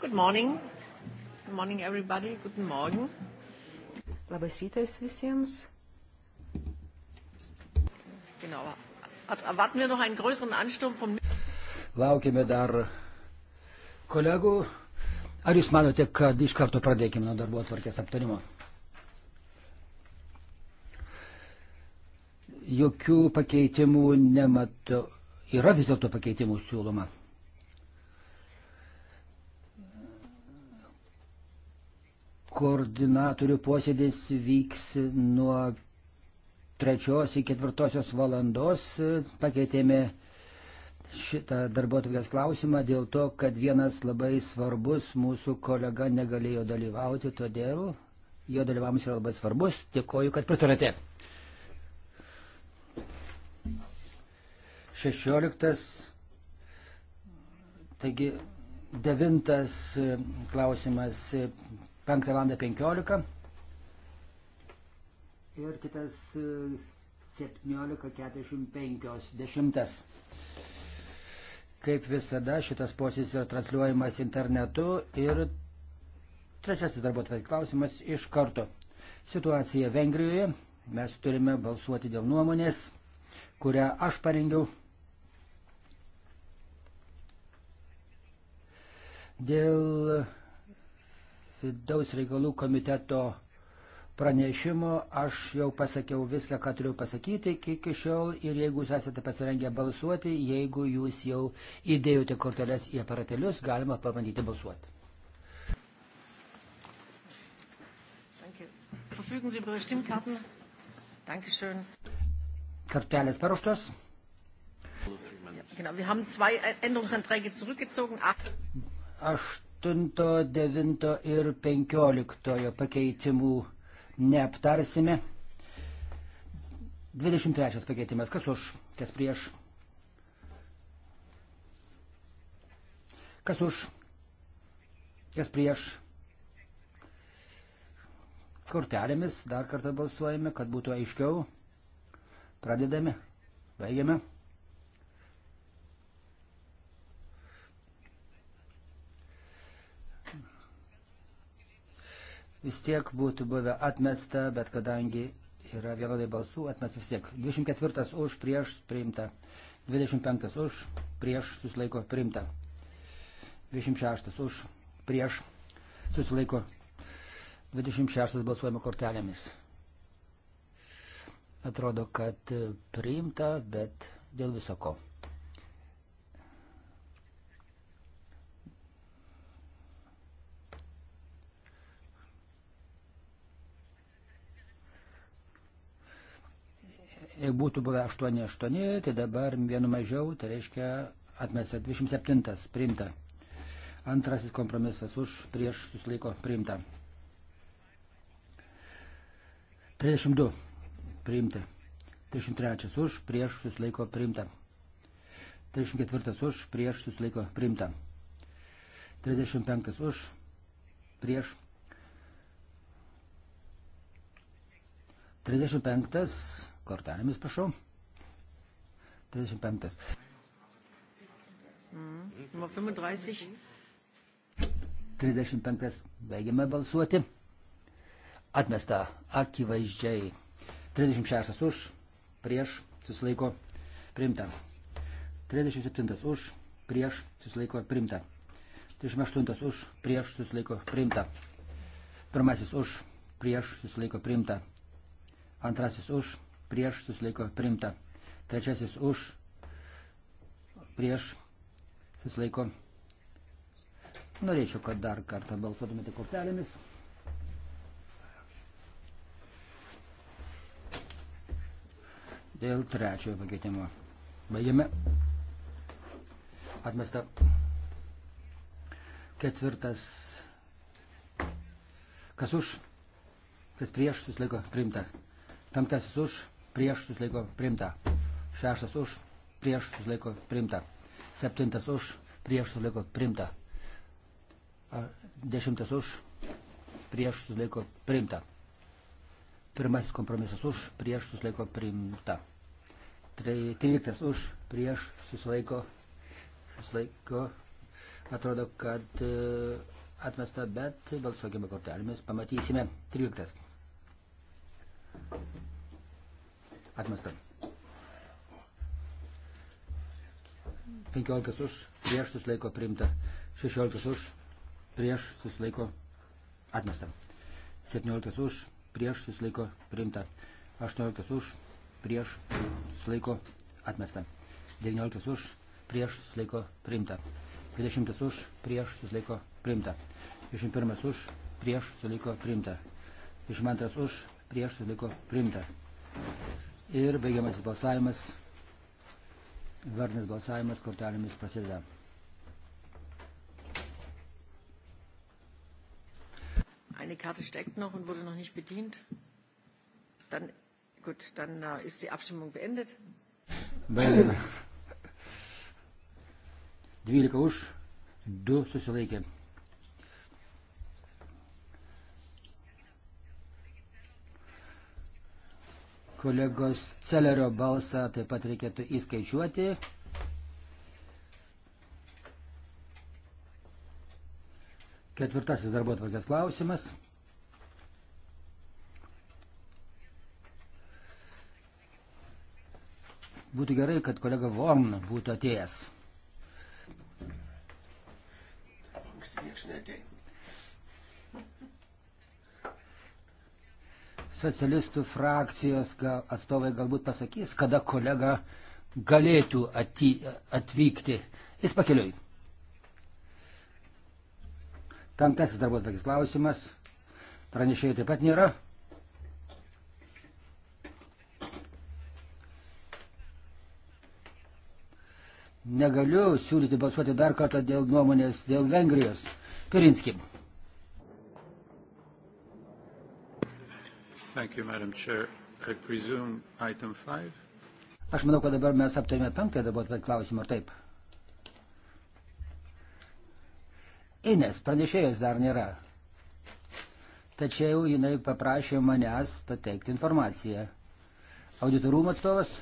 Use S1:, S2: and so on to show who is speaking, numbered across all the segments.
S1: Good morning. Good morning everybody. Guten Morgen.
S2: Labas rytas
S1: visiems. Genau. Erwarten wir noch einen größeren Ansturm von
S3: Laukime dar kolegų. Ar jūs manote, kad iš karto pradėkime nuo darbo atvarkės aptarimo? Jokių pakeitimų nematau. Yra vis dėlto pakeitimų siūloma. koordinatorių posėdis vyks nuo 3 iki 4 valandos. Pakeitėme šitą darbuotojas klausimą dėl to, kad vienas labai svarbus mūsų kolega negalėjo dalyvauti, todėl jo dalyvavimas yra labai svarbus. Dėkoju, kad pritarate. 16. Taigi, devintas klausimas 5 val. 15 ir kitas 17.45 e, 10. Kaip visada, šitas posėdis yra transliuojamas internetu ir trečiasis darbo klausimas iš karto. Situacija Vengrijoje. Mes turime balsuoti dėl nuomonės, kurią aš parengiau. Dėl vidaus reikalų komiteto pranešimo aš jau pasakiau viską, ką turiu pasakyti iki šiol ir jeigu jūs esate pasirengę balsuoti, jeigu jūs jau įdėjote korteles į aparatelius, galima pabandyti balsuoti. Kartelės paruoštos. Aš 8, 9 ir 15 pakeitimų neaptarsime. 23 pakeitimas. Kas už? Kas prieš? Kas už? Kas prieš? Kortelėmis dar kartą balsuojame, kad būtų aiškiau. Pradedame. Baigiame. vis tiek būtų buvę atmesta, bet kadangi yra vienodai balsų, atmesta vis tiek. 24 už, prieš, priimta. 25 už, prieš, susilaiko, priimta. 26 už, prieš, susilaiko. 26 balsuojame kortelėmis. Atrodo, kad priimta, bet dėl visako. Jeigu būtų buvę 8-8, tai dabar vienu mažiau, tai reiškia atmesta 27 priimta. Antrasis kompromisas už prieš susilaiko priimta. 32 priimta. 33 už prieš susilaiko priimta. 34 už prieš susilaiko priimta. 35 už prieš 35 kortelėmis, prašau. 35.
S1: Mm, 35.
S3: 35. Baigiame balsuoti. Atmesta akivaizdžiai. 36 už, prieš, susilaiko, primta. 37 už, prieš, susilaiko, primta. 38 už, prieš, susilaiko, primta. Pirmasis už, prieš, susilaiko, primta. Antrasis už, prieš susilaiko primta. Trečiasis už, prieš susilaiko. Norėčiau, kad dar kartą balsuotumėte kortelėmis. Dėl trečiojo pakeitimo. Baigiame. Atmesta. Ketvirtas. Kas už? Kas prieš? Susilaiko primta. Penktasis už prieš susilaiko primta. Šeštas už, prieš susilaiko primta. Septintas už, prieš susilaiko primta. Dešimtas už, prieš susilaiko primta. Pirmasis kompromisas už, prieš susilaiko primta. Tryliktas už, prieš susilaiko, susilaiko, atrodo, kad e, atmesta, bet balsuokime kortelėmis, pamatysime. Tryliktas. Atmesta. 15 už, prieš susilaiko priimta. 16 už, prieš susilaiko atmesta. 17 už, prieš susilaiko priimta. 18 už, prieš susilaiko atmesta. 19 už, prieš susilaiko priimta. 20 už, prieš susilaiko priimta. 21 už, prieš susilaiko priimta. 22 už, prieš susilaiko priimta. Ir baigiamasis balsavimas, vardinis balsavimas kortelėmis prasideda.
S1: Eine Karte steckt noch und wurde noch nicht bedient. Dann, gut, dann äh, ist die Abstimmung beendet.
S3: Baigiame. 12 už, 2 susilaikė. Kolegos Celerio balsą taip pat reikėtų įskaičiuoti. Ketvirtasis darbo tvarkės klausimas. Būtų gerai, kad kolega Vorn būtų atėjęs.
S4: Niekas neteina.
S3: socialistų frakcijos gal, atstovai galbūt pasakys, kada kolega galėtų aty, atvykti. Jis pakeliui. Penktasis darbos bagis klausimas. Pranešėjų taip pat nėra. Negaliu siūlyti balsuoti dar kartą dėl nuomonės dėl Vengrijos. Pirinskim.
S4: Thank you, Madam Chair. I presume item 5.
S3: Aš manau, kad dabar mes aptarėme penktąją dabar klausimą, ar taip? Ines, pranešėjos dar nėra. Tačiau jinai paprašė manęs pateikti informaciją. Auditorumo atstovas.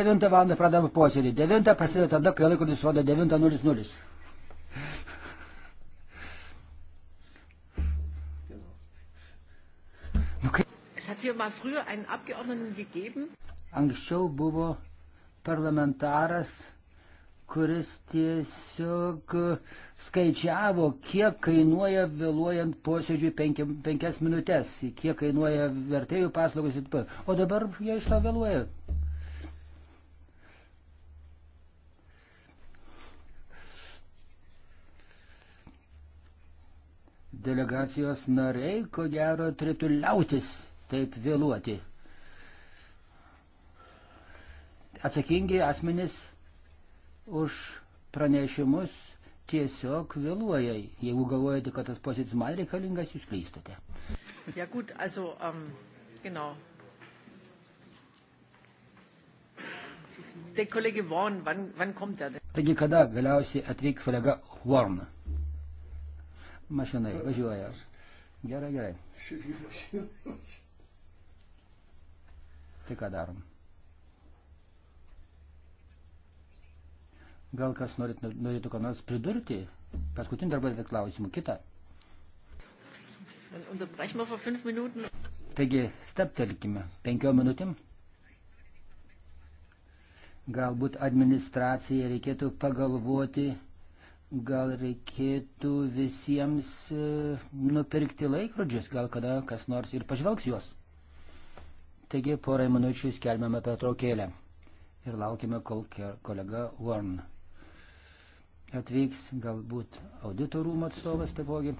S3: Devintą valandą pradame posėdį. Devintą prasideda tada, kai laikrodis rodo 9.00. Anksčiau buvo parlamentaras, kuris tiesiog skaičiavo, kiek kainuoja vėluojant posėdžiui penki, penkias minutės, kiek kainuoja vertėjų paslaugos ir taip. O dabar jie iš to vėluoja. Delegacijos nariai, ko gero, turėtų liautis taip vėluoti. Atsakingi asmenys už pranešimus tiesiog vėluoja. Jeigu galvojate, kad tas posėdis man reikalingas, jūs klystate.
S1: Ja, gut, also, um, genau. Der Kollege Vaughan, wann, wann kommt er denn?
S3: Taigi kada galiausiai atvyks kolega Vaughan? Mašinai važiuoja. Gerai, gerai. Tai ką darom? Gal kas norit, norėtų ką nors pridurti? Paskutinį darbą dėl klausimų. Kita. Taigi, steptelkime penkiom minutėm. Galbūt administracija reikėtų pagalvoti, gal reikėtų visiems e, nupirkti laikrodžius, gal kada kas nors ir pažvelgs juos. Taigi porai minučių skelbiame petraukėlę ir laukime, kol kolega Warren atvyks, galbūt auditorumo atstovas taipogi.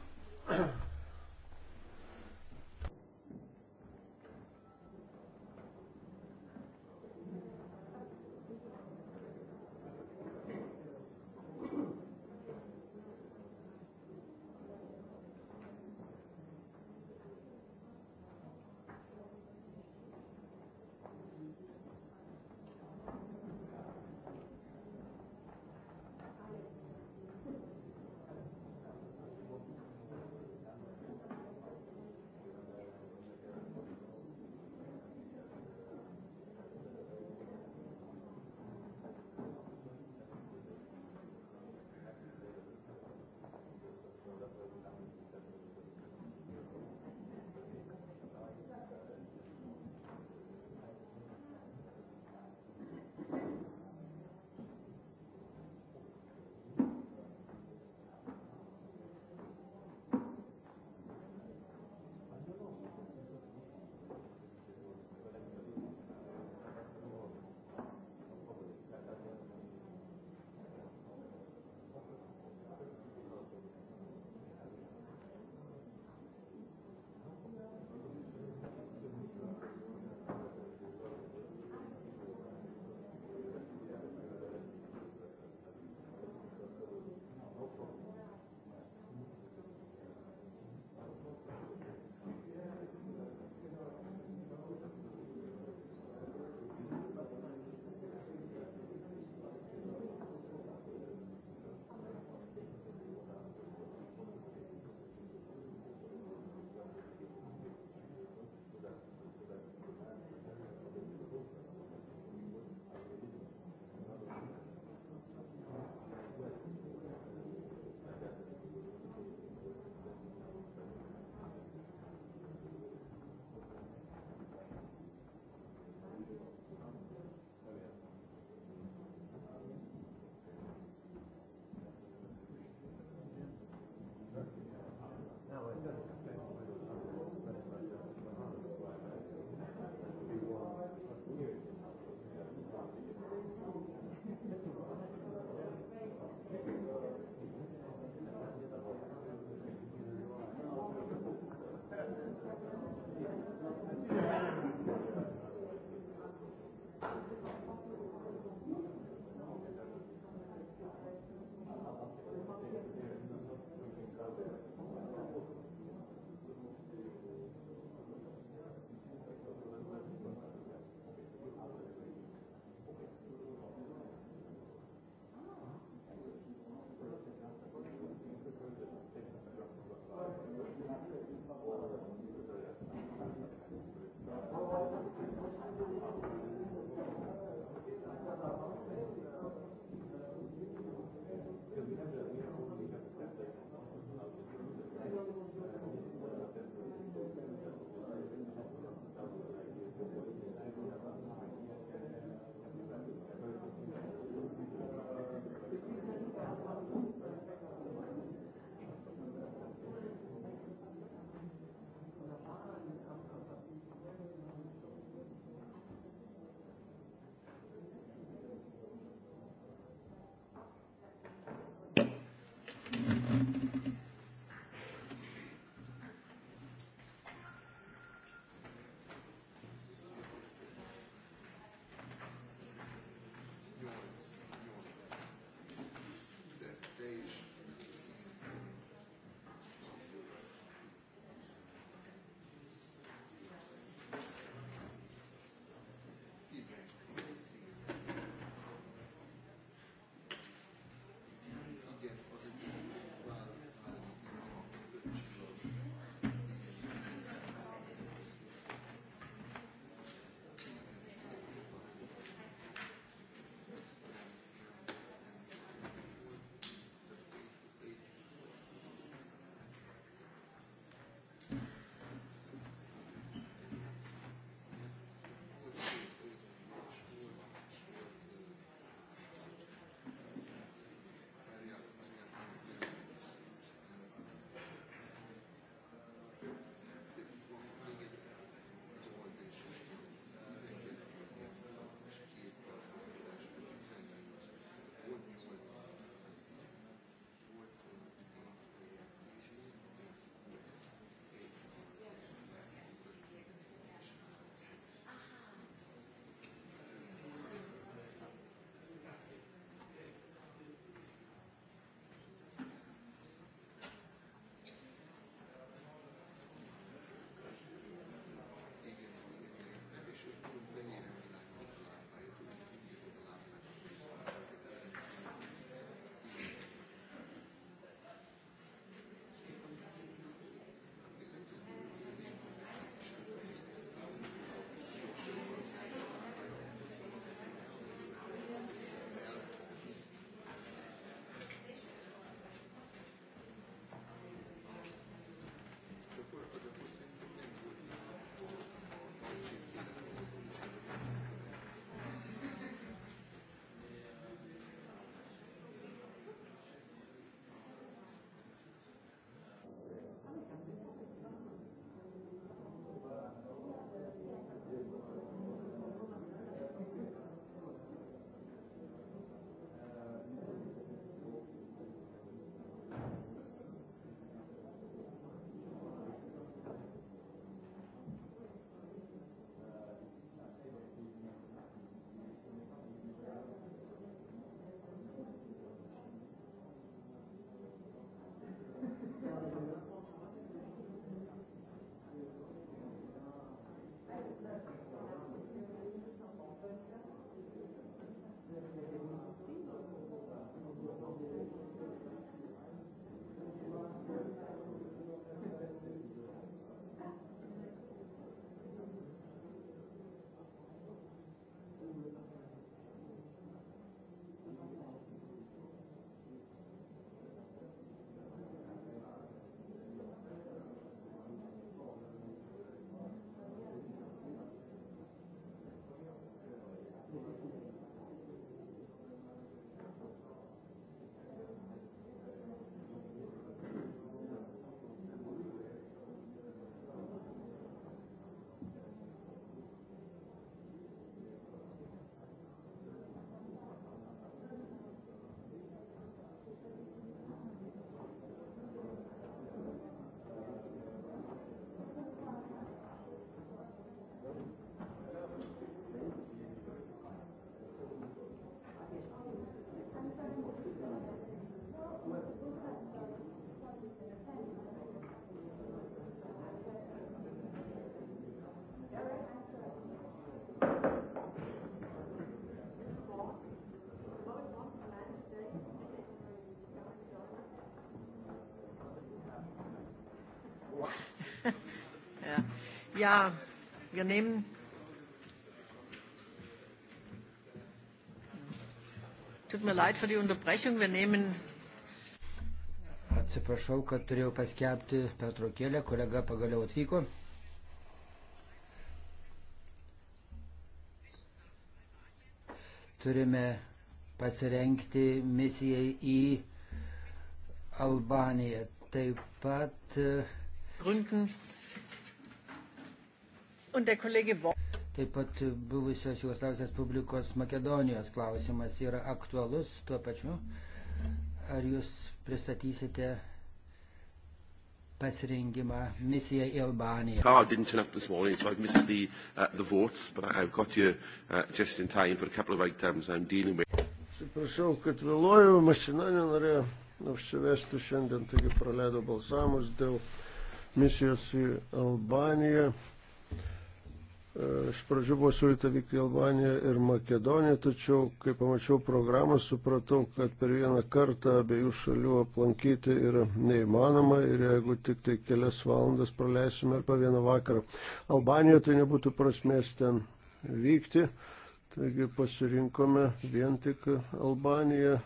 S1: Ja, wir nehmen. Tut mir leid für die Unterbrechung. Wir nehmen.
S3: Atsiprašau, kad turėjau paskelbti pertraukėlę, kolega pagaliau atvyko. Turime pasirenkti misijai į Albaniją. Taip pat. Gründen Taip pat buvusios Jugoslavijos Respublikos Makedonijos klausimas yra aktualus tuo pačiu. Ar jūs pristatysite pasirengimą misiją į Albaniją?
S2: Oh, I didn't turn up this morning, so I've missed the, uh, the
S4: votes, but I've got you uh, just in time for a couple of items I'm dealing with. Suprašau, kad vėluoju, mašina nenorėjo apsivesti šiandien, taigi praleido balsavimus dėl misijos į Albaniją. Iš pradžių buvo siūlyta vykti į Albaniją ir Makedoniją, tačiau, kai pamačiau programą, supratau, kad per vieną kartą abiejų šalių aplankyti yra neįmanoma ir jeigu tik tai kelias valandas praleisime arba vieną vakarą Albaniją, tai nebūtų prasmės ten vykti. Taigi pasirinkome vien tik Albaniją.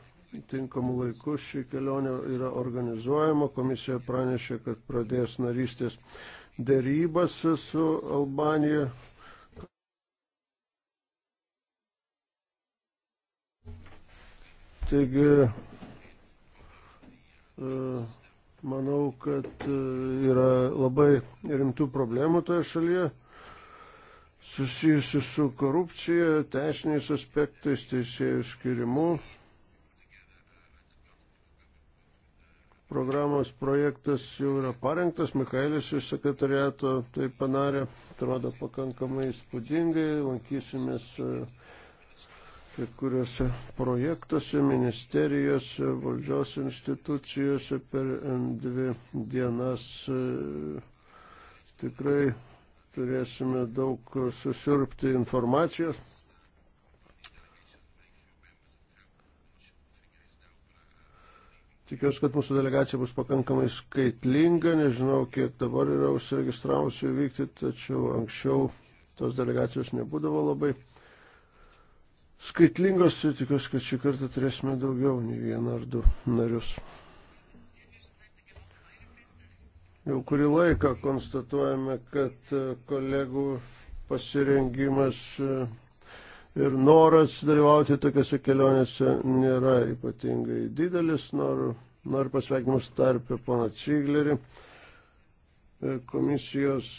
S4: Tinkamų laikų ši kelionė yra organizuojama. Komisija pranešė, kad pradės narystės dėrybas su Albanija Taigi, e, manau, kad e, yra labai rimtų problemų toje šalyje susijusių su korupcija, teisiniais aspektais, teisėjų skirimu. Programos projektas jau yra parengtas, Mikaelis iš sekretariato tai panarė, atrodo pakankamai įspūdingai, lankysimės uh, kai kuriuose projektuose, ministerijose, valdžios institucijose per dvi dienas e, tikrai turėsime daug susirpti informacijos. Tikiuosi, kad mūsų delegacija bus pakankamai skaitlinga, nežinau, kiek dabar yra užsiregistravusių vykti, tačiau anksčiau tos delegacijos nebūdavo labai skaitlingos ir tikiuosi, kad šį kartą turėsime daugiau nei vieną ar du narius. Jau kurį laiką konstatuojame, kad e, kolegų pasirengimas e, ir noras dalyvauti tokiuose kelionėse nėra ypatingai didelis. Noriu, noriu pasveikinimus tarpę pana Ciglerį, e, komisijos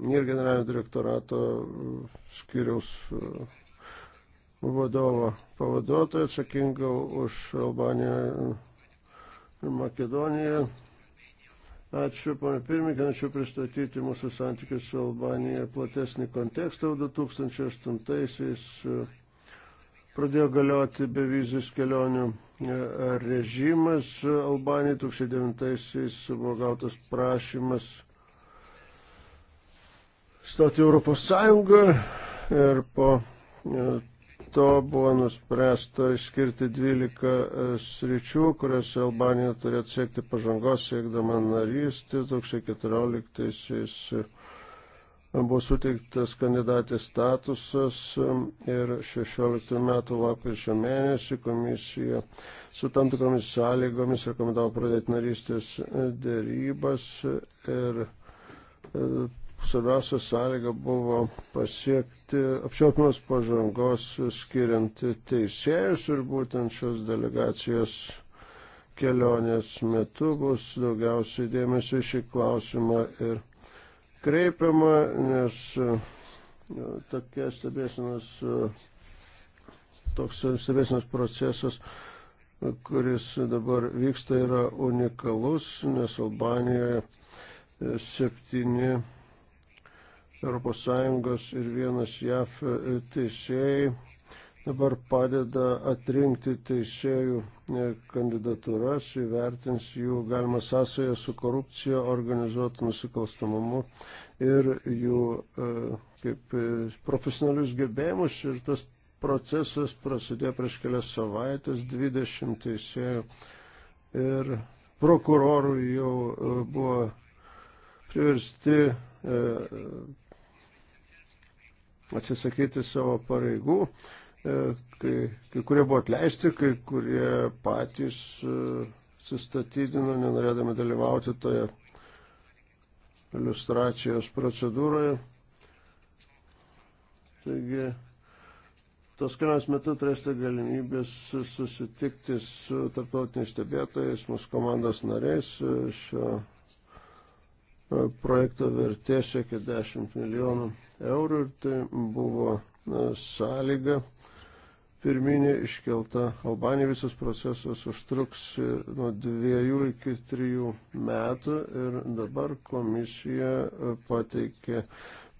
S4: ir generalinio direktorato skiriaus vadovo pavaduotoja atsakinga už Albaniją ir Makedoniją. Ačiū, pana pirmininkė, ačiū pristatyti mūsų santykius su Albanija platesnį kontekstą. 2008-aisiais e, pradėjo galioti bevizis kelionių e, režimas e, Albanijai, 2009-aisiais buvo gautas prašymas stoti Europos Sąjungą ir po to buvo nuspręsta išskirti 12 e, sričių, kuriuose Albanija turėtų siekti pažangos, siekdama narystį. 2014-aisiais e, buvo suteiktas kandidatės statusas e, ir 16 metų lapkričio mėnesį komisija su tam tikromis sąlygomis rekomendavo pradėti narystės dėrybas ir svarbiausia sąlyga buvo pasiekti apčiopimas pažangos skiriant teisėjus ir būtent šios delegacijos kelionės metu bus daugiausiai dėmesio šį klausimą ir kreipiama, nes tokia stebėsinas, toks stebėsinas procesas kuris dabar vyksta, yra unikalus, nes Albanijoje septyni ES ir vienas JAF e, teisėjai dabar padeda atrinkti teisėjų e, kandidatūras, įvertins jų galima sąsąją su korupcija, organizuotų nusikalstamumu ir jų e, kaip profesionalius gebėjimus ir tas procesas prasidėjo prieš kelias savaitės, 20 teisėjų ir prokurorų jau buvo priversti atsisakyti savo pareigų, e, kai, kai kurie buvo atleisti, kai kurie patys e, sustatydino, nenorėdami dalyvauti toje iliustracijos procedūroje. Taigi, tos kelionės metu turėsite galimybės susitikti su tarptautiniais stebėtojais, mūsų komandos nariais. E, šio projekto vertė siekia 10 milijonų eurų ir tai buvo sąlyga pirminė iškelta Albanija visas procesas užtruks nuo dviejų iki trijų metų ir dabar komisija pateikė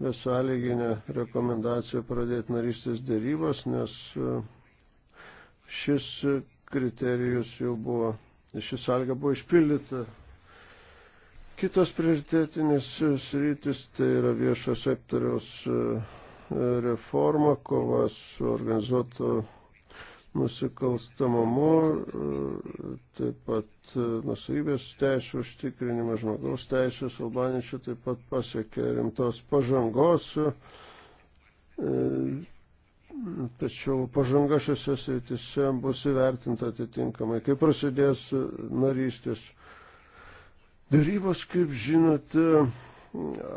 S4: besąlyginę rekomendaciją pradėti narystės dėrybas, nes e, šis kriterijus jau buvo, šis sąlyga buvo išpildyta Kitos prioritėtinės sritis tai yra viešo sektoriaus e, e, reforma, kova su organizuotu nusikalstamumu, e, taip pat nusavybės teisų užtikrinimas, žmogaus teisės, albaničių taip pat pasiekė rimtos pažangos. Tačiau pažanga šiuose srityse bus įvertinta atitinkamai, kai prasidės narystės Darybos, kaip žinote,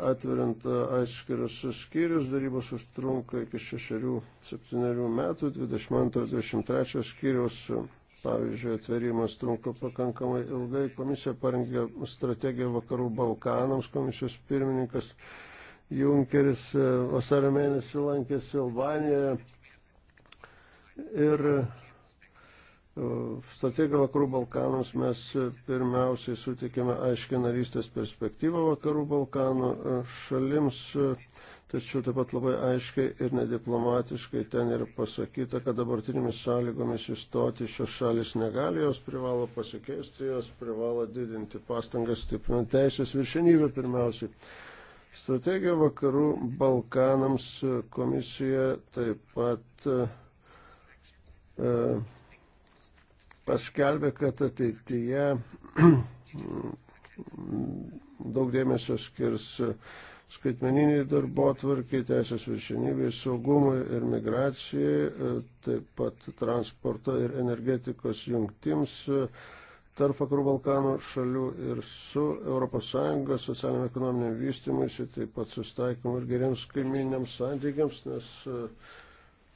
S4: atveriant atskiras skyrius, darybos užtrunka iki 6-7 metų, 22-23 skyrius, pavyzdžiui, atverimas trunka pakankamai ilgai, komisija parengė strategiją vakarų Balkanams, komisijos pirmininkas Junkeris e, vasario mėnesį lankėsi Albanijoje ir Strategiją Vakarų Balkanams mes pirmiausiai sutikime aiškiai narystės perspektyvą Vakarų Balkanų e, šalims, e, tačiau taip pat labai aiškiai ir nediplomatiškai ten yra pasakyta, kad dabartinėmis sąlygomis įstoti šios šalis negali, jos privalo pasikeisti, jos privalo didinti pastangas, stiprinti teisės viršenybę pirmiausiai. Strategija Vakarų Balkanams e, komisija taip pat. E, paskelbė, kad ateityje daug dėmesio skirs skaitmeniniai darbo tvarkiai, teisės viršinybei, saugumui ir migracijai, taip pat transporto ir energetikos jungtims tarp vakarų Balkanų šalių ir su ES socialinio ekonominio vystymuisi, taip pat sustaikymu ir geriems kaiminiams santykiams, nes uh,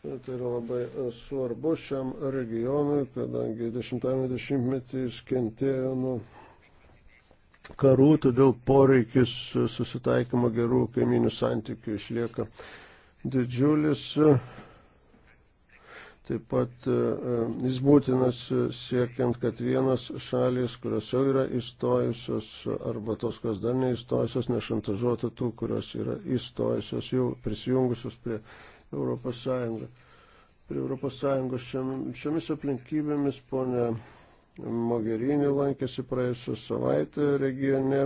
S4: Tai, tai yra labai e, svarbu šiam regionui, kadangi 10-metį jis kentėjo nuo karų, todėl poreikis e, susitaikymo gerų kaiminių santykių išlieka didžiulis. Taip pat e, jis būtinas siekiant, kad vienas šalis, kurios jau yra įstojusios arba tos, kas dar neįstojusios, nešantažuotų tų, kurios yra įstojusios, jau prisijungusios prie Europos Sąjungą. Prie Europos Sąjungos šiomis aplinkybėmis ponė Mogherini lankėsi praėjusią savaitę regione,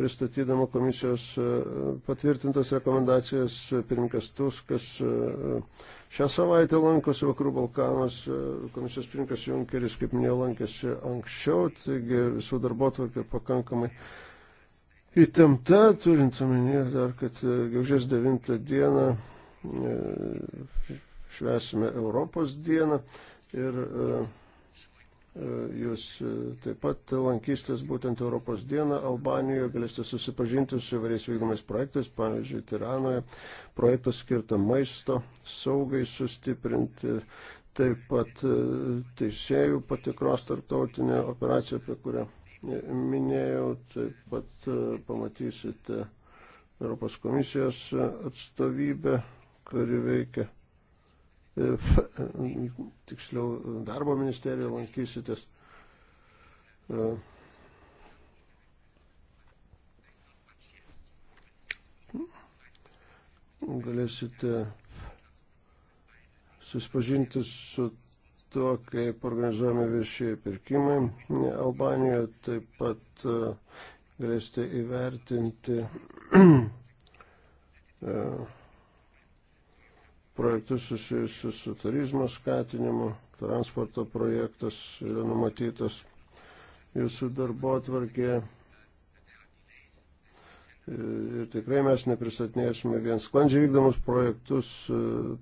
S4: pristatydama komisijos e, patvirtintas rekomendacijas pirmininkas Tuskas. E, šią savaitę lankosi Vakarų Balkanas, e, komisijos pirmininkas Junkeris, kaip minėjau, lankėsi anksčiau, taigi visų darbo tvarkė pakankamai įtempta, turint omenyje dar, kad gegužės 9 dieną E, švesime Europos dieną ir e, e, jūs taip pat lankysitės būtent Europos dieną Albanijoje, galėsite susipažinti su įvairiais vykdomais projektais, pavyzdžiui, Tiranoje projektas skirta maisto saugai sustiprinti, taip pat teisėjų patikros tarptautinė operacija, apie kurią minėjau, taip pat pamatysite Europos komisijos atstovybę kuri veikia. Tiksliau, darbo ministerija lankysitės. E, galėsite susipažinti su tuo, kaip organizuojami viešieji pirkimai Albanijoje, taip pat e, galėsite įvertinti e, projektus susijusius su turizmo skatinimu, transporto projektas yra numatytas jūsų darbo atvarkėje. Ir tikrai mes nepristatinėsime vien sklandžiai vykdomus projektus,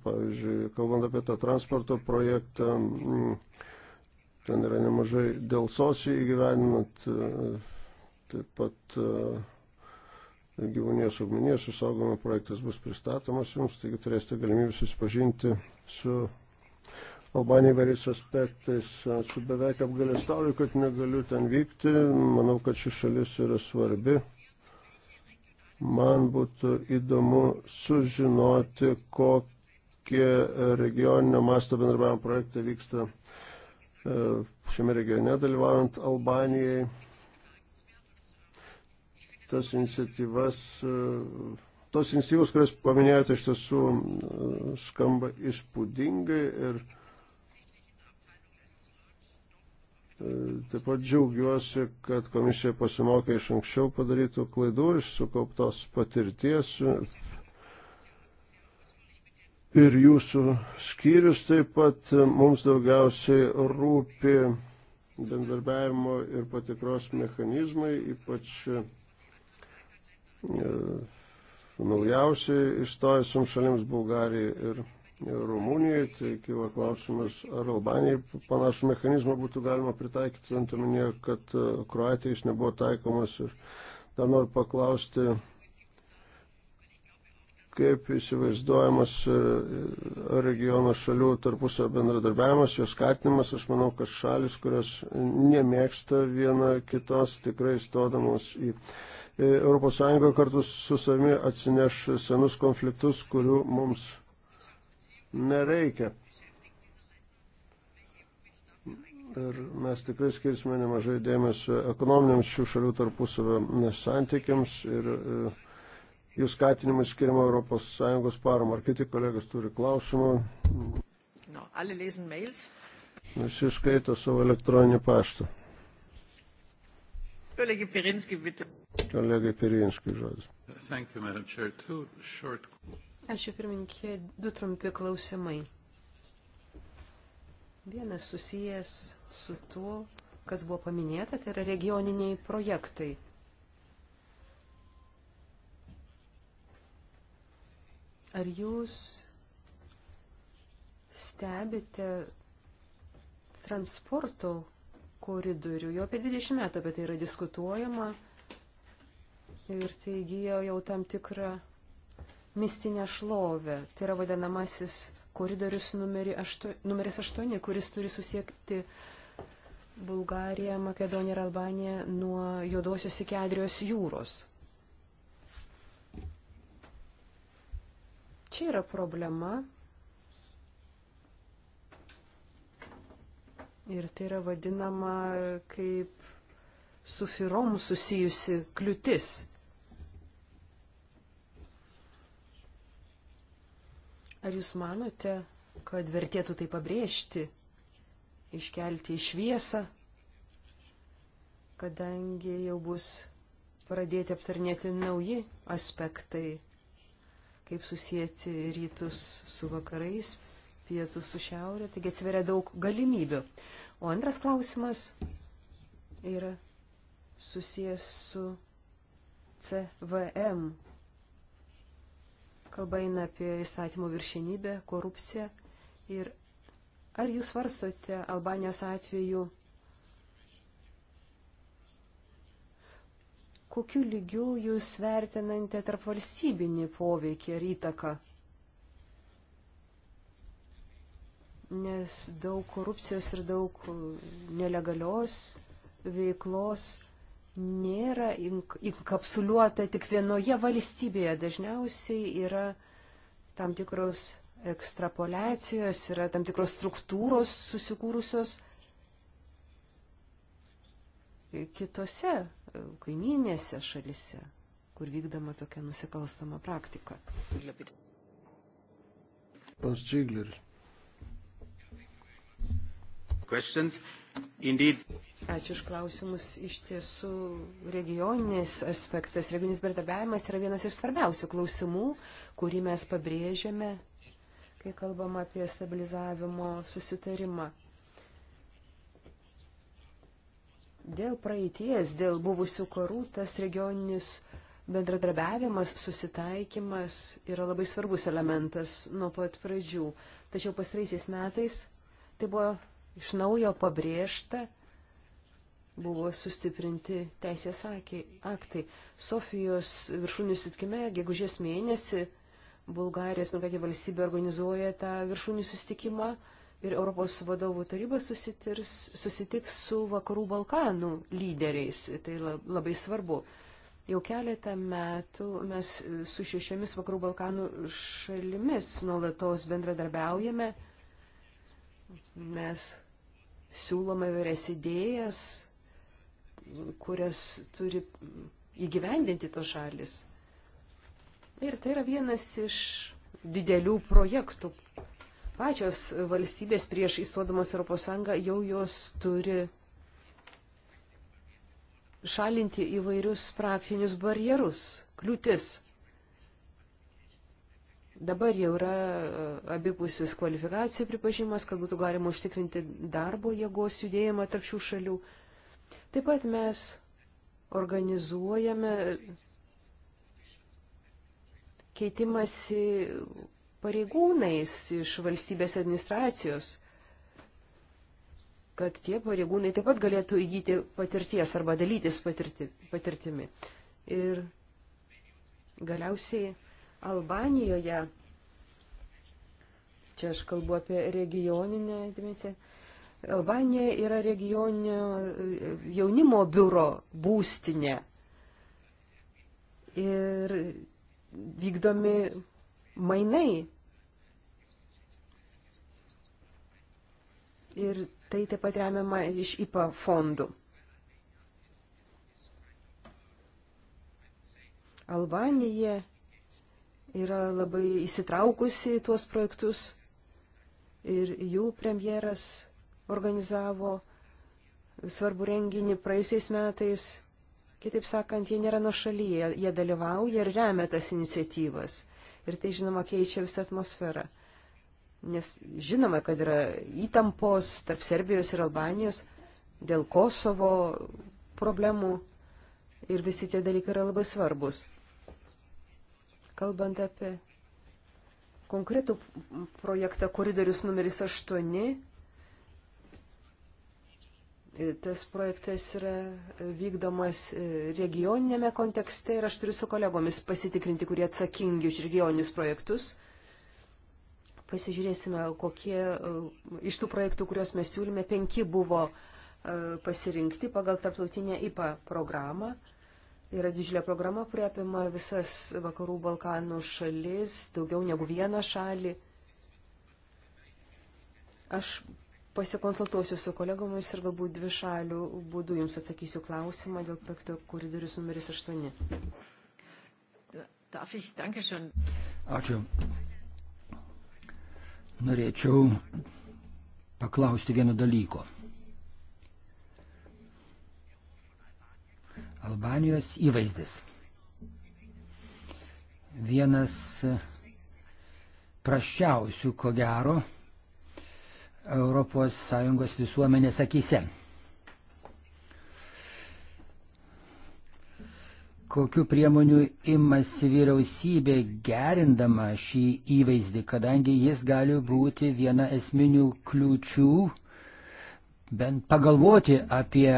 S4: pavyzdžiui, kalbant apie tą transporto projektą, ten yra nemažai dėl sosijų įgyveninant, taip pat gyvūnės augmenijos išsaugojimo projektas bus pristatomas jums, taigi turėsite galimybę susipažinti su Albanija įvairiais aspektais. Ačiū beveik apgalėstauju, kad negaliu ten vykti. Manau, kad ši šalis yra svarbi. Man būtų įdomu sužinoti, kokie regioninio masto bendrabiavimo projektai vyksta e, šiame regione dalyvaujant Albanijai tas iniciatyvas, e, tos iniciatyvos, kurias paminėjote, iš tiesų e, skamba įspūdingai ir e, taip pat džiaugiuosi, kad komisija pasimokė iš anksčiau padarytų klaidų, iš sukauptos patirties. Ir jūsų skyrius taip pat mums daugiausiai rūpi bendarbiavimo ir patikros mechanizmai, ypač E, naujausiai išstojusiam šalims Bulgarijai ir Rumunijai. Tai kyla klausimas, ar Albanijai panašų mechanizmą būtų galima pritaikyti, turint omenyje, kad e, Kroatijai jis nebuvo taikomas. Ir dar noriu paklausti, kaip įsivaizduojamas e, regiono šalių tarpusio bendradarbiavimas, jos skatinimas. Aš manau, kad šalis, kurios nemėgsta viena kitos, tikrai stodamos į ES kartu su savimi atsineš senus konfliktus, kurių mums nereikia. Ir mes tikrai skirsime nemažai dėmesio ekonominiams šių šalių tarpusavio santykiams ir e, jų skatinimui skiriama ES parama. Ar kiti kolegas turi klausimų? No, Visi skaito savo elektroninį paštą.
S1: Kolegė Pirinski,
S4: bitte. Kolegai Pirinskui žodis.
S2: Ačiū pirmininkė, du trumpi klausimai. Vienas susijęs su tuo, kas buvo paminėta, tai yra regioniniai projektai. Ar jūs stebite transporto koridorių? Jau apie 20 metų apie tai yra diskutuojama ir tai įgyjo jau tam tikrą mistinę šlovę. Tai yra vadinamasis koridorius numeri aštu, numeris 8, kuris turi susiekti Bulgariją, Makedoniją ir Albaniją nuo Juodosios iki Adrijos jūros. Čia yra problema. Ir tai yra vadinama kaip su firom susijusi kliūtis. Ar jūs manote, kad vertėtų tai pabrėžti, iškelti į šviesą, kadangi jau bus pradėti aptarnėti nauji aspektai, kaip susijęti rytus su vakarais, pietus su šiaurė, taigi atsiveria daug galimybių. O antras klausimas yra susijęs su CVM Kalba eina apie įstatymų viršinybę, korupciją. Ir ar jūs svarstote Albanijos atveju, kokiu lygiu jūs vertinate tarp valstybinį poveikį ir įtaką? Nes daug korupcijos ir daug nelegalios veiklos nėra inkapsuliuota tik vienoje valstybėje. Dažniausiai yra tam tikros ekstrapolacijos, yra tam tikros struktūros susikūrusios kitose e, kaiminėse šalise, kur vykdama tokia nusikalstama praktika.
S4: Pas Džigleris. Questions. Indeed.
S2: Ačiū už klausimus. Iš tiesų, regioninis aspektas, regioninis bendradarbiavimas yra vienas iš svarbiausių klausimų, kurį mes pabrėžiame, kai kalbam apie stabilizavimo susitarimą. Dėl praeities, dėl buvusių karų, tas regioninis bendradarbiavimas, susitaikymas yra labai svarbus elementas nuo pat pradžių. Tačiau pastraisiais metais tai buvo iš naujo pabrėžta, buvo sustiprinti teisės aktai. Sofijos viršūnių sutikime, gegužės mėnesį, Bulgarijos mergaitė valstybė organizuoja tą viršūnių sustikimą ir Europos vadovų taryba susitirs, susitiks su vakarų Balkanų lyderiais. Tai labai svarbu. Jau keletą metų mes su šešiomis vakarų Balkanų šalimis nuolatos bendradarbiaujame. Mes siūloma įvairias idėjas, kurias turi įgyvendinti tos šalis. Ir tai yra vienas iš didelių projektų. Pačios valstybės prieš įstodamos ES jau jos turi šalinti įvairius praktinius barjerus, kliūtis. Dabar jau yra e, abipusis kvalifikacijų pripažimas, kad būtų galima užtikrinti darbo jėgos judėjimą tarp šių šalių. Taip pat mes organizuojame keitimasi pareigūnais iš valstybės administracijos, kad tie pareigūnai taip pat galėtų įgyti patirties arba dalytis patirti, patirtimi. Ir galiausiai Albanijoje, čia aš kalbu apie regioninę dimensiją, Albanija yra regioninio e, jaunimo biuro būstinė. Ir vykdomi mainai. Ir tai taip pat remiama iš IPA fondų. Albanija yra labai įsitraukusi į tuos projektus ir jų premjeras organizavo svarbu renginį praėjusiais metais. Kitaip sakant, jie nėra nuo šalyje, jie dalyvauja ir remia tas iniciatyvas. Ir tai, žinoma, keičia visą atmosferą. Nes žinoma, kad yra įtampos tarp Serbijos ir Albanijos dėl Kosovo problemų ir visi tie dalykai yra labai svarbus. Kalbant apie konkretų projektą koridorius numeris 8, tas projektas yra vykdomas regioninėme kontekste ir aš turiu su kolegomis pasitikrinti, kurie atsakingi už regioninius projektus. Pasižiūrėsime, kokie e, iš tų projektų, kuriuos mes siūlėme, penki buvo e, pasirinkti pagal tarptautinę IPA programą. Yra didžiulė programa, kurie apima visas vakarų Balkanų šalis, daugiau negu vieną šalį. Aš pasikonsultuosiu su kolegomis ir galbūt dvi šalių būdų jums atsakysiu klausimą dėl projekto koridorius numeris
S1: 8.
S3: Ačiū. Norėčiau paklausti vieno dalyko. Albanijos įvaizdis. Vienas praščiausių, ko gero, ES visuomenės akise. Kokiu priemoniu imasi vyriausybė gerindama šį įvaizdį, kadangi jis gali būti viena esminių kliūčių bent pagalvoti apie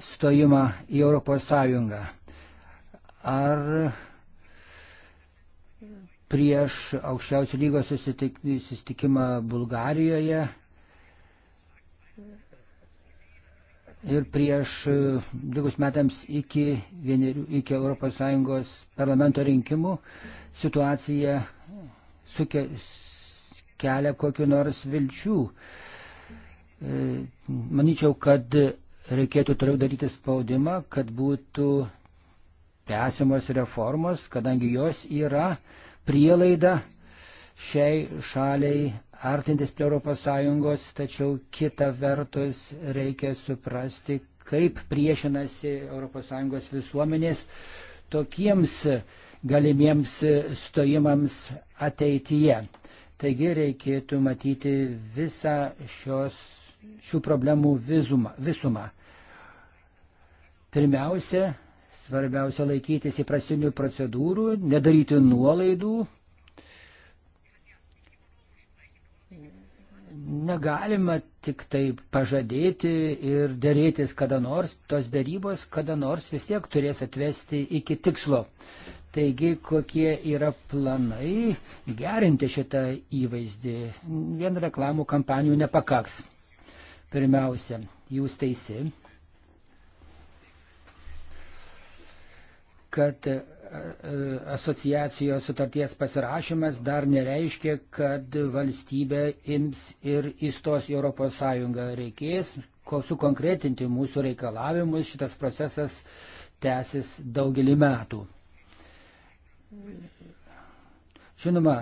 S3: stojimą į Europos Sąjungą. Ar prieš aukščiausių lygos susitikimą Bulgarijoje ir prieš lygus metams iki, vienerių, iki ES parlamento rinkimų situacija suke, kelia kokiu nors vilčių. E, manyčiau, kad reikėtų toliau daryti spaudimą, kad būtų tęsiamos reformos, kadangi jos yra prielaida šiai šaliai artintis prie ES, tačiau kita vertus reikia suprasti, kaip priešinasi ES visuomenės tokiems galimiems stojimams ateityje. Taigi reikėtų matyti visą šios, šių problemų vizumą, visumą. Pirmiausia, svarbiausia laikytis įprastinių procedūrų, nedaryti nuolaidų. Negalima tik tai pažadėti ir dėrėtis kada nors, tos dėrybos kada nors vis tiek turės atvesti iki tikslo. Taigi, kokie yra planai gerinti šitą įvaizdį? Vien reklamų kampanijų nepakaks. Pirmiausia, jūs teisi, kad e, e, asociacijos sutarties pasirašymas dar nereiškia, kad valstybė ims ir įstos į Europos Sąjungą. Reikės sukonkretinti mūsų reikalavimus, šitas procesas tęsis daugelį metų. Žinoma,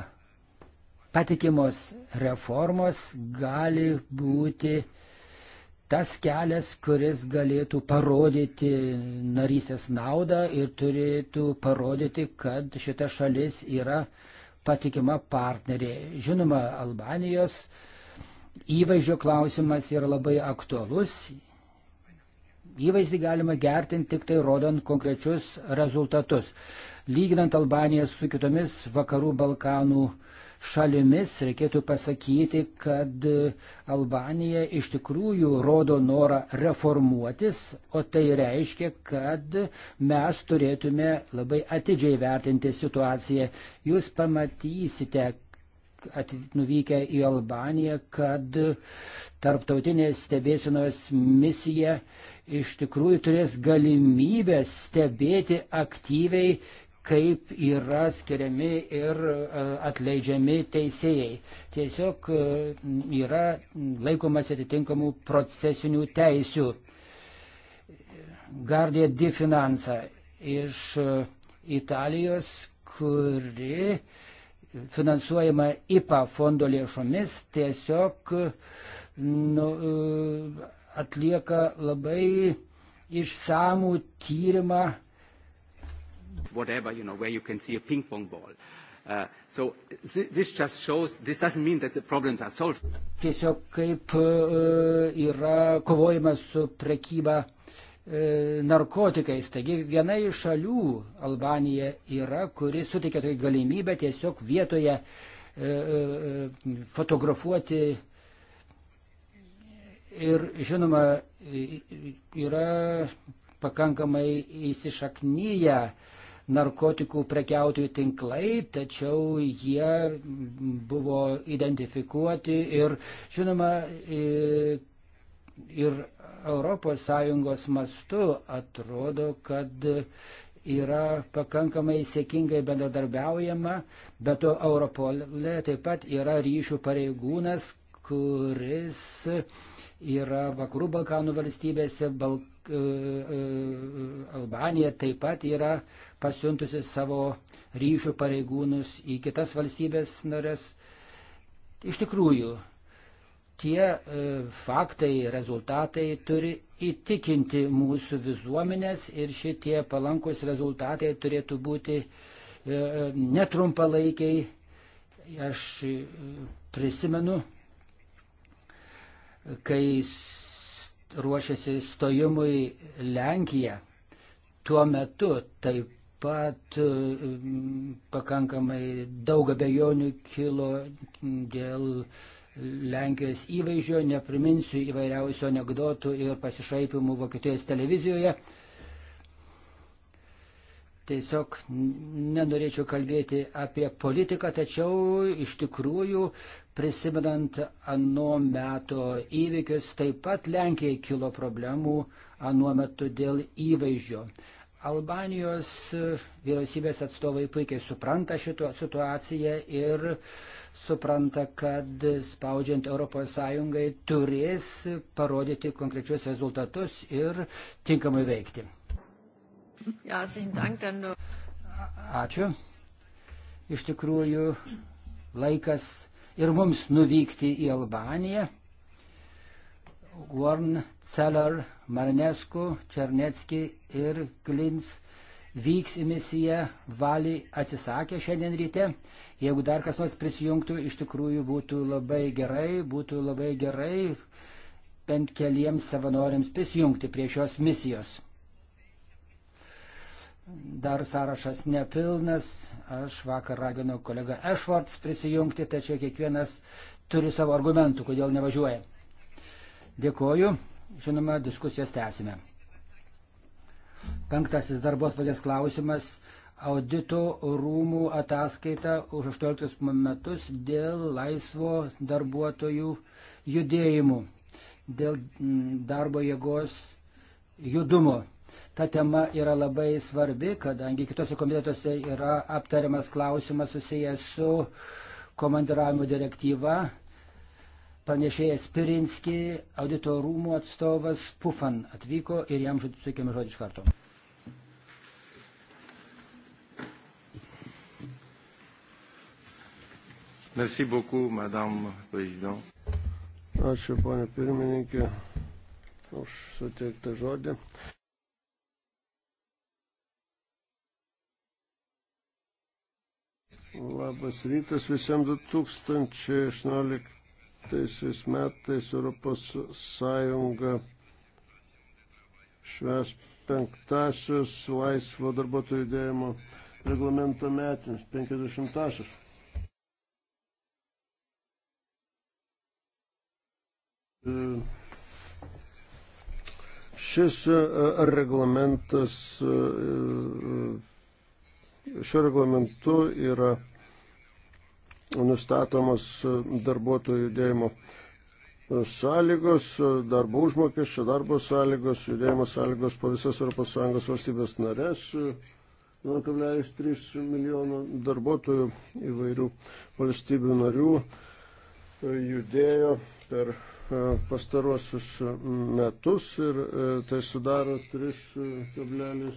S3: patikimos reformos gali būti tas kelias, kuris galėtų parodyti narystės naudą ir turėtų parodyti, kad šita šalis yra patikima partnerė. Žinoma, Albanijos įvaizdžio klausimas yra labai aktualus. Įvaizdį galima gertinti tik tai rodant konkrečius rezultatus. Lyginant Albaniją su kitomis vakarų Balkanų uh, šalimis, reikėtų pasakyti, kad Albanija iš tikrųjų rodo norą reformuotis, o tai reiškia, kad mes turėtume labai atidžiai vertinti situaciją. Jūs pamatysite, nuvykę į Albaniją, kad tarptautinė stebėsinos misija iš tikrųjų turės galimybę stebėti aktyviai kaip yra skiriami ir e, atleidžiami teisėjai. Tiesiog e, yra laikomas atitinkamų procesinių teisių. Guardia di Finanza iš e, Italijos, kuri finansuojama IPA fondo lėšomis, tiesiog nu, atlieka labai išsamų tyrimą
S1: whatever, you know, where you can see a ping pong ball. Uh, so th this just shows, this doesn't mean that the problems are solved.
S3: Tiesiog kaip uh, uh, yra kovojama su prekyba uh, narkotikais. Taigi viena iš šalių Albanija yra, kuri suteikia tokį galimybę tiesiog vietoje uh, uh, fotografuoti ir žinoma yra pakankamai įsišaknyje uh, narkotikų prekiautojų tinklai, tačiau jie buvo identifikuoti ir, žinoma, ir ES mastu atrodo, kad yra pakankamai sėkingai bendradarbiaujama, bet to Europolė taip pat yra ryšių pareigūnas, kuris yra Vakarų Balkanų valstybėse, Balk... E, e, Albanija taip pat yra uh, pasiuntusi savo ryšių pareigūnus į kitas valstybės narės. Iš tikrųjų, tie e, faktai, rezultatai turi įtikinti mūsų visuomenės ir šitie palankus rezultatai turėtų būti e, e netrumpalaikiai. Aš e, prisimenu, kai ruošiasi stojimui Lenkiją. Tuo metu taip pat e, pakankamai daug abejonių kilo dėl Lenkijos įvaizdžio, nepriminsiu įvairiausių anegdotų ir pasišaipimų Vokietijos televizijoje. Tiesiog nenorėčiau kalbėti apie politiką, tačiau iš tikrųjų, prisimenant anuo meto įvykius, taip pat Lenkijai kilo problemų anuo metu dėl įvaizdžio. Albanijos e, vyriausybės atstovai puikiai supranta šitą situaciją ir supranta, kad spaudžiant ES turės parodyti konkrečius rezultatus ir tinkamai veikti.
S1: Ačiū.
S3: Iš tikrųjų, laikas ir mums nuvykti į Albaniją. Warren, Celler, Marinescu, Černecki ir Klins vyks į misiją, Valį atsisakė šiandien ryte. Jeigu dar kas nors prisijungtų, iš tikrųjų būtų labai gerai, būtų labai gerai bent keliems savanoriams prisijungti prie šios misijos. Dar sąrašas nepilnas, aš vakar raginau kolegą Ešvarts prisijungti, tačiau kiekvienas turi savo argumentų, kodėl nevažiuoja. Dėkoju. Žinoma, diskusijas tęsime. Penktasis darbos vadės klausimas audito rūmų ataskaita už 18 metus dėl laisvo darbuotojų judėjimų, dėl mm, darbo jėgos judumo. Ta tema yra labai svarbi, kadangi kitose komitetuose yra aptariamas klausimas susijęs su komandiravimo direktyva Panešėjas Pirinski, audito rūmų atstovas Pufan atvyko ir jam žodžiu suikėme žodį iš
S4: karto. Merci beaucoup, Madame Président. Ačiū, ponė pirmininkė, už suteiktą žodį. Labas rytas visiems 2018 2015 metais Europos Sąjunga šves penktasios laisvo darbuotojų judėjimo reglamento metinis, 50-asios. Šis e, reglamentas, e, e, šiuo reglamentu yra nustatomos darbuotojų judėjimo sąlygos, darbo užmokesčio, darbo sąlygos, judėjimo sąlygos po visas ES valstybės narės. 1,3 milijono darbuotojų įvairių valstybių narių judėjo per e, pastaruosius metus ir e, tai sudaro 3,7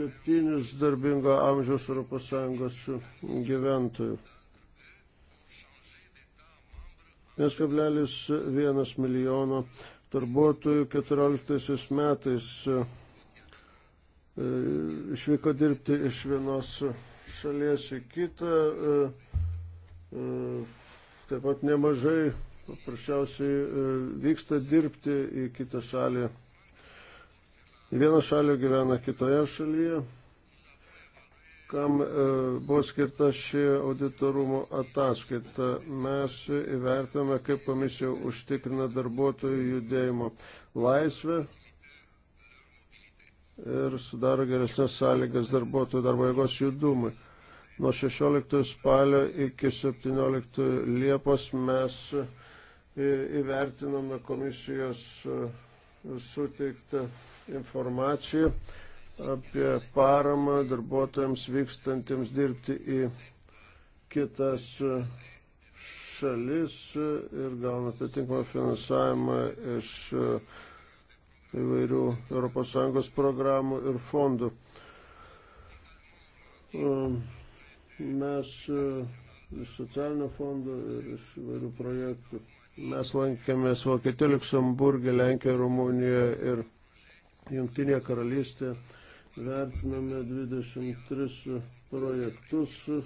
S4: e, darbingo amžiaus ES gyventojų. 1,1 milijono darbuotojų 14 metais e, e, išvyko dirbti iš vienos šalies į kitą. E, taip pat nemažai paprasčiausiai vyksta dirbti į kitą šalį. Į vieną šalį gyvena kitoje šalyje kam e, buvo skirta ši auditorumo ataskaita. Mes įvertiname, kaip komisija užtikrina darbuotojų judėjimo laisvę ir sudaro geresnės sąlygas darbuotojų darbo jėgos judumui. Nuo 16 spalio iki 17 liepos mes e, įvertinome komisijos e, suteiktą informaciją apie paramą darbuotojams vykstantiems dirbti į kitas šalis ir gauna atitinkamą finansavimą iš įvairių ES programų ir fondų. Um, mes uh, iš socialinio fondo ir iš įvairių projektų. Mes lankėmės Vokietijoje, Luxemburgė, Lenkijoje, Rumunijoje ir Junktinėje karalystėje vertiname 23 projektus e,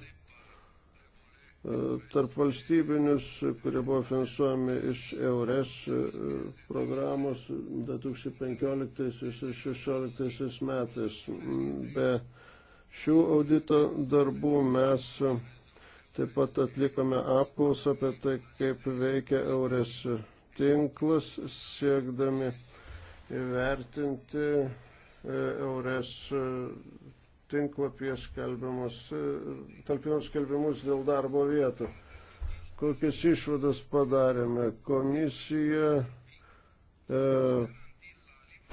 S4: tarp valstybinius, kurie buvo finansuojami iš EURES e, programos 2015 ir 2016 metais. Be šių audito darbų mes taip pat atlikome apklausą apie tai, kaip veikia EURES tinklas, siekdami įvertinti E, eures e, tinklapyje skelbiamus, e, talpinamus skelbimus dėl darbo vietų. Kokias išvadas padarėme? Komisija e,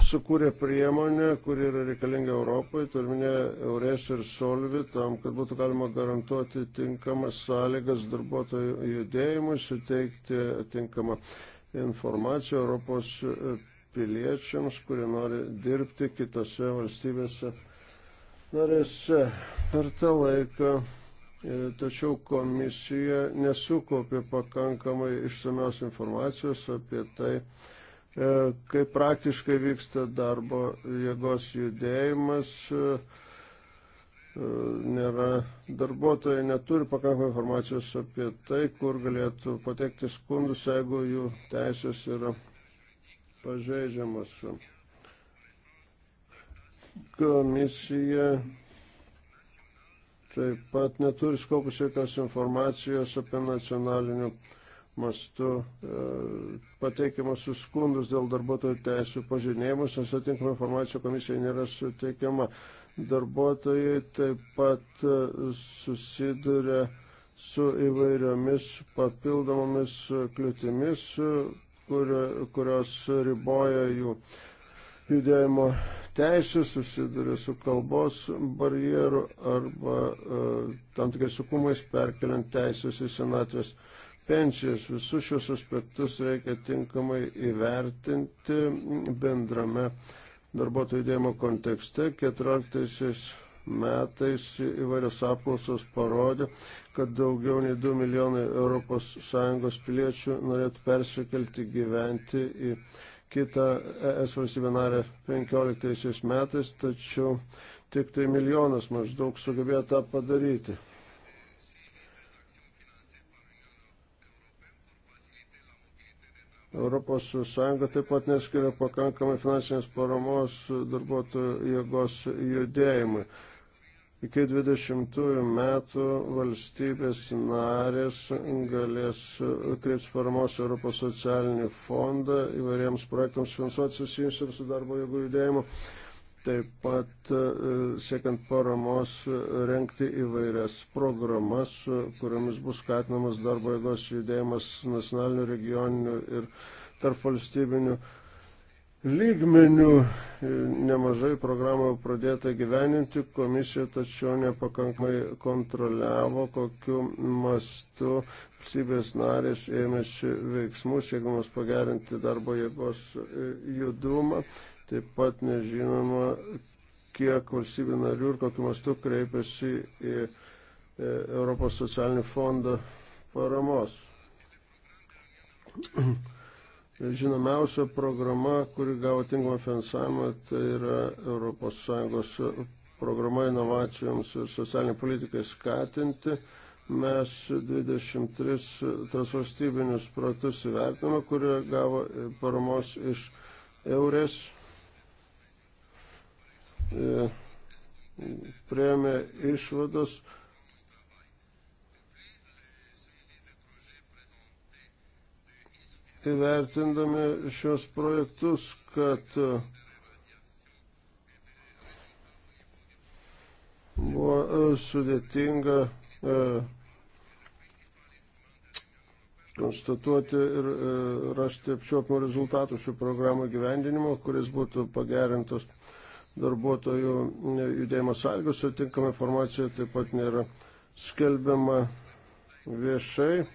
S4: sukūrė priemonę, kuri yra reikalinga Europai, turminė Eures ir Solvi, tam, kad būtų galima garantuoti tinkamas sąlygas darbuotojų judėjimui, suteikti tinkamą informaciją Europos piliečiams, kurie nori dirbti kitose valstybėse narėse per tą laiką. E, tačiau komisija nesukopė pakankamai išsamios informacijos apie tai, e, kaip praktiškai vyksta darbo jėgos judėjimas, e, nėra, darbuotojai neturi pakankamai informacijos apie tai, kur galėtų patekti skundus, jeigu jų teisės yra pažeidžiamas. Komisija taip pat neturi skopus jokios informacijos apie nacionalinių mastu e, pateikiamas suskundus dėl darbuotojų teisų pažinėjimus, nes atinkama informacija komisijai nėra suteikiama. Darbuotojai taip pat e, susiduria su įvairiomis papildomomis kliūtimis, kur, kurios riboja jų judėjimo teisė, susiduria su kalbos barjeru arba uh, tam tikrais sukumais perkeliant teisės į senatvės pensijas. Visus šios aspektus reikia tinkamai įvertinti bendrame darbuotojų judėjimo kontekste. 14 metais įvairios apklausos parodė, kad daugiau nei 2 milijonai ES piliečių norėtų persikelti gyventi į kitą ES valstybę narę 15 metais, tačiau tik tai milijonas maždaug sugebėjo tą padaryti. Europos Sąjunga taip pat neskiria pakankamai finansinės paramos darbuotojų jėgos judėjimui. Iki 20 metų valstybės narės galės kreipti paramos Europos socialinį fondą įvairiems projektams finansuoti susijusiams su darbo jėgų judėjimu. Taip pat e, siekiant paramos renkti įvairias programas, kuriamis bus skatinamas darbo jėgos judėjimas nacionalinių, regioninių ir tarp valstybinių lygmenių e, nemažai programų pradėta gyveninti, komisija tačiau nepakankamai kontroliavo, kokiu mastu valstybės narės ėmėsi veiksmų, siekdamas pagerinti darbo jėgos e, judumą. Taip pat nežinoma, kiek valstybių narių ir kokiu mastu kreipiasi į e, Europos socialinį fondą paramos žinomiausia programa, kuri gavo tinkamą finansavimą, tai yra ES programa inovacijoms ir socialiniai politikai skatinti. Mes 23 transvalstybinius projektus įvertinome, kurie gavo paramos iš eurės. E, Prieėmė išvados įvertindami šios projektus, kad buvo e, sudėtinga e, konstatuoti ir e, rasti apčiopimo rezultatų šių programų gyvendinimo, kuris būtų pagerintos darbuotojų judėjimo sąlygos, atitinkama informacija taip pat nėra skelbiama viešai.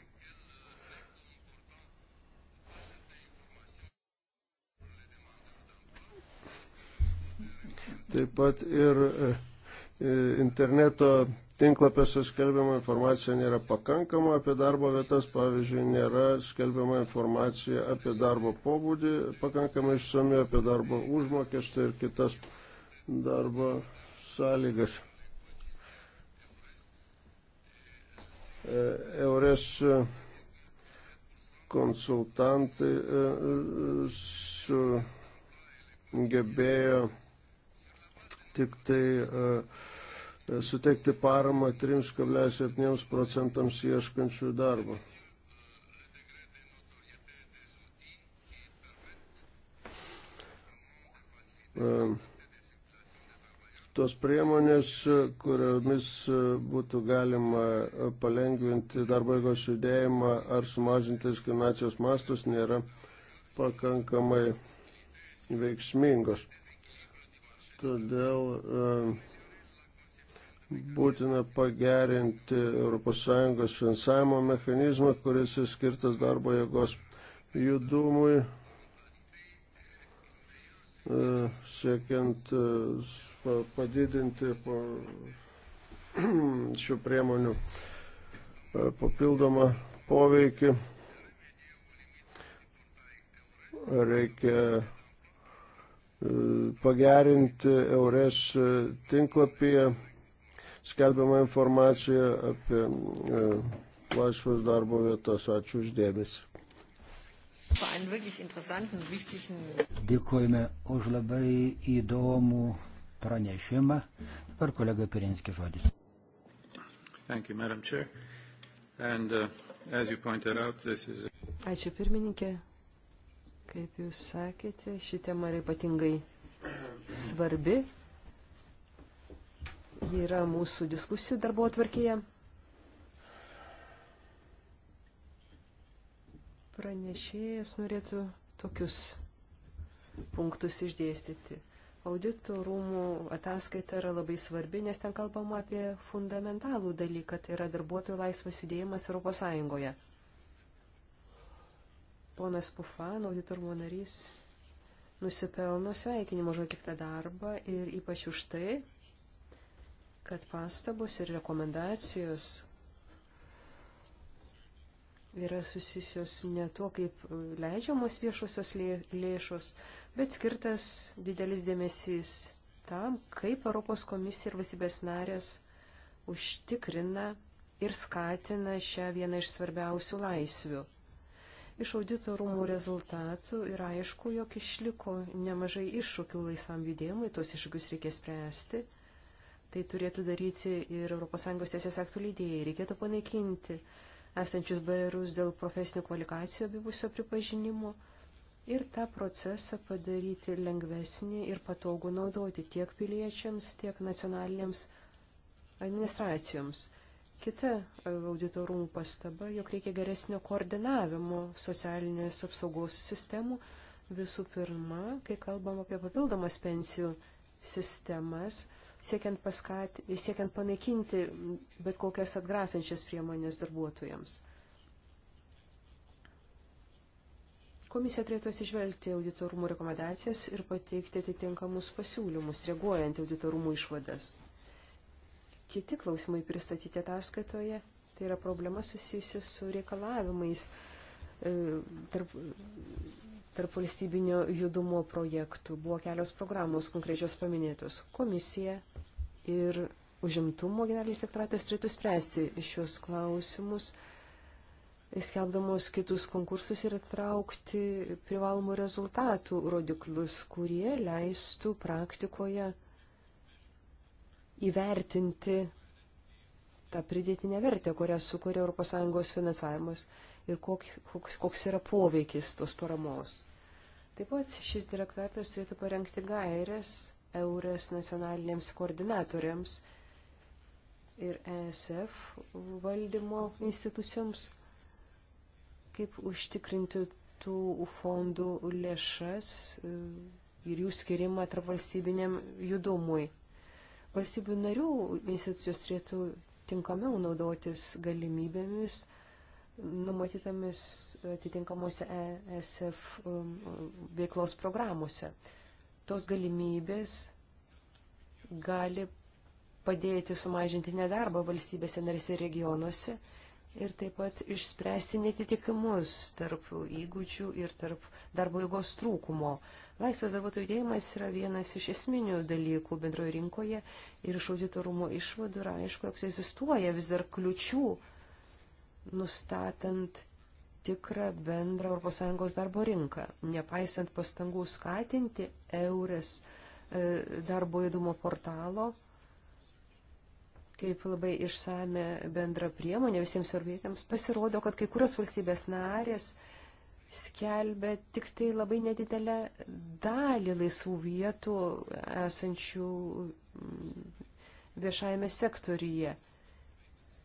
S4: Taip pat ir e, e, interneto tinklapiuose skelbiama informacija nėra pakankama apie darbo vietas, pavyzdžiui, nėra skelbiama informacija apie darbo pobūdį, pakankamai išsami apie darbo užmokestį ir kitas darbo sąlygas. E, Eures konsultantai sugebėjo tik tai e, suteikti paramą 3,7 procentams ieškančių darbo. E, tos priemonės, kuriomis būtų galima palengvinti darbo jėgos judėjimą ar sumažinti diskriminacijos mastus, nėra pakankamai veiksmingos. Todėl e, būtina pagerinti ES finansavimo mechanizmą, kuris skirtas darbo jėgos judumui, e, siekiant e, padidinti šių priemonių papildomą poveikį. Reikia pagerinti Eures tinklapyje skelbiamą informaciją apie e, laisvas darbo vietas. Ačiū uždėmesi. Dėkojame
S3: už labai įdomų pranešimą. Dabar kolega Pirinskis žodis.
S4: Thank you, Madam Chair. And uh, as you pointed out, this is...
S2: Ačiū pirmininkė. Kaip jūs sakėte, ši tema yra ypatingai svarbi. Ji yra mūsų diskusijų darbo atvarkėje. Pranešėjas norėtų tokius punktus išdėstyti. Audito rūmų ataskaita yra labai svarbi, nes ten kalbama apie fundamentalų dalyką, tai yra darbuotojų laisvas judėjimas Europos Sąjungoje. Ponas Pufan, auditorumo narys, nusipelno sveikinimo už atliktą darbą ir ypač už tai, kad pastabos ir rekomendacijos yra susijusios ne tuo, kaip leidžiamos viešosios lė, lėšos, bet skirtas didelis dėmesys tam, kaip Europos komisija ir valstybės narės užtikrina ir skatina šią vieną iš svarbiausių laisvių Iš audito rūmų rezultatų yra aišku, jog išliko nemažai iššūkių laisvam judėjimui, tos iššūkius reikia spręsti. Tai turėtų daryti ir ES teisės aktų leidėjai. Reikėtų panaikinti esančius barjerus dėl profesinių kvalifikacijų abipusio pripažinimo ir tą procesą padaryti lengvesnį ir patogų naudoti tiek piliečiams, tiek nacionalinėms administracijoms kita e, auditorumų pastaba, jog reikia geresnio koordinavimo socialinės apsaugos sistemų. Visų pirma, kai kalbam apie papildomas pensijų sistemas, siekiant, paskat, siekiant panaikinti bet kokias atgrasančias priemonės darbuotojams. Komisija turėtų atsižvelgti auditorumų rekomendacijas ir pateikti atitinkamus pasiūlymus, reaguojant auditorumų išvadas kiti klausimai pristatyti ataskaitoje. Tai yra problema susijusi su reikalavimais e, tarp, tarp valstybinio judumo projektų. Buvo kelios programos konkrečios paminėtos. Komisija ir užimtumo generalinis sekretorius turėtų spręsti šios klausimus, skelbdamos kitus konkursus ir traukti privalomų rezultatų rodiklius, kurie leistų praktikoje įvertinti tą pridėtinę vertę, kurią sukuria ES finansavimas ir koks, koks, koks yra poveikis tos paramos. Taip pat šis direktorius turėtų parengti gairias eurės nacionalinėms koordinatoriams ir ESF valdymo institucijoms, kaip užtikrinti tų fondų lėšas e, ir jų skirimą tarp valstybiniam judumui. Valstybių narių institucijos turėtų tinkamiau naudotis galimybėmis numatytomis atitinkamuose ESF um, veiklos programuose. Tos galimybės gali padėti sumažinti nedarbą valstybėse narėse regionuose ir taip pat išspręsti netitikimus tarp įgūdžių ir tarp darbo jėgos trūkumo. Laisvas darbuotojų judėjimas yra vienas iš esminių dalykų bendroje rinkoje ir iš auditorumo išvadų yra aišku, jog egzistuoja vis dar kliučių nustatant tikrą bendrą ES darbo rinką, nepaisant pastangų skatinti eurės e, darbo judumo portalo kaip labai išsame bendra priemonė visiems sorbėtams, pasirodo, kad kai kurios valstybės narės skelbia tik tai labai nedidelę dalį laisvų vietų esančių mm, viešajame sektoriuje.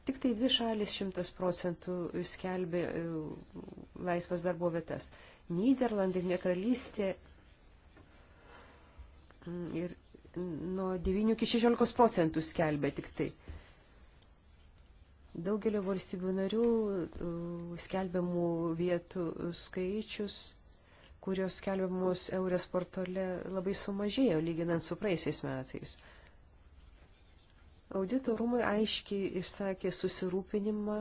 S2: Tik tai dvi šalis šimtas procentų skelbia mm, laisvas darbo vietas. Niderlandai, Jungtinė karalystė mm, ir nuo 9 iki 16 procentų skelbia tik tai. Daugelio valstybių narių skelbiamų vietų skaičius, kurios skelbiamos Eurės portale, labai sumažėjo lyginant su praeisiais metais. Audito rūmai aiškiai išsakė susirūpinimą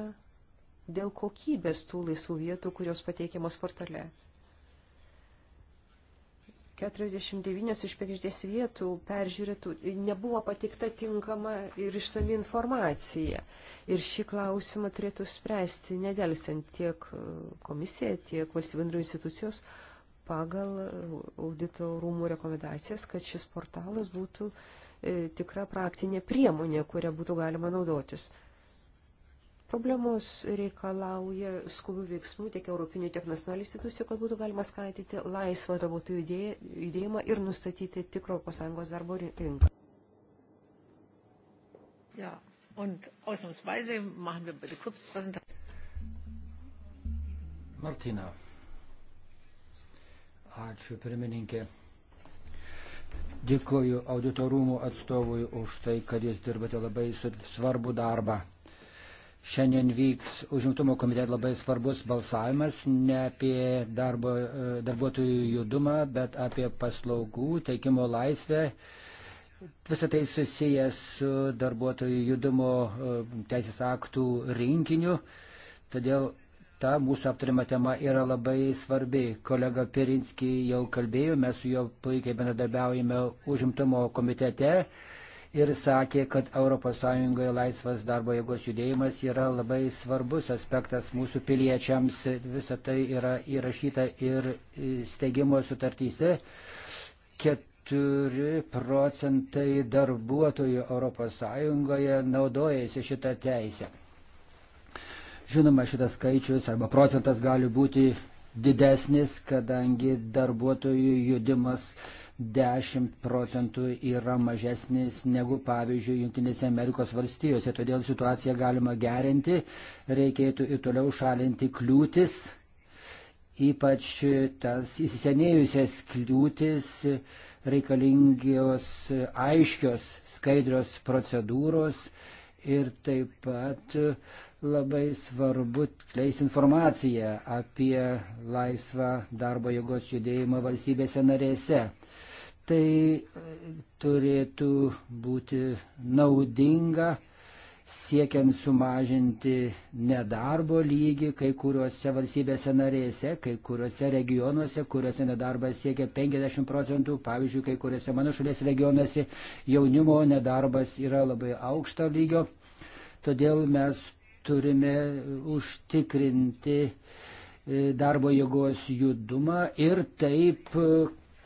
S2: dėl kokybės tų laisvų vietų, kurios pateikiamos portale. 49 iš 50 vietų peržiūrėtų nebuvo pateikta tinkama ir išsami informacija. Ir šį klausimą turėtų spręsti nedelsiant tiek e, komisija, tiek valstybindrų institucijos pagal audito rūmų rekomendacijas, kad šis portalas būtų e, tikra praktinė priemonė, kurią būtų galima naudotis. Problemos reikalauja skubių veiksmų tiek europinių, tiek nacionalinių institucijų, kad būtų galima skaityti laisvą darbuotojų judėjimą ir nustatyti tikro pasangos darbo rinką.
S1: Ja, und ausnahmsweise machen wir bei der Kurzpräsentation.
S3: Martina. Ačiū, pirmininkė. Dėkoju auditorumų atstovui už tai, kad jūs dirbate labai svarbų darbą. Šiandien vyks užimtumo komiteto labai svarbus balsavimas ne apie darbo, e, darbuotojų judumą, bet apie paslaugų teikimo laisvę. Visą tai susijęs su darbuotojų judumo e, teisės aktų rinkiniu. Todėl ta mūsų aptarima tema yra labai svarbi. Kolega Pirinski jau kalbėjo, mes su juo puikiai bendradarbiaujame užimtumo komitete ir sakė, kad ES laisvas darbo jėgos judėjimas yra labai svarbus aspektas mūsų piliečiams. Visą tai yra įrašyta ir steigimo sutartyse. 4 procentai darbuotojų ES naudojasi šitą teisę. Žinoma, šitas skaičius arba procentas gali būti didesnis, kadangi darbuotojų judimas uh, 10 procentų yra mažesnis negu, pavyzdžiui, Junktinėse Amerikos valstijose. Todėl situaciją galima gerinti, reikėtų ir toliau šalinti kliūtis, ypač tas įsisenėjusias kliūtis reikalingios aiškios, skaidrios procedūros ir taip pat labai svarbu leis informaciją apie laisvą darbo jėgos judėjimą valstybėse narėse tai e, turėtų būti naudinga siekiant sumažinti nedarbo lygį kai kuriuose valstybėse narėse, kai kuriuose regionuose, kuriuose nedarbas siekia 50 procentų, pavyzdžiui, kai kuriuose mano šalies regionuose jaunimo nedarbas yra labai aukšto lygio. Todėl mes turime užtikrinti e, darbo jėgos judumą ir taip e,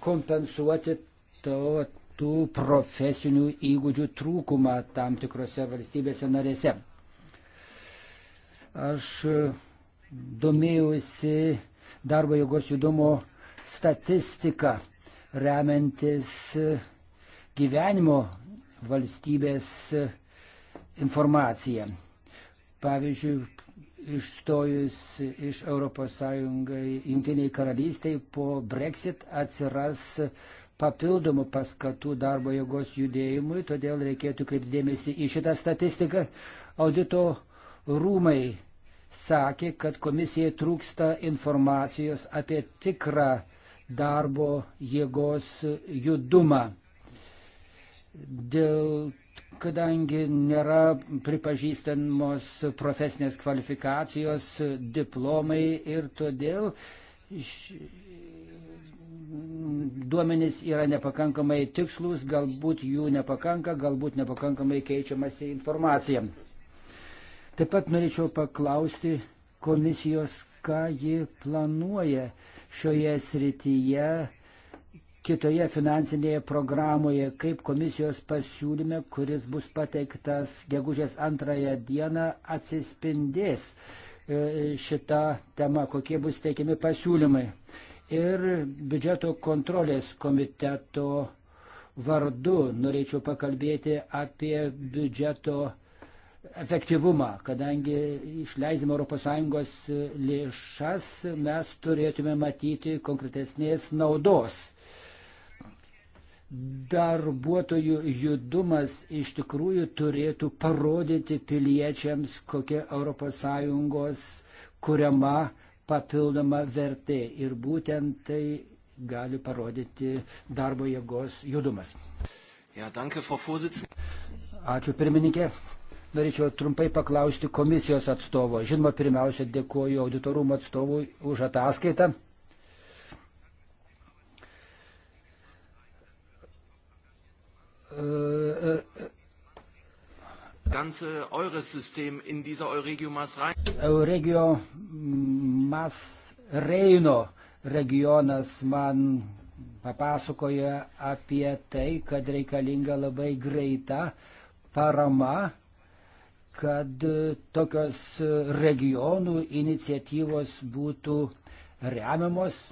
S3: kompensuoti to, tų profesinių įgūdžių trūkumą tam tikrose valstybėse narėse. Aš e, domėjusi darbo jėgos judumo statistiką remiantis e, gyvenimo valstybės e, informacija. Pavyzdžiui, išstojus iš ES jungtiniai karalystiai po Brexit atsiras papildomų paskatų darbo jėgos judėjimui, todėl reikėtų kreipdėmėsi į šitą statistiką. Audito rūmai sakė, kad komisijai trūksta informacijos apie tikrą darbo jėgos judumą. Dėl kadangi nėra pripažįstamos profesinės kvalifikacijos, diplomai ir todėl duomenys yra nepakankamai tikslus, galbūt jų nepakanka, galbūt nepakankamai keičiamasi informacija. Taip pat norėčiau paklausti komisijos, ką ji planuoja šioje srityje kitoje finansinėje programoje, kaip komisijos pasiūlyme, kuris bus pateiktas gegužės antrąją dieną, atsispindės e, šita tema, kokie bus teikiami pasiūlymai. Ir biudžeto kontrolės komiteto vardu norėčiau pakalbėti apie biudžeto efektyvumą, kadangi išleidžiame ES lėšas, mes turėtume matyti konkretesnės naudos darbuotojų judumas iš tikrųjų turėtų parodyti piliečiams, kokia ES kuriama papildoma vertė. Ir būtent tai gali parodyti darbo jėgos judumas. Ja, danke,
S1: Ačiū
S3: pirmininkė. Norėčiau trumpai paklausti komisijos atstovo. Žinoma, pirmiausia, dėkoju auditorumo atstovui už ataskaitą.
S1: ganze Eures-System in dieser Euregio Mas Rhein.
S3: Euregio Mas Reino regionas man papasakoja apie tai, kad reikalinga labai greita parama, kad tokios regionų iniciatyvos būtų remiamos.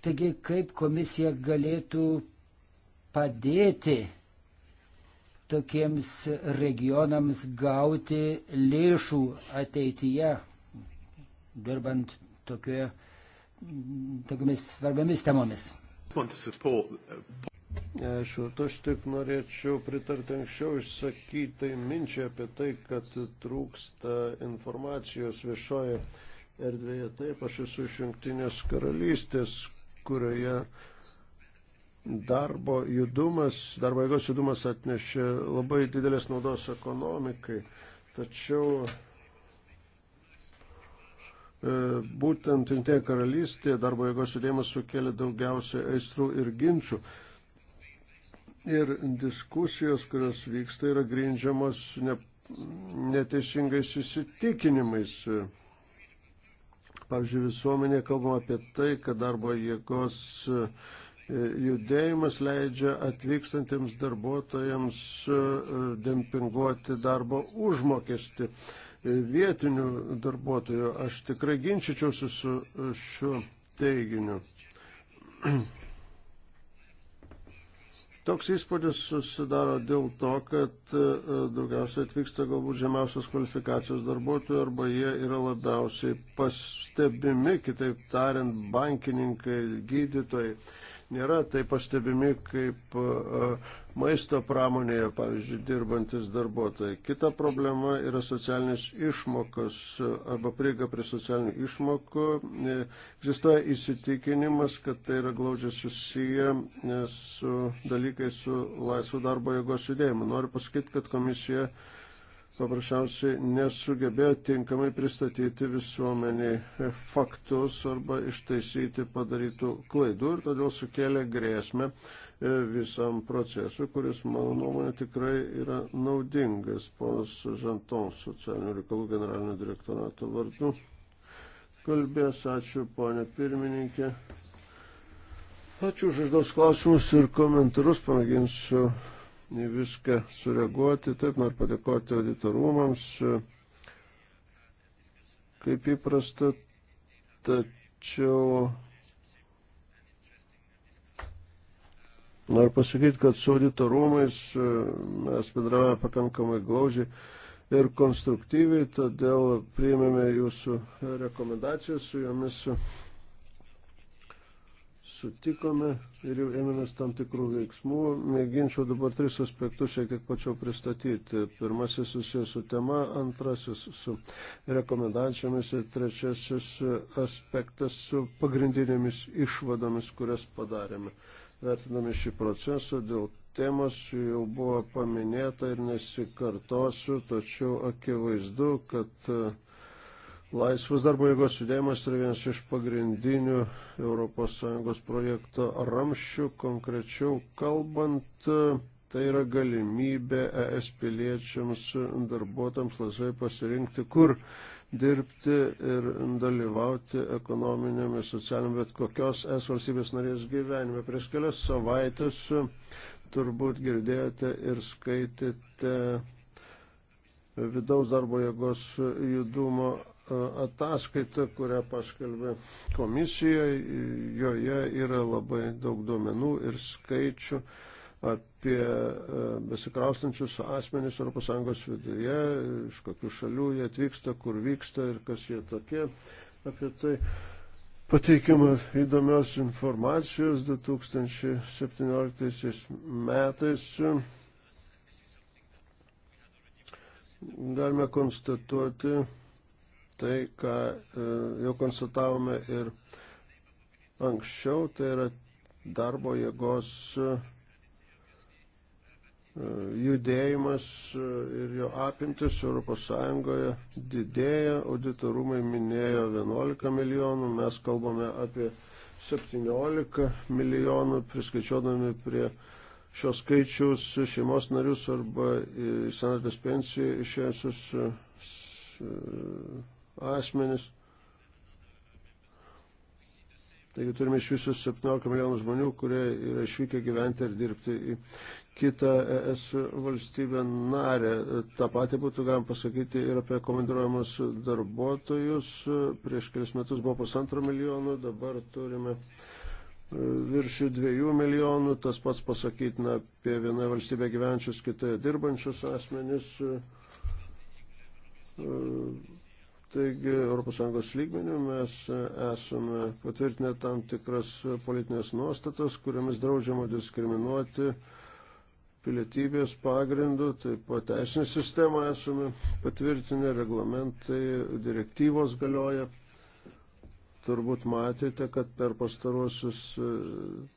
S3: Taigi, kaip komisija galėtų padėti tokiems regionams gauti lėšų ateityje, dirbant tokioje, tokiamis svarbiamis temomis.
S4: Ačiū, aš taip norėčiau pritarti anksčiau išsakytai minčiai apie tai, kad trūksta informacijos viešoje erdvėje. Taip, aš esu iš Junktinės karalystės, kurioje uh, darbo judumas, darbo jėgos judumas atnešė labai didelės naudos ekonomikai, tačiau e, būtent Junktinėje karalystėje darbo jėgos judėjimas sukėlė daugiausiai aistrų ir ginčių. Ir diskusijos, kurios vyksta, yra grindžiamos ne, neteisingais įsitikinimais. Pavyzdžiui, visuomenė kalbama apie tai, kad darbo jėgos uh, judėjimas leidžia atvykstantiems darbuotojams e, dempinguoti darbo užmokesti vietinių darbuotojų. Aš tikrai ginčičiausi su e, šiuo teiginiu. Toks įspūdis susidaro dėl to, kad e, daugiausiai atvyksta galbūt žemiausios kvalifikacijos darbuotojų arba jie yra labiausiai pastebimi, kitaip tariant, bankininkai, gydytojai nėra taip pastebimi kaip maisto pramonėje, pavyzdžiui, dirbantis darbuotojai. Kita problema yra socialinės išmokos arba prieiga prie socialinių išmokų. E, egzistuoja įsitikinimas, kad tai yra glaudžiai susiję e, su dalykais su laisvu darbo jėgos judėjimu. Noriu pasakyti, kad komisija paprasčiausiai nesugebėjo tinkamai pristatyti visuomeniai faktus arba ištaisyti padarytų klaidų ir todėl sukėlė grėsmę e, visam procesui, kuris, mano nuomonė, tikrai yra naudingas. Ponas Žanton, socialinių reikalų generalinio direktorato vardu, kalbės. Ačiū, ponė pirmininkė. Ačiū už išduos klausimus ir komentarus. Pamėginsiu viską sureaguoti. Taip, noriu padėkoti auditorumams, kaip įprasta, tačiau Noriu pasakyti, kad su audito rūmais e, mes bendravome pakankamai glaužiai ir konstruktyviai, todėl priėmėme jūsų rekomendacijas, su jomis sutikome ir jau ėmėmės tam tikrų veiksmų. Mėginčiau dabar tris aspektus šiek tiek pačiau pristatyti. Pirmasis susijęs su tema, antrasis su rekomendacijomis ir trečiasis aspektas su pagrindinėmis išvadomis, kurias padarėme. Vertiname šį procesą, dėl temos jau buvo paminėta ir nesikartosiu, tačiau akivaizdu, kad uh, Laisvas darbo jėgos judėjimas yra vienas iš pagrindinių ES projekto ramščių. Konkrečiau kalbant, tai yra galimybė ES piliečiams, darbuotams laisvai pasirinkti, kur dirbti ir dalyvauti ekonominėm ir socialiniam, bet kokios es valstybės narės gyvenime. Prieš kelias savaitės turbūt girdėjote ir skaitėte vidaus darbo jėgos judumo ataskaita, kurią paskelbė komisija, joje yra labai daug duomenų ir skaičių apie e, besikraustančius asmenys ES viduje, iš kokių šalių jie atvyksta, kur vyksta ir kas jie tokie. Apie tai pateikiama įdomios informacijos 2017 metais galime konstatuoti, tai, ką e, jau konsultavome ir anksčiau, tai yra darbo jėgos e, judėjimas e, ir jo apimtis ES didėja, auditorumai minėjo 11 milijonų, mes kalbame apie 17 milijonų, priskaičiuodami prie šios skaičius šeimos narius arba į senatvės pensiją išėjusius asmenis. Taigi turime iš viso 17 milijonų žmonių, kurie yra išvykę gyventi ir dirbti į kitą ES valstybę narę. Ta pati būtų galima pasakyti ir apie komandiruojamus darbuotojus. Prieš kelis metus buvo pusantro milijonų, dabar turime e, viršių dviejų milijonų. Tas pats pasakytina apie vieną valstybę gyvenčius, kitoje dirbančius asmenis e, e, Taigi ES lygmenių mes esame patvirtinę tam tikras politinės nuostatas, kuriamis draudžiama diskriminuoti pilietybės pagrindų, taip pat teisinę sistemą esame patvirtinę, reglamentai, direktyvos galioja. Turbūt matėte, kad per pastaruosius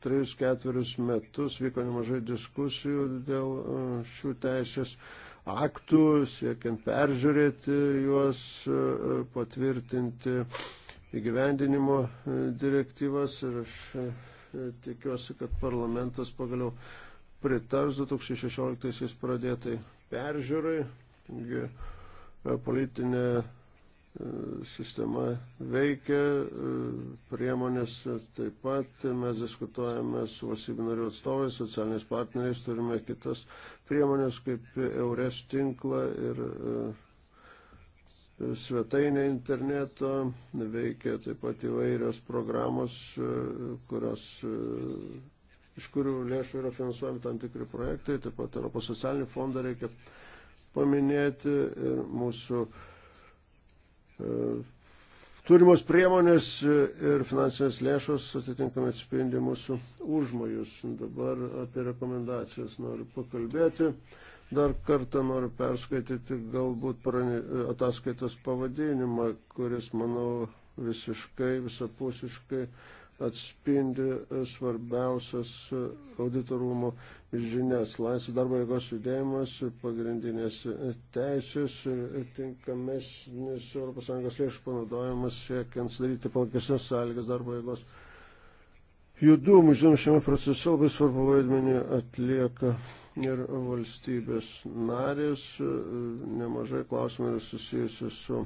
S4: 3-4 e, metus vyko nemažai diskusijų dėl e, šių teisės aktų, siekiant peržiūrėti juos, e, patvirtinti įgyvendinimo e, direktyvas ir aš e, tikiuosi, kad parlamentas pagaliau pritars 2016 pradėtai peržiūrai. Taigi, politinė sistema veikia, priemonės taip pat mes diskutuojame su valstybinarių atstovais, socialiniais partneriais, turime kitas priemonės kaip Eures tinklą ir e, svetainė interneto, veikia taip pat įvairios programos, e, kurios e, iš kurių lėšų yra finansuojami tam tikri projektai, taip pat Europos socialinį fondą reikia paminėti ir mūsų uh, turimos priemonės ir finansinės lėšos atitinkamai atspindi mūsų užmojus. Dabar apie rekomendacijas noriu pakalbėti. Dar kartą noriu perskaityti galbūt ataskaitos pavadinimą, kuris, manau, visiškai, visapusiškai atspindi svarbiausias auditorumų žinias. Laisvė darbo jėgos judėjimas, pagrindinės teisės, tinkamesnis ES lėšų panaudojimas, siekiant sudaryti palankesnės sąlygas darbo jėgos. Judumų, žinom, šiame procese labai svarbu vaidmenį atlieka ir valstybės narės. Nemažai klausimų yra susijusių su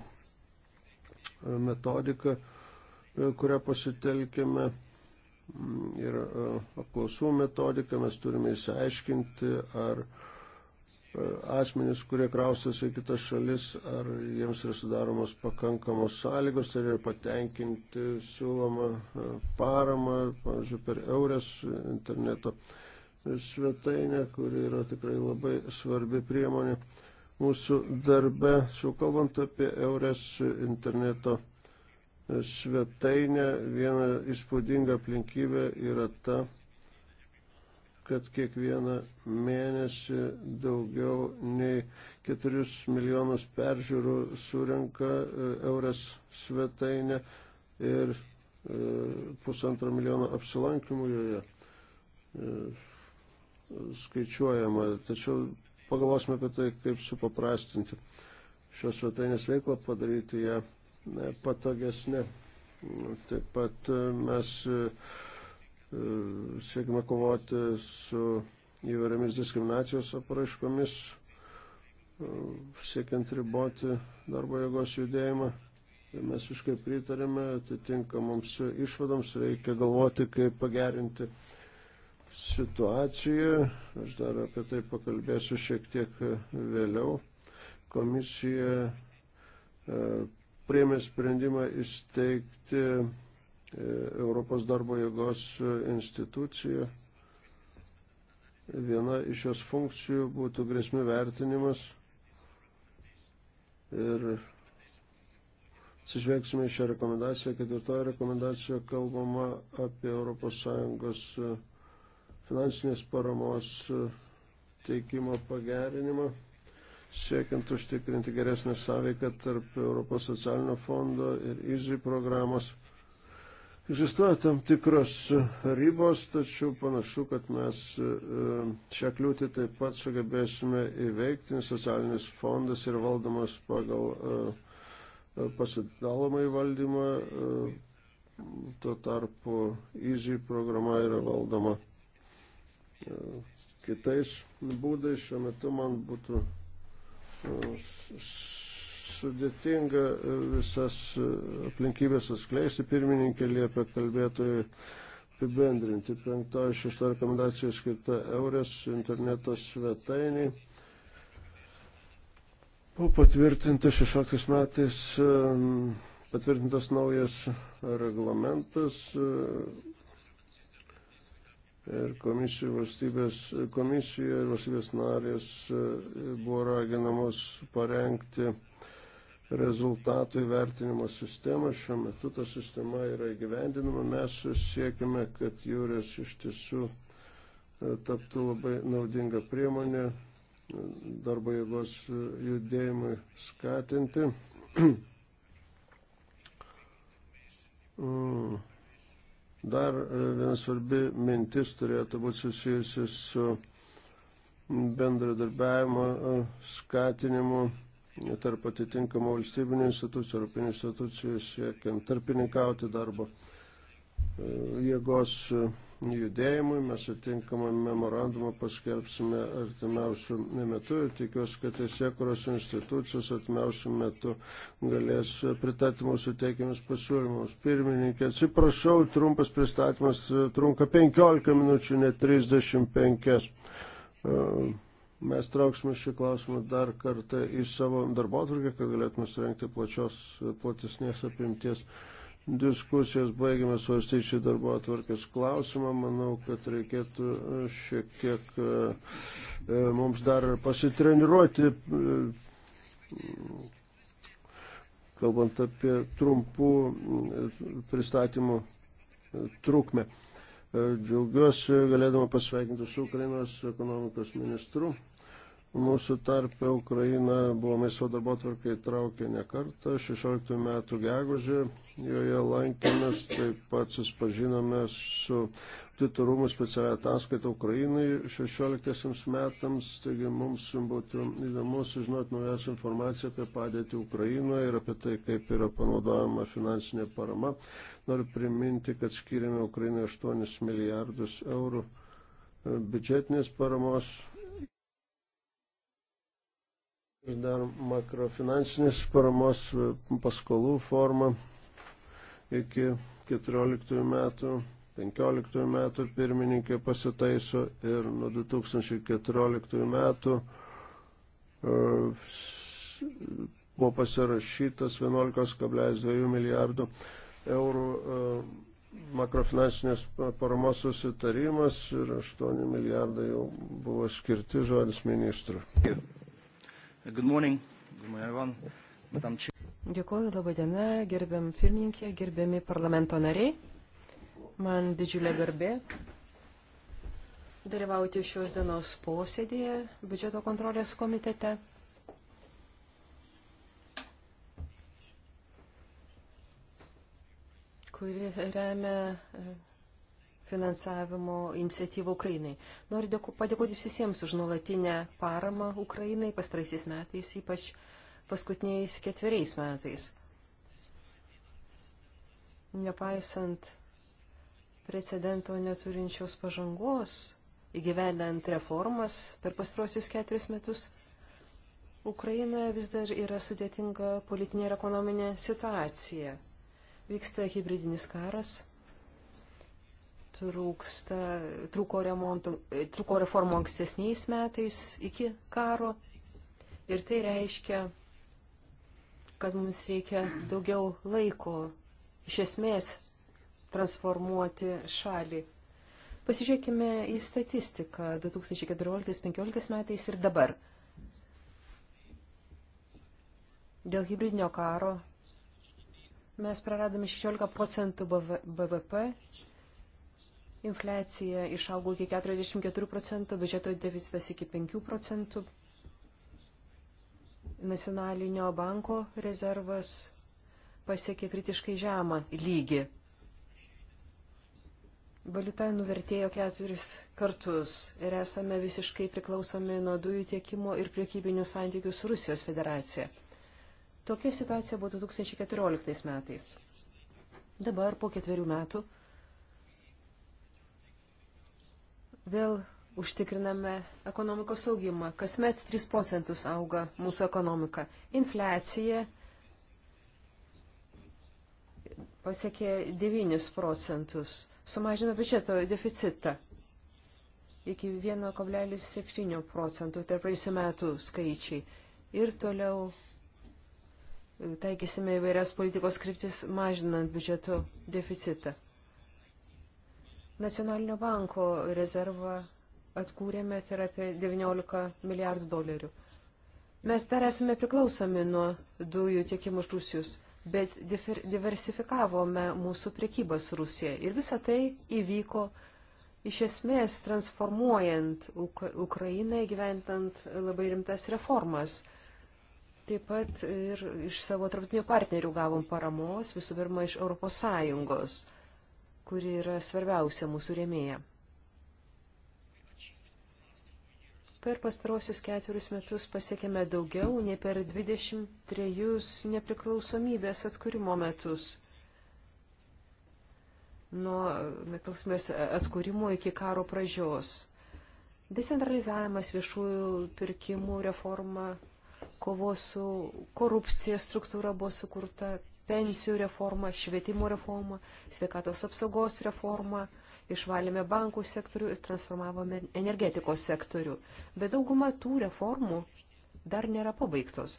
S4: metodika kurią pasitelkėme ir e, apklausų metodiką. Mes turime įsiaiškinti, ar e, asmenys, kurie kraustosi į kitas šalis, ar jiems yra sudaromos pakankamos sąlygos, ar yra patenkinti siūloma e, parama, pavyzdžiui, per eurės interneto svetainę, kuri yra tikrai labai svarbi priemonė mūsų darbe. Šiuo kalbant apie eurės interneto svetainę svetainę. Viena įspūdinga aplinkybė yra ta, kad kiekvieną mėnesį daugiau nei 4 milijonus peržiūrų surenka e, Eures svetainė ir e, pusantro milijono apsilankimų joje e, skaičiuojama. Tačiau pagalvosime apie tai, kaip supaprastinti šios svetainės veiklą, padaryti ją patogesnė. Taip pat e, mes e, e, siekime kovoti su įvairiamis diskriminacijos apraiškomis, siekiant riboti darbo jėgos judėjimą. Mes iškai pritarėme atitinkamoms išvadoms, reikia galvoti, kaip pagerinti situaciją. Aš dar apie tai pakalbėsiu šiek tiek vėliau. Komisija priėmė sprendimą įsteigti e, Europos darbo jėgos e, instituciją. Viena iš jos funkcijų būtų grėsmių vertinimas ir atsižvelgsime į šią rekomendaciją. Ketvirtoje rekomendacijoje kalbama apie ES e, finansinės paramos teikimo pagerinimą siekiant užtikrinti geresnę sąveiką tarp Europos socialinio fondo ir EASY programos. Egzistuoja tam tikros ribos, tačiau panašu, kad mes e, šią kliūtį taip pat sugebėsime įveikti, nes socialinis fondas yra valdomas pagal e, pasidalomą įvaldymą, e, tuo tarpu EASY programa yra valdoma kitais būdais. Šiuo metu man būtų sudėtinga visas aplinkybės atskleisti. Pirmininkė liepia kalbėtojai apibendrinti. Penktoji šešta rekomendacija skirta eurės interneto svetainiai. Buvo patvirtinta 16 metais patvirtintas naujas reglamentas, ir komisijų valstybės, komisija ir valstybės narės e, buvo raginamos parengti rezultatų įvertinimo sistemą. Šiuo metu ta sistema yra įgyvendinama. Mes siekime, kad jūrės iš tiesų e, taptų labai naudinga priemonė e, darbo jėgos judėjimui skatinti. mm. Dar e, vienas svarbi mintis turėtų būti susijusi su bendradarbiavimo e, skatinimu tarp atitinkamų valstybinių institucijų, europinių institucijų, siekiant tarpininkauti darbo e, jėgos judėjimui. Mes atitinkamą memorandumą paskelbsime artimiausių metų ir tikiuosi, kad teisėkuros institucijos artimiausių metų galės pritarti mūsų teikiamis pasiūlymus. Pirmininkė, atsiprašau, trumpas pristatymas e, trunka 15 minučių, ne 35. E, mes trauksime šį klausimą dar kartą į savo darbo atvarkę, kad galėtume surenkti plačios, e, platesnės apimties diskusijas baigėme svarstyti šį darbo atvarkės klausimą. Manau, kad reikėtų e, šiek tiek e, e, mums dar pasitreniruoti, kalbant apie trumpų pristatymų trukmę. Džiaugiuosi galėdama pasveikinti su Ukrainos ekonomikos ministru. Mūsų tarpe Ukraina buvome savo darbo tvarkai traukę ne kartą, 16 metų gegužė, joje lankėmės, taip pat suspažinome su titurumų specialią ataskaitą Ukrainai 16 metams, taigi mums būtų įdomu sužinoti naujas informaciją apie padėtį Ukrainoje ir apie tai, kaip yra panaudojama finansinė parama. Noriu priminti, kad skiriame Ukrainai 8 milijardus eurų biudžetinės paramos dar makrofinansinės paramos e, paskolų forma iki 14 metų. 15 metų pirmininkė pasitaiso ir nuo 2014 metų e, buvo pasirašytas 11,2 milijardų eurų e, makrofinansinės paramos susitarimas ir 8 milijardai jau buvo skirti žodis ministrui. Good morning. Good morning, everyone. Madam Chair.
S2: Dėkuoju, laba diena, gerbiam pirmininkė, gerbiami parlamento nariai. Man didžiulė garbė dalyvauti šios dienos posėdėje biudžeto kontrolės komitete. kuri remia finansavimo iniciatyvą Ukrainai. Noriu padėkoti visiems už nuolatinę paramą Ukrainai pastraisiais metais, ypač paskutiniais ketveriais metais. Nepaisant precedento neturinčios pažangos, įgyvendant reformas per pastrosius keturis metus, Ukrainoje vis dar yra sudėtinga politinė ir ekonominė situacija. Vyksta hybridinis karas, trūksta, trūko, remontų, trūko reformų ankstesniais metais iki karo. Ir tai reiškia, kad mums reikia daugiau laiko iš esmės transformuoti šalį. Pasižiūrėkime į statistiką 2014-2015 metais ir dabar. Dėl hybridinio karo mes praradome 16 procentų BVP Inflecija išaugo iki 44 procentų, biudžeto deficitas iki 5 procentų. Nacionalinio banko rezervas pasiekė kritiškai žemą lygį. Valiuta nuvertėjo keturis kartus ir esame visiškai priklausomi nuo dujų tiekimo ir priekybinių santykių su Rusijos federacija. Tokia situacija buvo 2014 metais. Dabar po ketverių metų vėl užtikriname ekonomikos augimą. Kasmet 3 procentus auga mūsų ekonomika. Inflecija pasiekė 9 procentus. Sumažino biudžeto deficitą iki 1,7 procentų, tai praėjusiu metu skaičiai. Ir toliau e, taikysime įvairias politikos kryptis, mažinant biudžeto deficitą. Nacionalinio banko rezervą atkūrėme, tai yra apie 19 milijardų dolerių. Mes dar esame priklausomi nuo dujų tiekimo iš Rusijos, bet diversifikavome mūsų priekybas Rusija. Ir visa tai įvyko iš esmės transformuojant Uk Ukrainą, gyventant labai rimtas reformas. Taip pat ir iš savo tarptautinių partnerių gavom paramos, visų pirma, iš Europos Sąjungos kuri yra svarbiausia mūsų rėmėja. Per pastarosius ketverius metus pasiekėme daugiau nei per 23 nepriklausomybės atkūrimo metus. Nuo nepriklausomybės atkūrimo iki karo pražios. Decentralizavimas viešųjų pirkimų reforma, kovos su korupcija struktūra buvo sukurta pensijų reformą, švietimo reformą, sveikatos apsaugos reformą, išvalėme bankų sektorių ir transformavome energetikos sektorių. Bet dauguma tų reformų dar nėra pabaigtos.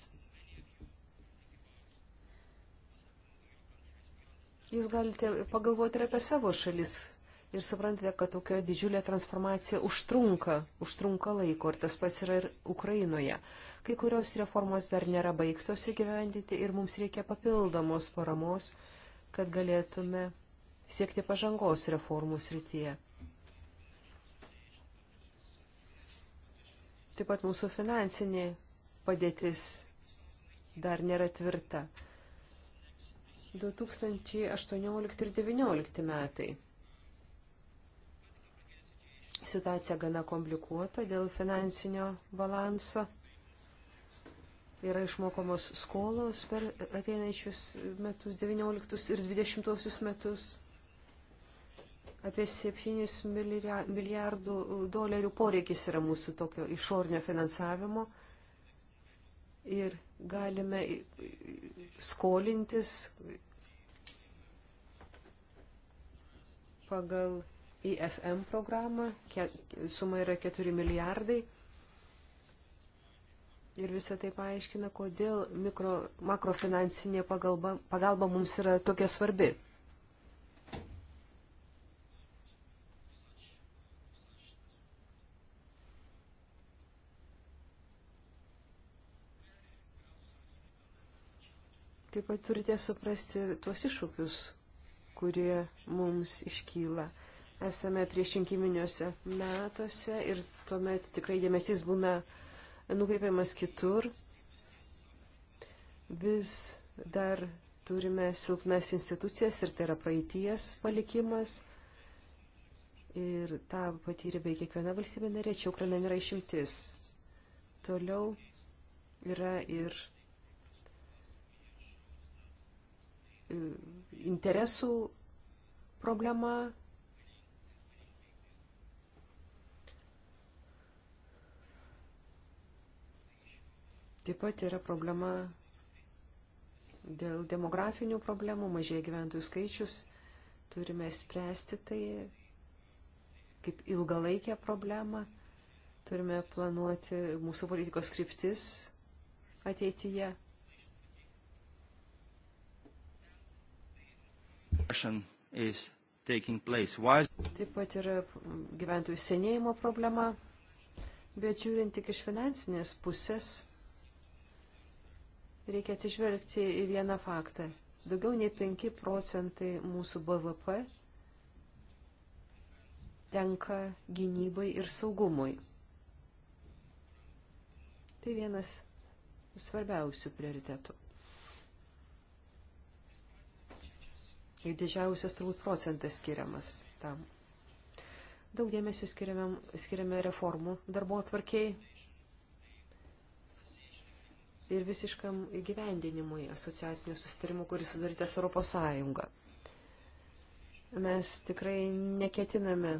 S2: Jūs galite pagalvoti ir apie savo šalis ir suprantate, kad tokia didžiulė transformacija užtrunka, užtrunka laiko ir tas pats yra ir Ukrainoje. Kai kurios reformos dar nėra baigtos įgyvendinti ir mums reikia papildomos paramos, kad galėtume siekti pažangos reformų srityje. Taip pat mūsų finansinė padėtis dar nėra tvirta. 2018 ir 2019 metai. Situacija gana komplikuota dėl finansinio balanso yra išmokomos skolos per ateinančius metus, 19 ir 20 metus. Apie 7 milijardų dolerių poreikis yra mūsų tokio išornio finansavimo ir galime skolintis pagal IFM programą, suma yra 4 milijardai. Ir visą tai paaiškina, kodėl mikro, makrofinansinė pagalba, pagalba mums yra tokia svarbi. Taip pat turite suprasti tuos iššūkius, kurie mums iškyla. Esame priešrinkiminiuose metuose ir tuomet tikrai dėmesys būna uh, nukreipiamas kitur. Vis dar turime silpnas institucijas ir tai yra praeities palikimas. Ir tą patyrė beveik kiekviena valstybė narė, čia Ukraina nėra išimtis. Toliau yra ir e, interesų problema, Taip pat yra problema dėl demografinių problemų, mažėja gyventojų skaičius, turime spręsti tai kaip ilgalaikę problemą, turime planuoti mūsų politikos kryptis ateityje.
S3: Taip
S2: pat yra gyventojų senėjimo problema, bet žiūrint tik iš finansinės pusės, reikia atsižvelgti į vieną faktą. Daugiau nei 5 procentai mūsų BVP tenka gynybai ir saugumui. Tai vienas svarbiausių prioritetų. Ir didžiausias turbūt procentas skiriamas tam. Daug dėmesio skiriame, skiriame reformų darbo atvarkiai, ir visiškam įgyvendinimui asociacinio sustarimo, kuris sudarytas Europos Sąjunga. Mes tikrai neketiname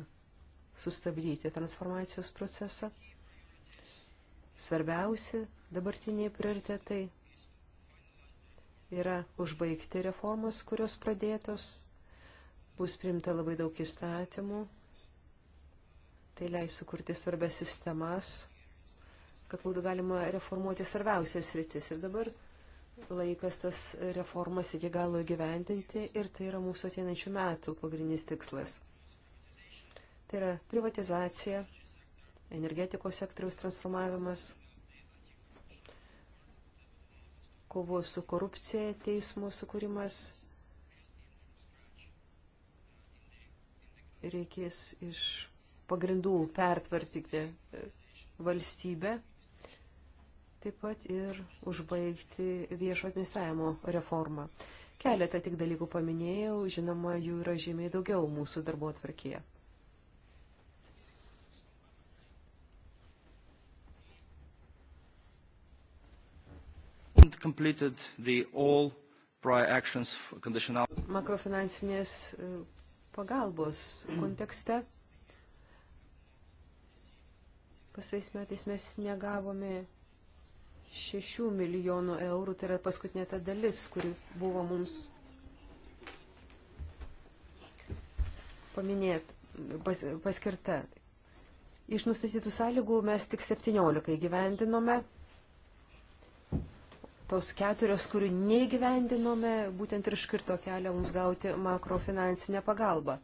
S2: sustabdyti transformacijos procesą. Svarbiausi dabartiniai prioritetai yra užbaigti reformas, kurios pradėtos, bus primta labai daug įstatymų, tai leis sukurti svarbias sistemas kad būtų galima reformuoti svarbiausias rytis. Ir dabar laikas tas reformas iki galo gyventinti ir tai yra mūsų ateinančių metų pagrindinis tikslas. Tai yra privatizacija, energetikos sektoriaus transformavimas, kovos su korupcija, teismų sukūrimas. Reikės iš pagrindų pertvarkyti valstybę taip pat ir užbaigti viešo administravimo reformą. Keletą tik dalykų paminėjau, žinoma, jų yra žymiai daugiau mūsų darbo atvarkyje. Makrofinansinės e, pagalbos kontekste pasais metais mes negavome 6 milijonų eurų, tai yra paskutinė ta dalis, kuri buvo mums paminėta, pas, paskirta. Iš nustatytų sąlygų mes tik 17 gyvendinome. Tos keturios, kurių neįgyvendinome, būtent ir iškirto kelią mums gauti makrofinansinę pagalbą.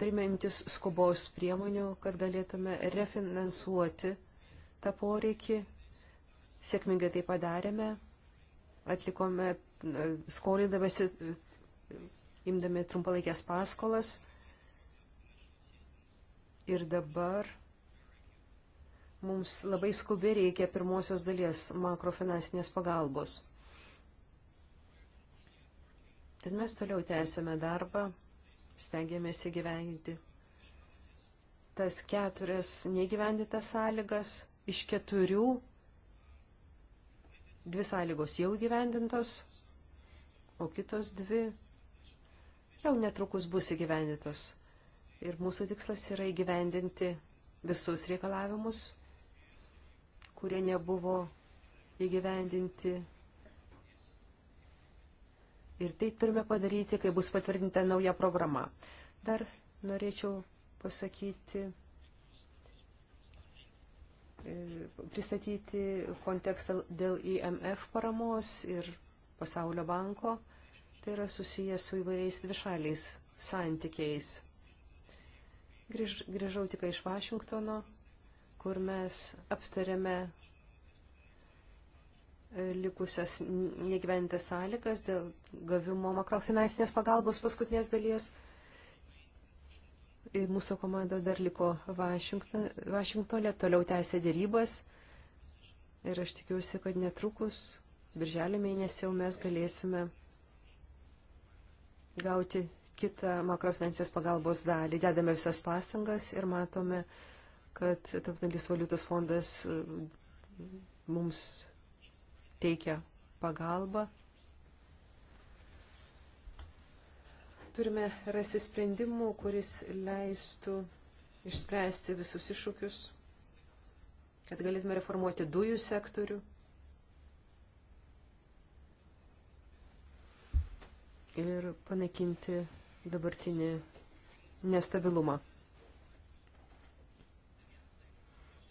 S2: Turime imtis skubos priemonių, kad galėtume refinansuoti tą poreikį, sėkmingai tai padarėme, atlikome skolydamasi, imdami trumpalaikės paskolas ir dabar mums labai skubiai reikia pirmosios dalies makrofinansinės pagalbos. Tad mes toliau tęsėme darbą, stengiamės įgyvendinti tas keturias negyvendytas sąlygas iš keturių dvi sąlygos jau gyvendintos, o kitos dvi jau netrukus bus įgyvendintos. Ir mūsų tikslas yra įgyvendinti visus reikalavimus, kurie nebuvo įgyvendinti. Ir tai turime padaryti, kai bus patvirtinta nauja programa. Dar norėčiau pasakyti pristatyti kontekstą dėl IMF paramos ir Pasaulio banko. Tai yra susijęs su įvairiais dvišaliais santykiais. Grįž, grįžau tik iš Vašingtono, kur mes aptarėme e, likusias negyventas sąlygas dėl gavimo makrofinansinės pagalbos paskutinės dalies Mūsų komanda dar liko Vašingtonė, toliau tęsė dėrybas ir aš tikiuosi, kad netrukus, birželio mėnesį jau mes galėsime gauti kitą makrofinansinės pagalbos dalį. Dedame visas pastangas ir matome, kad Tarptautinis valiutos fondas mums teikia pagalbą Turime rasti sprendimų, kuris leistų išspręsti visus iššūkius, kad galėtume reformuoti dujų sektorių. Ir panaikinti dabartinį nestabilumą.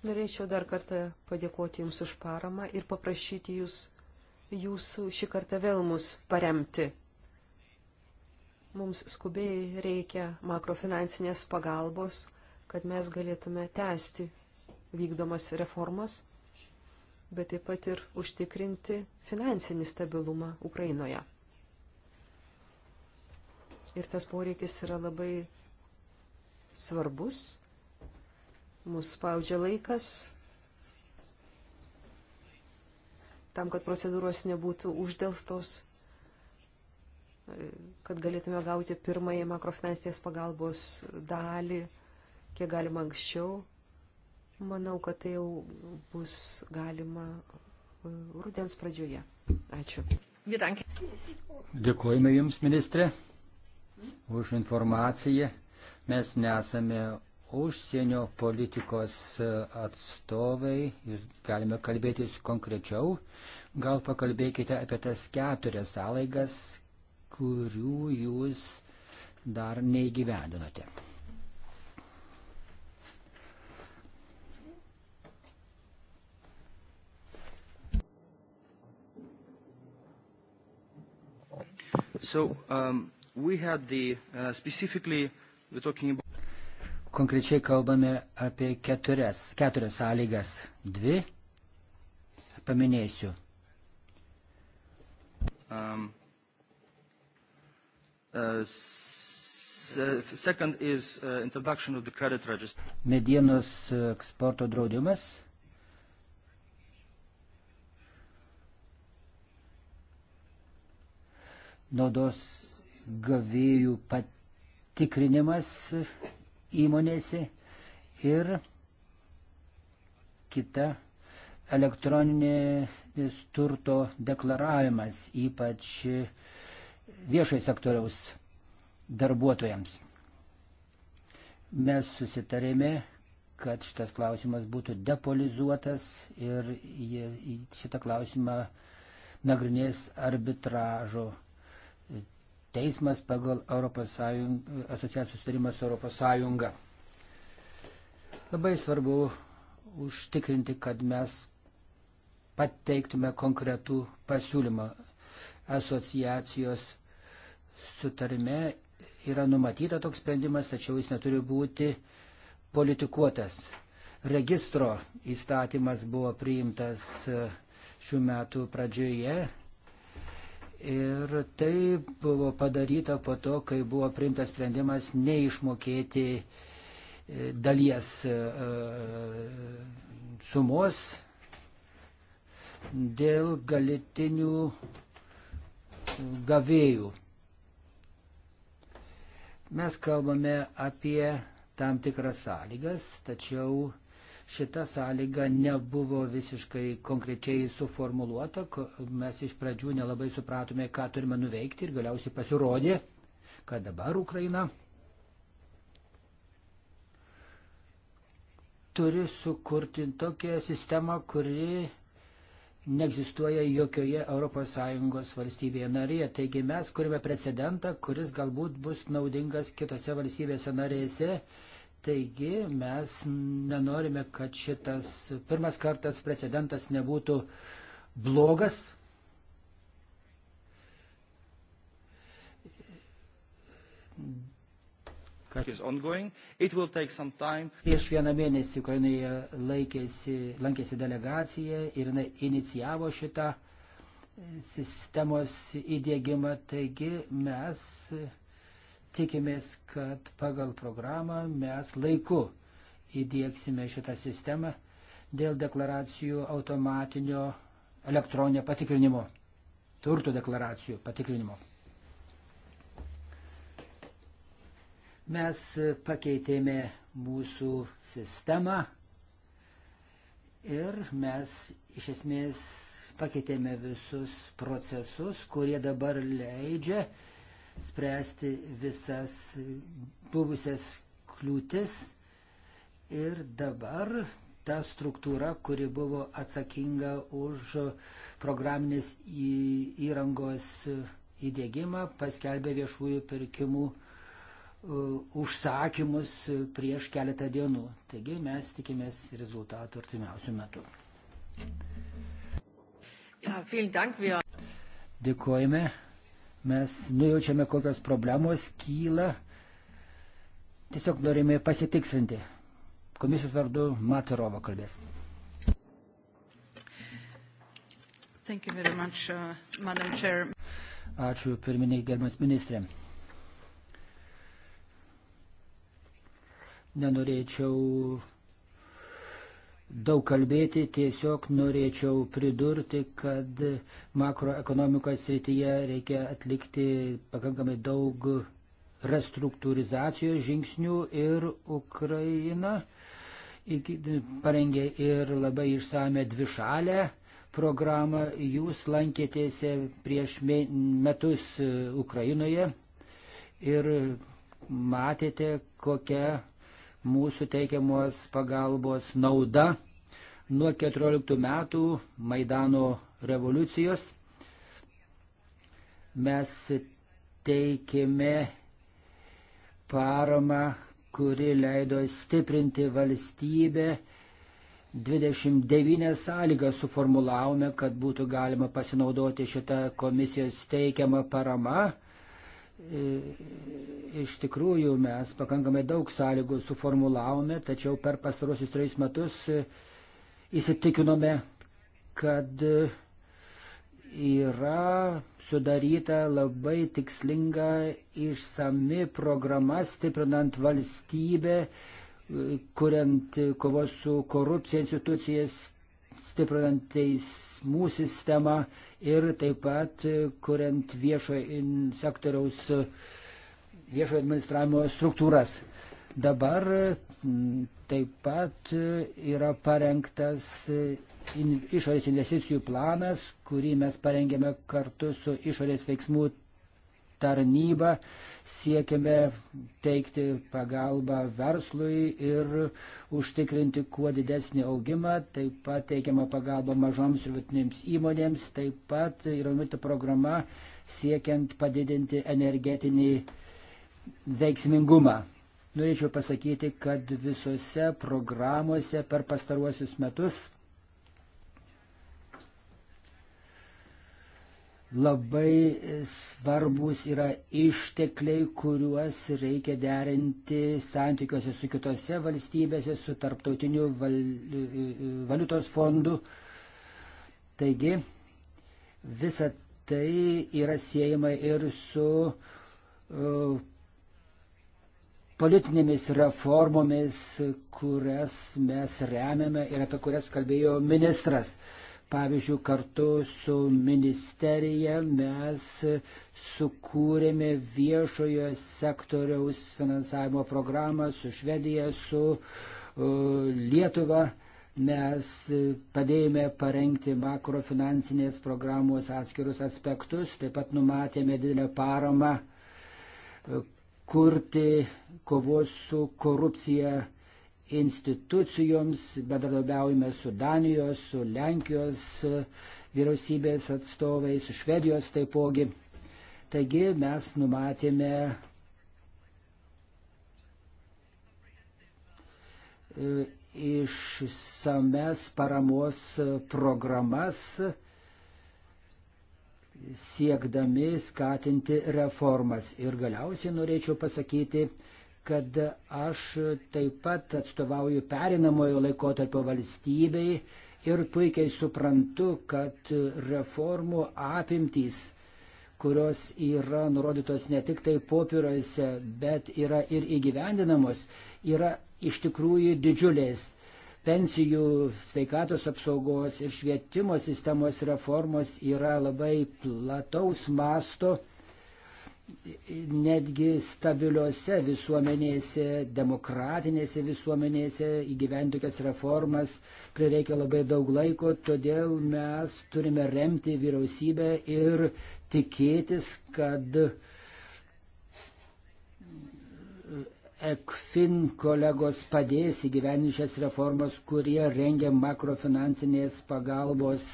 S2: Norėčiau dar kartą padėkoti Jums už paramą ir paprašyti Jūs, Jūsų šį kartą vėl mus paremti. Mums skubiai reikia makrofinansinės pagalbos, kad mes galėtume tęsti vykdomas reformas, bet taip pat ir užtikrinti finansinį stabilumą Ukrainoje. Ir tas poreikis yra labai svarbus, mus spaudžia laikas, tam, kad procedūros nebūtų uždėlstos kad galėtume gauti pirmąją makrofinansinės pagalbos dalį, kiek galima anksčiau. Manau, kad tai jau bus galima e, rudens pradžioje.
S3: Ačiū. Dėkojame Jums, ministrė, už informaciją. Mes nesame užsienio politikos atstovai, jūs galime kalbėtis konkrečiau. Gal pakalbėkite apie tas keturias sąlygas, kurių jūs dar neįgyvendinote. So, um, we had the uh, specifically we're talking about Konkrečiai kalbame apie keturias, keturias sąlygas. Dvi paminėsiu. Uh, uh, second is uh, introduction of the credit register. Medienos eksporto draudimas. Naudos gavėjų patikrinimas įmonėse ir kita elektroninės turto deklaravimas, ypač uh, viešai sektoriaus darbuotojams. Mes susitarėme, kad šitas klausimas būtų depolizuotas ir jie šitą klausimą nagrinės arbitražo teismas pagal Europos Sąjung, asociacijos sutarimą su Europos Sąjunga. Labai svarbu užtikrinti, kad mes pateiktume konkretų pasiūlymą asociacijos sutarime yra numatyta toks sprendimas, tačiau jis neturi būti politikuotas. Registro įstatymas buvo priimtas e, šių metų pradžioje ir tai buvo padaryta po to, kai buvo priimtas sprendimas neišmokėti e, dalies e, sumos dėl galitinių gavėjų. Mes kalbame apie tam tikras sąlygas, tačiau šita sąlyga nebuvo visiškai konkrečiai suformuluota, mes iš pradžių nelabai supratome, ką turime nuveikti ir galiausiai pasirodė, kad dabar Ukraina turi sukurti tokią sistemą, kuri neegzistuoja jokioje ES valstybėje narėje. Taigi mes kurime precedentą, kuris galbūt bus naudingas kitose valstybėse narėse. Taigi mes nenorime, kad šitas pirmas kartas precedentas nebūtų blogas. Prieš vieną mėnesį Ukrainoje laikėsi, lankėsi delegacija ir jinai inicijavo šitą e, sistemos įdėgymą. Taigi mes e, tikimės, kad pagal programą mes laiku įdėksime šitą sistemą dėl deklaracijų automatinio elektroninio patikrinimo, turtų deklaracijų patikrinimo. Mes pakeitėme mūsų sistemą ir mes iš esmės pakeitėme visus procesus, kurie dabar leidžia spręsti visas buvusias kliūtis. Ir dabar ta struktūra, kuri buvo atsakinga už programinės įrangos įdėgymą, paskelbė viešųjų pirkimų Uh, užsakymus prieš keletą dienų. Taigi mes tikimės rezultatų artimiausių metų. Ja, Dėkojame. Mes nujaučiame, kokios problemos kyla. Tiesiog norime pasitikslinti. Komisijos vardu Matarovo kalbės.
S1: Much,
S2: uh,
S3: Ačiū pirminiai, gerbiamas ministrė. nenorėčiau daug kalbėti, tiesiog norėčiau pridurti, kad makroekonomikos srityje reikia atlikti pakankamai daug restruktūrizacijos žingsnių ir Ukraina iki, parengė ir labai išsame dvišalę programą. Jūs lankėtės prieš metus Ukrainoje ir matėte, kokia mūsų teikiamos pagalbos nauda nuo 14 metų Maidano revoliucijos. Mes teikėme paramą, kuri leido stiprinti valstybę 29 sąlygas suformulavome, kad būtų galima pasinaudoti šitą komisijos teikiamą paramą iš tikrųjų mes pakankamai daug sąlygų suformulavome, tačiau per pastarosius trejus metus e, įsitikinome, kad e, yra sudaryta labai tikslinga išsami programa stiprinant valstybę, e, kuriant kovos su korupcija institucijas, stiprinant teismų sistemą, ir taip pat e, kuriant viešojo sektoriaus e, viešojo administravimo struktūras. Dabar e, taip pat yra parengtas in, išorės investicijų planas, kurį mes parengėme kartu su išorės veiksmų tarnybą siekiame teikti pagalbą verslui ir užtikrinti kuo didesnį augimą, taip pat teikiama pagalba mažoms ir vidutinėms įmonėms, taip pat yra numatyta programa siekiant padidinti energetinį veiksmingumą. Norėčiau pasakyti, kad visose programuose per pastaruosius metus labai svarbus yra ištekliai, kuriuos reikia derinti santykiuose su kitose valstybėse, su tarptautiniu val, valiutos fondu. Taigi, visa tai yra siejama ir su uh, politinėmis reformomis, kurias mes remiame ir apie kurias kalbėjo ministras. Uh, Pavyzdžiui, kartu su ministerija mes sukūrėme viešojo sektoriaus finansavimo programą su Švedija, su uh, Lietuva. Mes padėjome parengti makrofinansinės programos atskirus aspektus, taip pat numatėme didelę paramą uh, kurti kovos su korupcija institucijoms, bendradarbiaujame su Danijos, su Lenkijos e, vyriausybės atstovais, su Švedijos taipogi. Taigi mes numatėme e, išsames paramos programas siekdami skatinti reformas. Ir galiausiai norėčiau pasakyti, kad aš taip pat atstovauju perinamojo laikotarpio valstybei ir puikiai suprantu, kad reformų apimtys, kurios yra nurodytos ne tik tai popieriuose, bet yra ir įgyvendinamos, yra iš tikrųjų didžiulės. Pensijų, sveikatos apsaugos ir švietimo sistemos reformos yra labai plataus masto netgi stabiliuose visuomenėse, demokratinėse visuomenėse įgyventi tokias reformas prireikia labai daug laiko, todėl mes turime remti vyriausybę ir tikėtis, kad ECFIN kolegos padės įgyveninti šias reformas, kurie rengia makrofinansinės pagalbos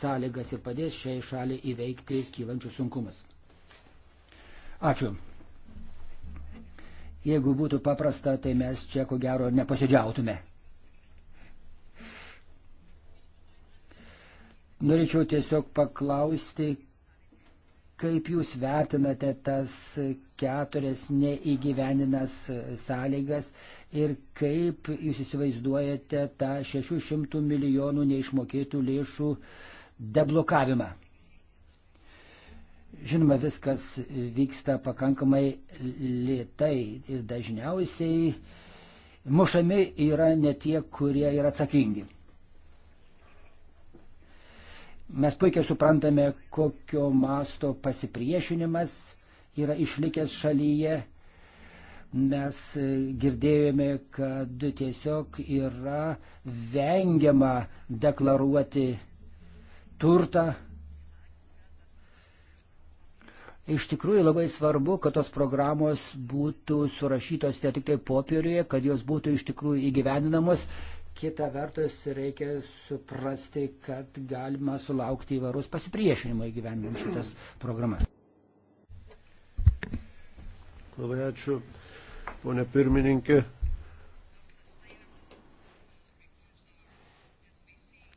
S3: sąlygas ir padės šiai šaliai įveikti kylančius sunkumus. Ačiū. Jeigu būtų paprasta, tai mes čia ko gero neposėdžiautume. Norėčiau tiesiog paklausti, kaip jūs vertinate tas keturias neįgyveninas sąlygas ir kaip jūs įsivaizduojate tą 600 milijonų neišmokėtų lėšų deblokavimą. Žinoma, viskas vyksta pakankamai lėtai ir dažniausiai mušami yra ne tie, kurie yra atsakingi. Mes puikiai suprantame, kokio masto pasipriešinimas yra išlikęs šalyje. Mes girdėjome, kad tiesiog yra vengiama deklaruoti turtą Iš tikrųjų labai svarbu, kad tos programos būtų surašytos ne tik tai popieriuje, kad jos būtų iš tikrųjų įgyvendinamos. Kita vertus, reikia suprasti, kad galima sulaukti įvarus pasipriešinimo
S4: įgyvendinant šitas programas. Labai ačiū, ponė pirmininkė.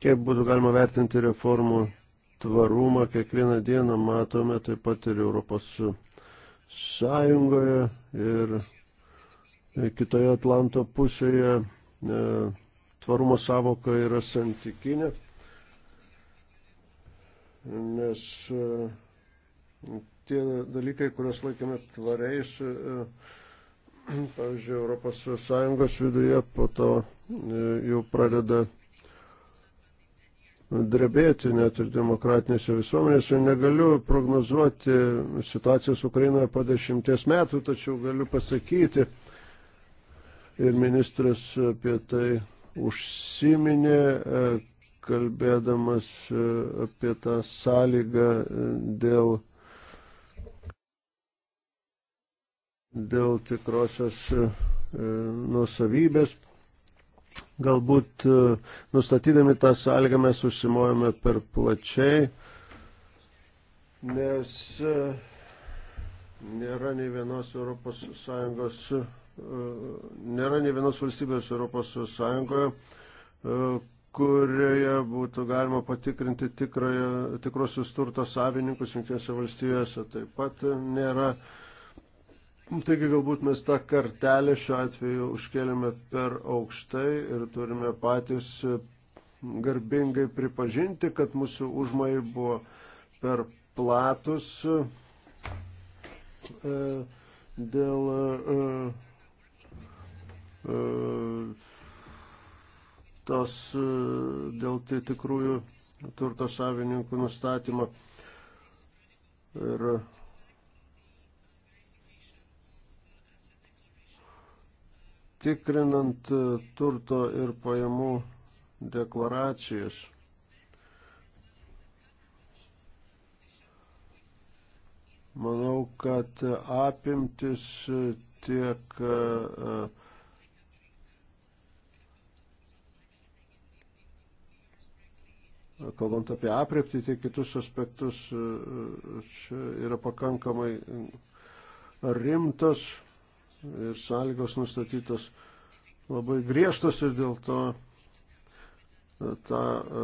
S4: Kaip būtų galima vertinti reformų tvarumą kiekvieną dieną matome taip pat ir Europos Sąjungoje ir kitoje Atlanto pusėje e, tvarumo savoka yra santykinė, nes e, tie dalykai, kuriuos laikėme tvariais, e, pavyzdžiui, Europos Sąjungos viduje, po to jau pradeda drebėti net ir demokratinėse visuomenėse. Negaliu prognozuoti situacijos Ukrainoje po dešimties metų, tačiau galiu pasakyti, ir ministras apie tai užsiminė, e, kalbėdamas e, apie tą sąlygą e, dėl, dėl tikrosios nusavybės. Galbūt e, nustatydami tą sąlygą mes užsimojame per plačiai, nes e, nėra nei vienos ES, e, nėra nei vienos valstybės ES, kurioje būtų galima patikrinti tikrosius turto savininkus, jungtinėse valstijose taip pat nėra. Uh, Taigi galbūt mes tą kartelę šiuo atveju užkeliame per aukštai ir turime patys e, garbingai pripažinti, kad mūsų užmai buvo per platus e, dėl e, tos, dėl tai tikrųjų turto savininkų nustatymo. Ir tikrinant e, turto ir pajamų deklaracijas. Manau, kad apimtis tiek e, e, kalbant apie aprepti, tiek kitus aspektus, yra pakankamai rimtas ir sąlygos nustatytos labai griežtos ir dėl to e, tą e,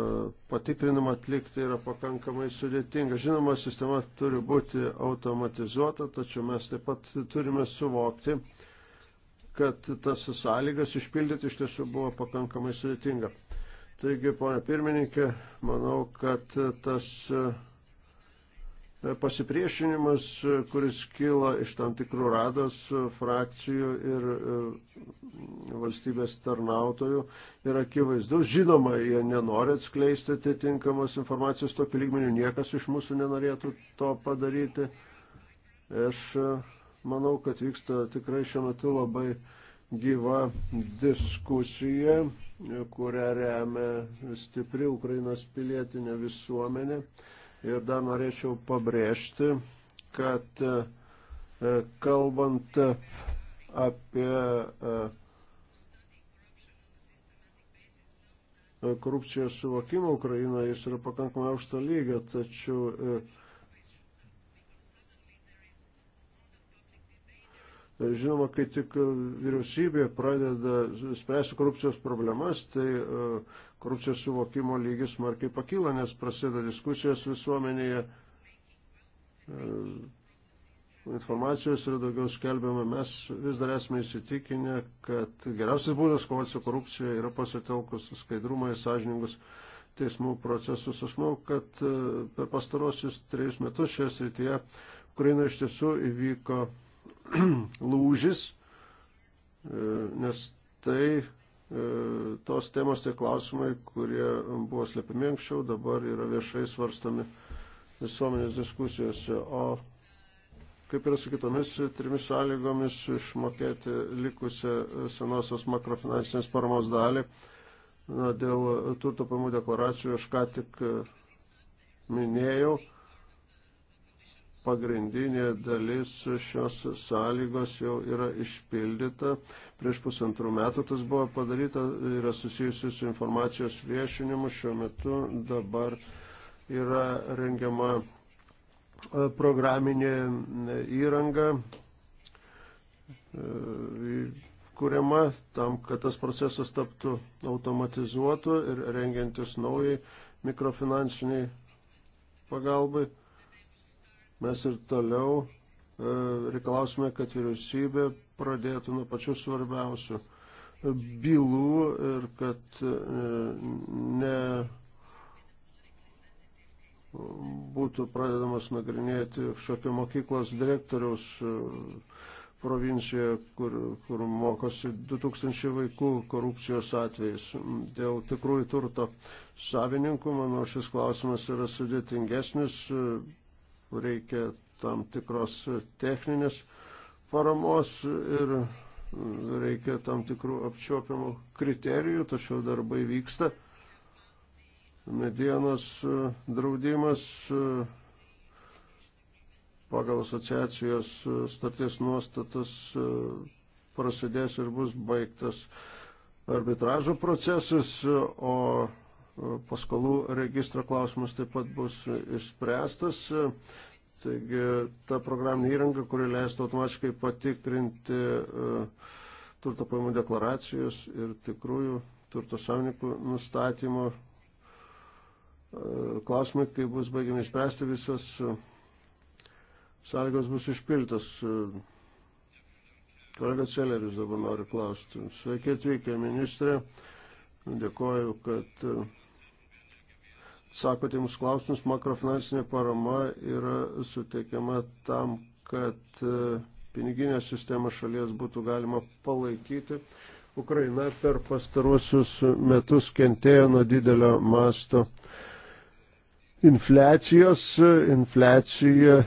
S4: patikrinimą atlikti yra pakankamai sudėtinga. Žinoma, sistema turi būti automatizuota, tačiau mes taip pat turime suvokti, kad tas sąlygas išpildyti iš tiesų buvo pakankamai sudėtinga. Taigi, ponia pirmininkė, manau, kad tas e, pasipriešinimas, kuris kyla iš tam tikrų rados frakcijų ir e, valstybės tarnautojų, yra akivaizdus. Žinoma, jie nenori atskleisti atitinkamos informacijos tokiu lygmeniu, niekas iš mūsų nenorėtų to padaryti. Aš e, manau, kad vyksta tikrai šiuo metu labai gyva diskusija, kurią remia stipri Ukrainos pilietinė visuomenė. Ir dar norėčiau pabrėžti, kad e, kalbant apie e, korupcijos suvokimą Ukrainoje, jis yra pakankamai aukšto lygio, tačiau e, Žinoma, kai tik vyriausybė pradeda spręsti korupcijos problemas, tai korupcijos suvokimo lygis smarkiai pakyla, nes prasideda diskusijos visuomenėje, e, informacijos yra daugiau skelbiama. Mes vis dar esame įsitikinę, kad geriausias būdas kovoti su korupcija yra pasitelkus skaidrumą ir sąžiningus teismų procesus. Aš manau, kad e, per pastarosius trejus metus šioje srityje Ukraina iš tiesų įvyko lūžis, e, nes tai E, tos temos, tie klausimai, kurie buvo slepiami anksčiau, dabar yra viešai svarstami visuomenės diskusijose. O kaip yra su kitomis trimis sąlygomis išmokėti likusią senosios makrofinansinės paramos dalį. Na, dėl turto pamų deklaracijų aš ką tik minėjau pagrindinė dalis šios sąlygos jau yra išpildyta. Prieš pusantrų metų tas buvo padaryta, yra susijusi su informacijos viešinimu. Šiuo metu dabar yra rengiama e, programinė e, įranga e, kuriama tam, kad tas procesas taptų automatizuotų ir rengiantis naujai mikrofinansiniai pagalbai. Mes ir toliau e, reikalausime, kad vyriausybė pradėtų nuo pačių svarbiausių bylų ir kad e, ne būtų pradedamas nagrinėti kažkokio mokyklos direktoriaus e, provincijoje, kur, kur mokosi 2000 vaikų korupcijos atvejais. Dėl tikrųjų turto savininkų, manau, šis klausimas yra sudėtingesnis, reikia tam tikros techninės paramos ir reikia tam tikrų apčiopiamų kriterijų, tačiau darbai vyksta. Medienos draudimas pagal asociacijos staties nuostatas prasidės ir bus baigtas arbitražo procesas, o paskolų registro klausimas taip pat bus išspręstas. Taigi ta programinė įranga, kuri leistų automatiškai patikrinti e, turto pajamų deklaracijos ir tikrųjų turto savininkų nustatymo e, klausimai, kai bus baigiami išspręsti, visas e, sąlygos bus išpiltas. Kolega Celeris dabar nori klausti. Sveiki atvykę, ministrė. Dėkoju, kad atsakote jums klausimus, makrofinansinė parama yra suteikiama tam, kad e, piniginę sistemą šalies būtų galima palaikyti. Ukraina per pastaruosius metus kentėjo nuo didelio masto infliacijos. Infliacija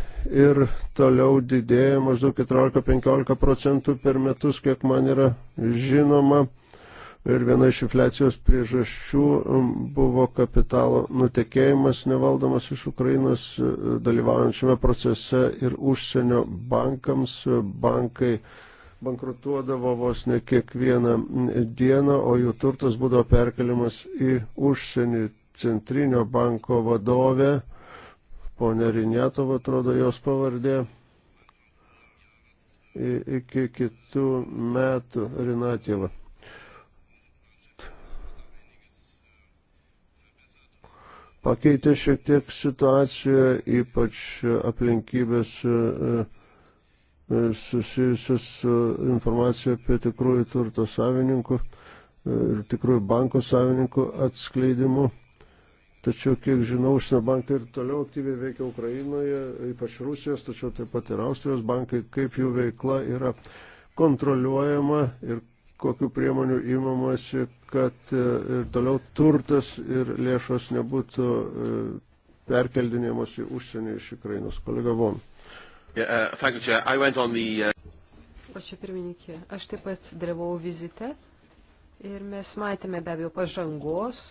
S4: ir toliau didėja maždaug 14-15 procentų per metus, kiek man yra žinoma. Ir viena iš infliacijos priežasčių um, buvo kapitalo nutekėjimas nevaldomas iš Ukrainos, e, dalyvaujančiame procese ir užsienio bankams. E, bankai bankrutuodavo vos ne kiekvieną dieną, o jų turtas būdavo perkeliamas į užsienį. Centrinio banko vadovė, ponė Rinėtova, atrodo jos pavardė, iki kitų metų Rinatėva. pakeitė šiek tiek situaciją, ypač aplinkybės e, e, susijusios su informacija apie tikrųjų turto savininkų e, ir tikrųjų banko savininkų atskleidimu. Tačiau, kiek žinau, užsienio bankai ir toliau aktyviai veikia Ukrainoje, ypač Rusijos, tačiau taip pat ir Austrijos bankai, kaip jų veikla yra kontroliuojama ir kokiu priemoniu įmamasi, kad e, ir toliau turtas ir lėšos nebūtų e, perkeldinėmos į užsienį iš Ukrainos. Kolega Von. Uh,
S2: uh, Ačiū pirmininkė. Aš taip pat dalyvau vizite ir mes matėme be abejo pažangos.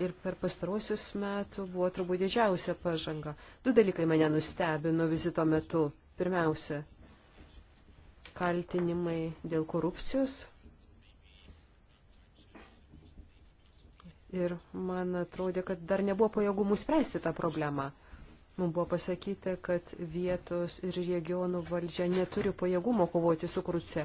S2: Ir per pastarosius metų buvo turbūt didžiausia pažanga. Du dalykai mane nustebino vizito metu. Pirmiausia, kaltinimai dėl korupcijos. Ir man atrodė, kad dar nebuvo pajėgumų spręsti tą problemą. Mums buvo pasakyta, kad vietos ir regionų valdžia neturi pajėgumo kovoti su korupcija,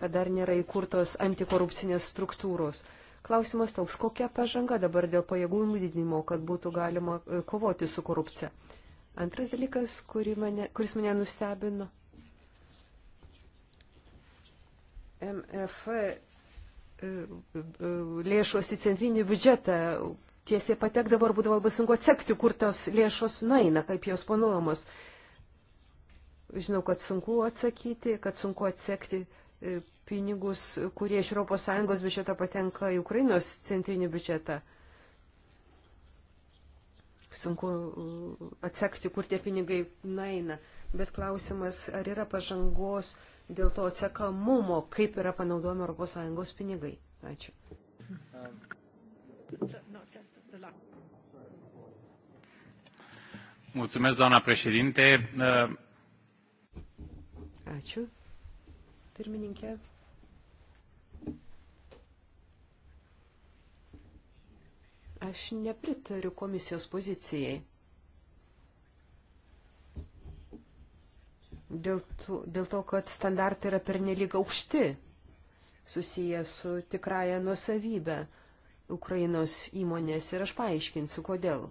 S2: kad dar nėra įkurtos antikorupcinės struktūros. Klausimas toks, kokia pažanga dabar dėl pajėgumų didinimo, kad būtų galima e, kovoti su korupcija. Antras dalykas, mane, kuris mane nustebino, MF e, e, lėšos į centrinį biudžetą tiesiai patekdavo ir būdavo labai sunku atsekti, kur tos lėšos naina, kaip jos panuomos. Žinau, kad sunku atsakyti, kad sunku atsekti e, pinigus, kurie iš ES biudžeto patenka į Ukrainos centrinį biudžetą. Sunku atsekti, kur tie pinigai naina. Bet klausimas, ar yra pažangos dėl to atsekamumo, kaip yra panaudojami ES pinigai. Ačiū. Mulțumesc, doamna președinte. Ačiū. Pirmininkė. Aš nepritariu komisijos pozicijai. dėl to, dėl to kad standartai yra pernelyg aukšti susiję su tikraja nuosavybė Ukrainos įmonės ir aš paaiškinsiu, kodėl.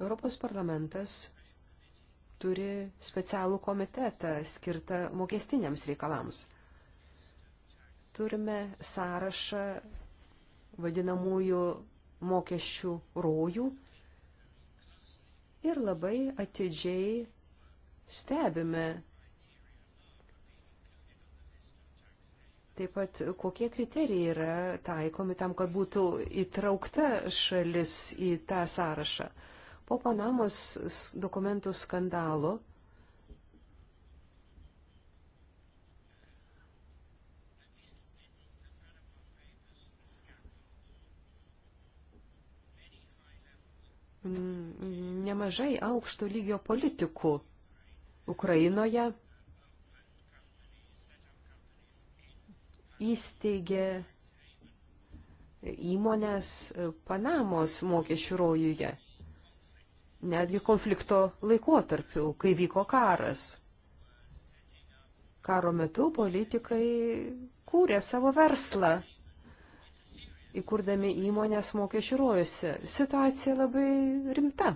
S2: Europos parlamentas turi specialų komitetą skirtą mokestiniams reikalams. Turime sąrašą vadinamųjų mokesčių rojų ir labai atidžiai stebime Taip pat kokie kriterijai yra taikomi tam, kad būtų įtraukta šalis į tą sąrašą. Po Panamos dokumentų skandalo
S1: nemažai
S2: aukšto lygio politikų Ukrainoje įsteigė įmonės Panamos mokesčių rojuje, netgi konflikto laikotarpiu, kai vyko karas. Karo metu politikai kūrė savo verslą įkurdami įmonės mokesčių rojuose. Situacija labai rimta.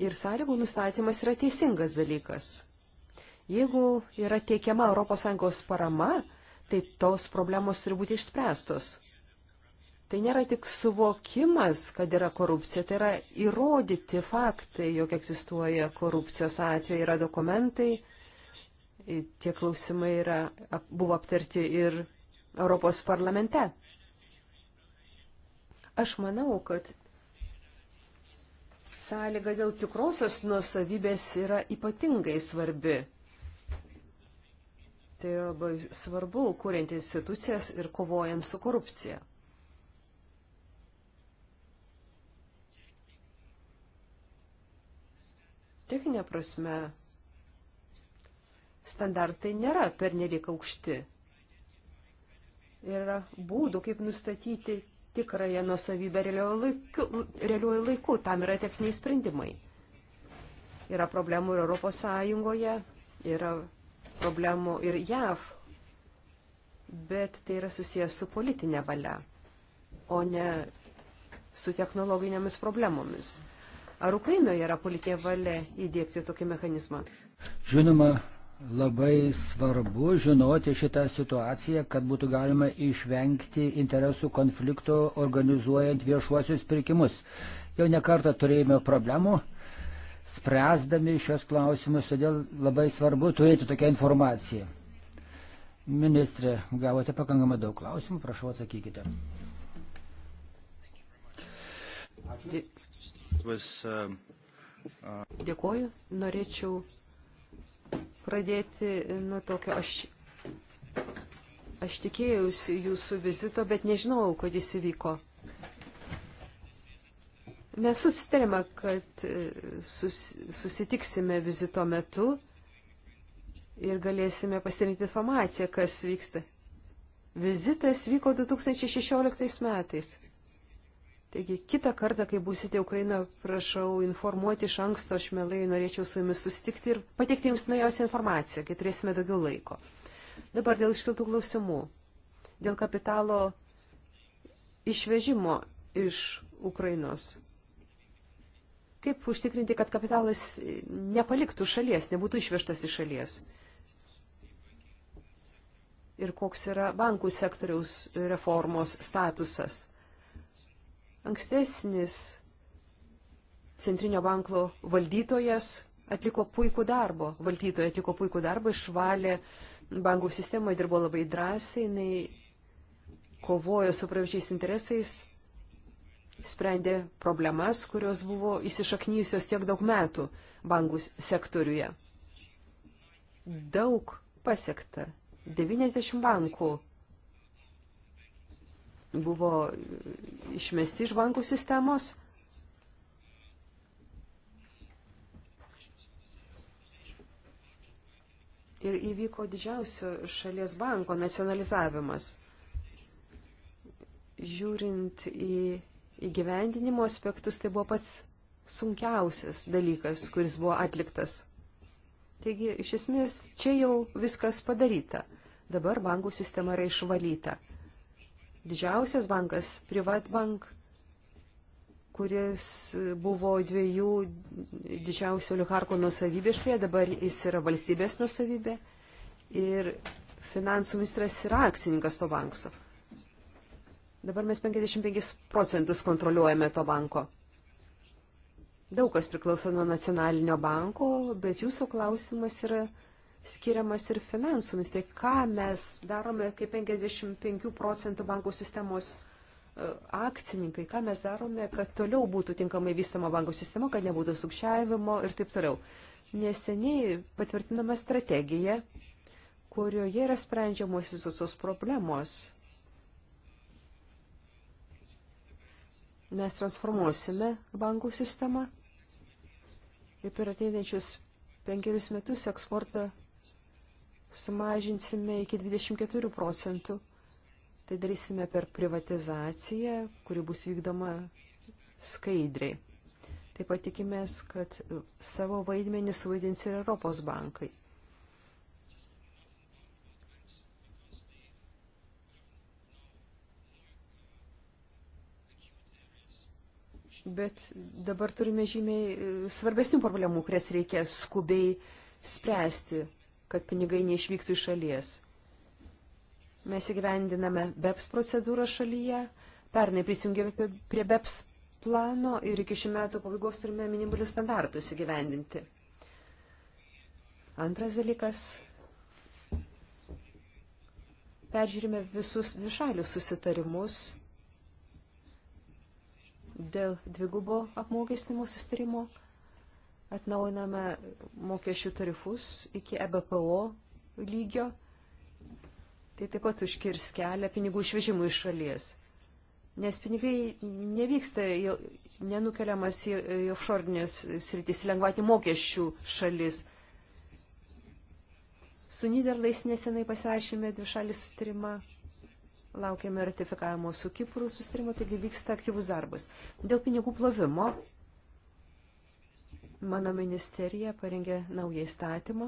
S2: Ir sąlygų nustatymas yra teisingas dalykas. Jeigu yra teikiama ES parama, tai tos problemos turi būti išspręstos. Tai nėra tik suvokimas, kad yra korupcija, tai yra įrodyti faktai, jog egzistuoja korupcijos atveju, yra dokumentai, Tie klausimai yra, buvo aptarti ir Europos parlamente. Aš manau, kad sąlyga dėl tikrosios nuosavybės yra ypatingai svarbi. Tai yra labai svarbu, kuriant institucijas ir kovojant su korupcija. Techninė prasme, standartai nėra pernelik aukšti. Yra būdų, kaip nustatyti tikrąją nusavybę realiuoju laiku, tam yra techniniai sprendimai. Yra problemų ir Europos Sąjungoje, yra problemų ir JAV, bet tai yra susijęs su politinė valia, o ne su technologinėmis problemomis. Ar Ukrainoje yra politinė valia įdėkti tokį mechanizmą?
S3: Žinoma, Labai svarbu žinoti šitą situaciją, kad būtų galima išvengti interesų konflikto organizuojant viešuosius pirkimus. Jau nekartą turėjome problemų, spręsdami šios klausimus, todėl labai svarbu turėti tokią informaciją. Ministrė, gavote pakankamai daug klausimų, prašau atsakykite. Ačiū. Uh, uh,
S2: Dėkuoju, norėčiau pradėti nuo tokio. Aš, aš tikėjausi jūsų vizito, bet nežinau, kad jis įvyko. Mes susitarėme, kad e, sus, susitiksime vizito metu ir galėsime pasirinkti informaciją, kas vyksta. Vizitas vyko 2016 metais. Taigi kitą kartą, kai būsite Ukraina, prašau informuoti iš anksto, aš mielai norėčiau su jumis sustikti ir pateikti jums naujausią informaciją, kai turėsime daugiau laiko. Dabar dėl iškiltų klausimų. Dėl kapitalo išvežimo iš Ukrainos. Kaip užtikrinti, kad kapitalas nepaliktų šalies, nebūtų išvežtas iš šalies? Ir koks yra bankų sektoriaus reformos statusas? Ankstesnis centrinio banko valdytojas atliko puikų darbą, valdytoja atliko puikų darbą, išvalė bankų sistemą, dirbo labai drąsiai, jinai kovojo su pravečiais interesais, sprendė problemas, kurios buvo įsišaknyjusios tiek daug metų bankų sektoriuje. Daug pasiekta. 90 bankų buvo išmesti iš bankų sistemos. Ir įvyko didžiausio šalies banko nacionalizavimas. Žiūrint į įgyvendinimo aspektus, tai buvo pats sunkiausias dalykas, kuris buvo atliktas. Taigi, iš esmės, čia jau viskas padaryta. Dabar bankų sistema yra išvalyta didžiausias bankas, Privatbank, kuris buvo dviejų didžiausių oligarkų nusavybė šalyje, dabar jis yra valstybės nusavybė ir finansų ministras yra akcininkas to banko. Dabar mes 55 procentus kontroliuojame to banko. Daug kas priklauso nuo nacionalinio banko, bet jūsų klausimas yra skiriamas ir finansomis. Tai ką mes darome kaip 55 procentų bankų sistemos e, akcininkai, ką mes darome, kad toliau būtų tinkamai vystama bankų sistema, kad nebūtų sukčiavimo ir taip toliau. Neseniai patvirtinama strategija, kurioje yra sprendžiamos visos tos problemos. Mes transformuosime bankų sistemą ir per ateinančius penkerius metus eksportą sumažinsime iki 24 procentų. Tai darysime per privatizaciją, kuri bus vykdoma skaidriai. Taip pat tikimės, kad savo vaidmenį suvaidins ir Europos bankai. Bet dabar turime žymiai e, svarbesnių problemų, kurias reikia skubiai spręsti kad pinigai neišvyktų iš šalies. Mes įgyvendiname BEPS procedūrą šalyje, pernai prisijungėme prie BEPS plano ir iki šių metų pabaigos turime minimalius standartus įgyvendinti. Antras dalykas peržiūrime visus dvišalius susitarimus dėl dvigubo apmokestinimo susitarimo, atnaujiname mokesčių tarifus iki EBPO lygio. Tai taip pat užkirs kelią pinigų išvežimui iš šalies. Nes pinigai nevyksta, nenukeliamas į, į offshore'inės sritis, lengvatį mokesčių šalis. Su Niderlais nesenai pasirašėme dvišalį sustarimą, laukiame ratifikavimo su Kiprų sustarimo, taigi vyksta aktyvus darbas. Dėl pinigų plovimo Mano ministerija parengė naują įstatymą,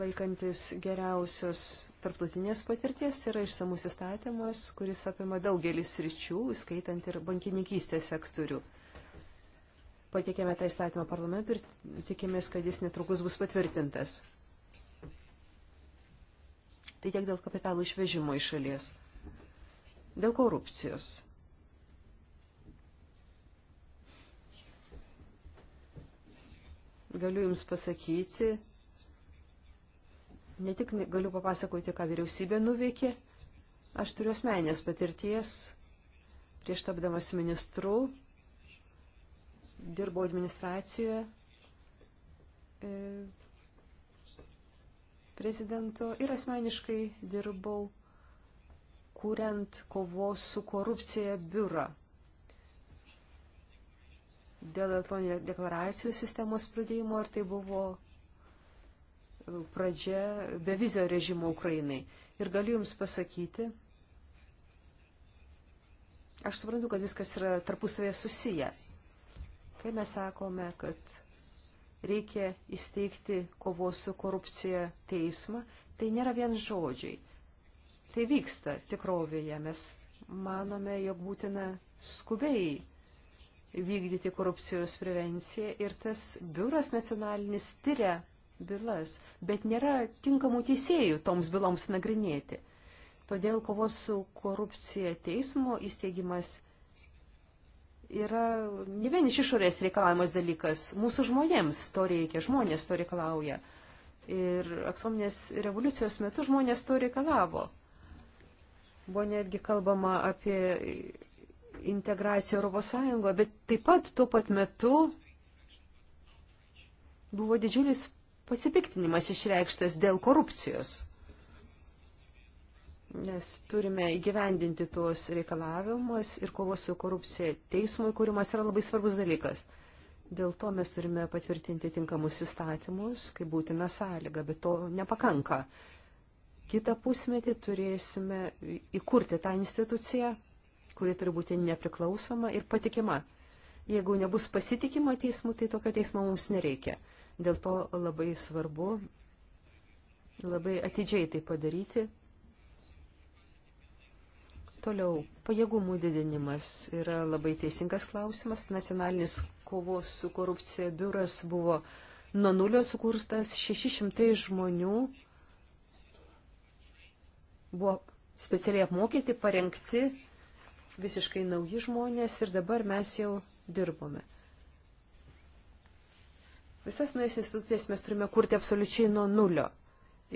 S2: laikantis geriausios tarptautinės patirties, tai yra išsamus įstatymas, kuris apima daugelį sričių, skaitant ir bankininkystės sektorių. Patikėme tą įstatymą parlamentui ir tikimės, kad jis netrukus bus patvirtintas. Tai tiek dėl kapitalų išvežimo iš šalies. Dėl korupcijos. galiu Jums pasakyti, ne tik galiu papasakoti, ką vyriausybė nuveikė, aš turiu asmenės patirties prieš tapdamas ministru, dirbau administracijoje e, prezidento ir asmeniškai dirbau kuriant kovos su korupcija biurą dėl elektroninio deklaracijų sistemos pradėjimo, ar tai buvo e, pradžia bevizio režimo Ukrainai. Ir galiu Jums pasakyti, aš suprantu, kad viskas yra tarpusavėje susiję. Kai mes sakome, kad reikia įsteigti kovos su korupcija teismą, tai nėra vien žodžiai. Tai vyksta tikrovėje. Mes manome, jog būtina skubiai vykdyti korupcijos prevenciją ir tas biuras nacionalinis tyria bylas, bet nėra tinkamų teisėjų toms byloms nagrinėti. Todėl kovos su korupcija teismo įsteigimas yra ne vien iš išorės reikalavimas dalykas, mūsų žmonėms to reikia, žmonės to reikalauja. Ir aksominės revoliucijos metu žmonės to reikalavo. Buvo netgi kalbama apie integraciją Europos Sąjungoje, bet taip pat tuo pat metu buvo didžiulis pasipiktinimas išreikštas dėl korupcijos. Nes turime įgyvendinti tuos reikalavimus ir kovos su korupcija teismui kūrimas yra labai svarbus dalykas. Dėl to mes turime patvirtinti tinkamus įstatymus, kaip būtina sąlyga, bet to nepakanka. Kita pusmetį turėsime įkurti tą instituciją kuri turi būti nepriklausoma ir patikima. Jeigu nebus pasitikimo teismu, tai tokio teismo mums nereikia. Dėl to labai svarbu labai atidžiai tai padaryti. Toliau, pajėgumų didinimas yra labai teisingas klausimas. Nacionalinis kovos su korupcija biuras buvo nuo nulio sukurstas, 600 žmonių buvo specialiai apmokyti, parengti visiškai nauji žmonės ir dabar mes jau dirbome. Visas naujas institucijas mes turime kurti absoliučiai nuo nulio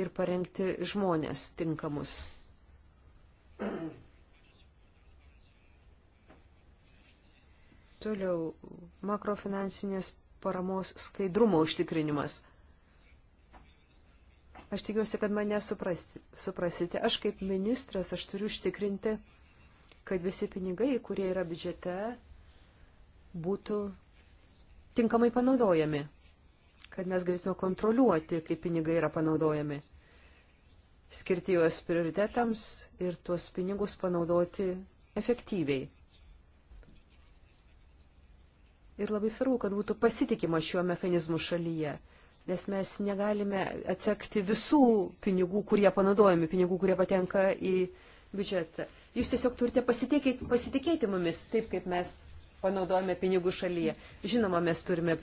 S2: ir parengti žmonės tinkamus. Toliau makrofinansinės paramos skaidrumo užtikrinimas. Aš tikiuosi, kad mane suprasti, suprasite. Aš kaip ministras, aš turiu užtikrinti, kad visi pinigai, kurie yra biudžete, būtų tinkamai panaudojami, kad mes galėtume kontroliuoti, kaip pinigai yra panaudojami, skirti juos prioritetams ir tuos pinigus panaudoti efektyviai. Ir labai svarbu, kad būtų pasitikima šiuo mechanizmu šalyje, nes mes negalime atsekti visų pinigų, kurie panaudojami, pinigų, kurie patenka į biudžetą. Jūs tiesiog turite pasitikėti, pasitikėti mumis taip, kaip mes panaudojame pinigų šalyje. Žinoma, mes turime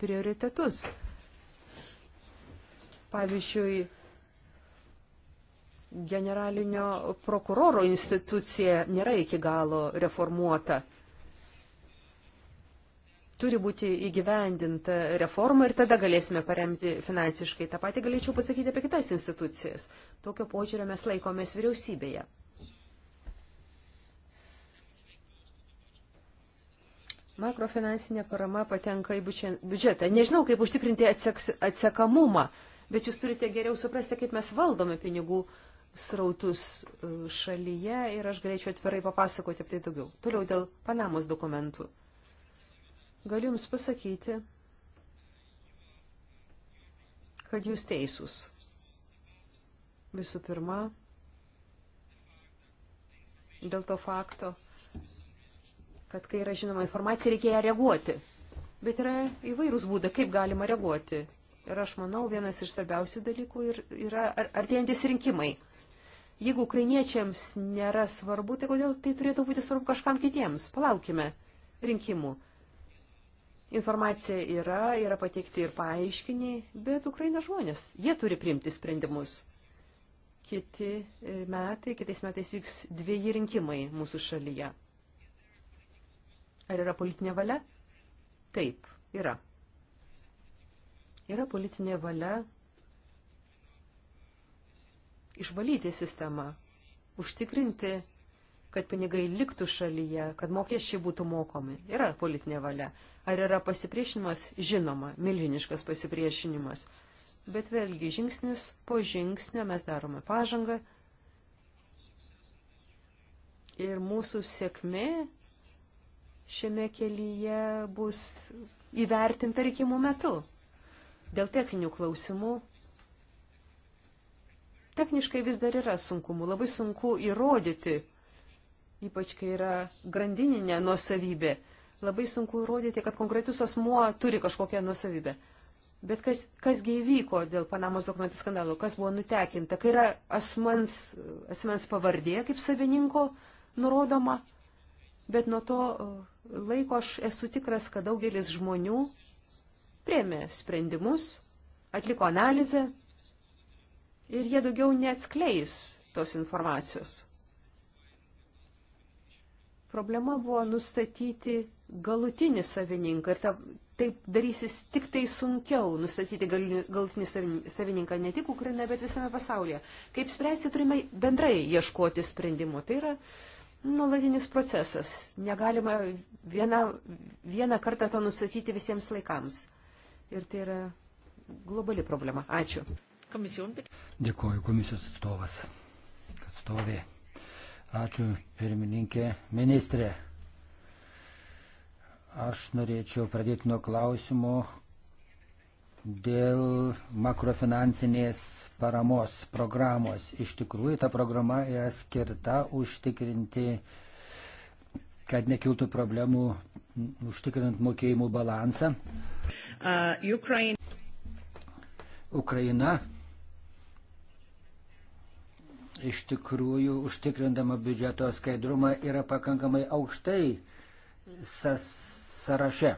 S2: prioritetus. Pavyzdžiui, generalinio prokuroro institucija nėra iki galo reformuota. Turi būti įgyvendinta reforma ir tada galėsime paremti finansiškai. Ta pati galėčiau pasakyti apie kitas institucijas. Tokio požiūrio mes laikomės vyriausybėje. Makrofinansinė parama patenka į biudžetą. Nežinau, kaip užtikrinti atseks, atsekamumą, bet jūs turite geriau suprasti, kaip mes valdome pinigų srautus e, šalyje ir aš galėčiau atvirai papasakoti apie tai daugiau. Toliau dėl Panamos dokumentų. Galiu Jums pasakyti, kad Jūs teisūs. Visų pirma, dėl to fakto, kad kai yra žinoma informacija, reikia ją reaguoti. Bet yra įvairūs būdai, kaip galima reaguoti. Ir aš manau, vienas iš svarbiausių dalykų ir, yra artėjantis rinkimai. Jeigu ukrainiečiams nėra svarbu, tai kodėl tai turėtų būti svarbu kažkam kitiems? Palaukime rinkimų. Informacija yra, yra pateikti ir paaiškiniai, bet Ukraina žmonės, jie turi priimti sprendimus. Kiti e, metai, kitais metais vyks dviejį rinkimai mūsų šalyje. Ar yra politinė valia? Taip, yra. Yra politinė valia išvalyti sistemą, užtikrinti, kad pinigai liktų šalyje, kad mokesčiai būtų mokomi. Yra politinė valia. Ar yra pasipriešinimas? Žinoma, milžiniškas pasipriešinimas. Bet vėlgi, žingsnis po žingsnio mes darome pažangą. Ir mūsų sėkmė šiame kelyje bus įvertinta reikimų metu. Dėl techninių klausimų. Techniškai vis dar yra sunkumų, labai sunku įrodyti, ypač kai yra grandininė nuosavybė, labai sunku įrodyti, kad konkretus asmuo turi kažkokią nuosavybę. Bet kas, kasgi įvyko dėl Panamos dokumentų skandalo, kas buvo nutekinta, kai yra asmens, asmens pavardė kaip savininko nurodoma, bet nuo to uh, laiko aš esu tikras, kad daugelis žmonių priemė sprendimus, atliko analizę ir jie daugiau neatskleis tos informacijos. Problema buvo nustatyti galutinį savininką ir ta, taip darysis tik tai sunkiau nustatyti gal, galutinį savininką ne tik Ukrainoje, bet visame pasaulyje. Kaip spręsti, turime bendrai ieškoti sprendimų. Tai yra uh, nulatinis procesas. Negalima vieną, vieną kartą to nustatyti visiems laikams. Ir tai yra globali problema. Ačiū. Komisijon.
S3: Dėkuoju komisijos atstovas. Atstovė. Ačiū pirmininkė ministrė. Aš norėčiau pradėti nuo klausimo, dėl makrofinansinės paramos programos. Iš tikrųjų, ta programa yra skirta užtikrinti, kad nekiltų problemų užtikrinant mokėjimų balansą. Uh, Ukraine. Ukraina iš tikrųjų užtikrindama biudžeto skaidrumą yra pakankamai aukštai sąraše.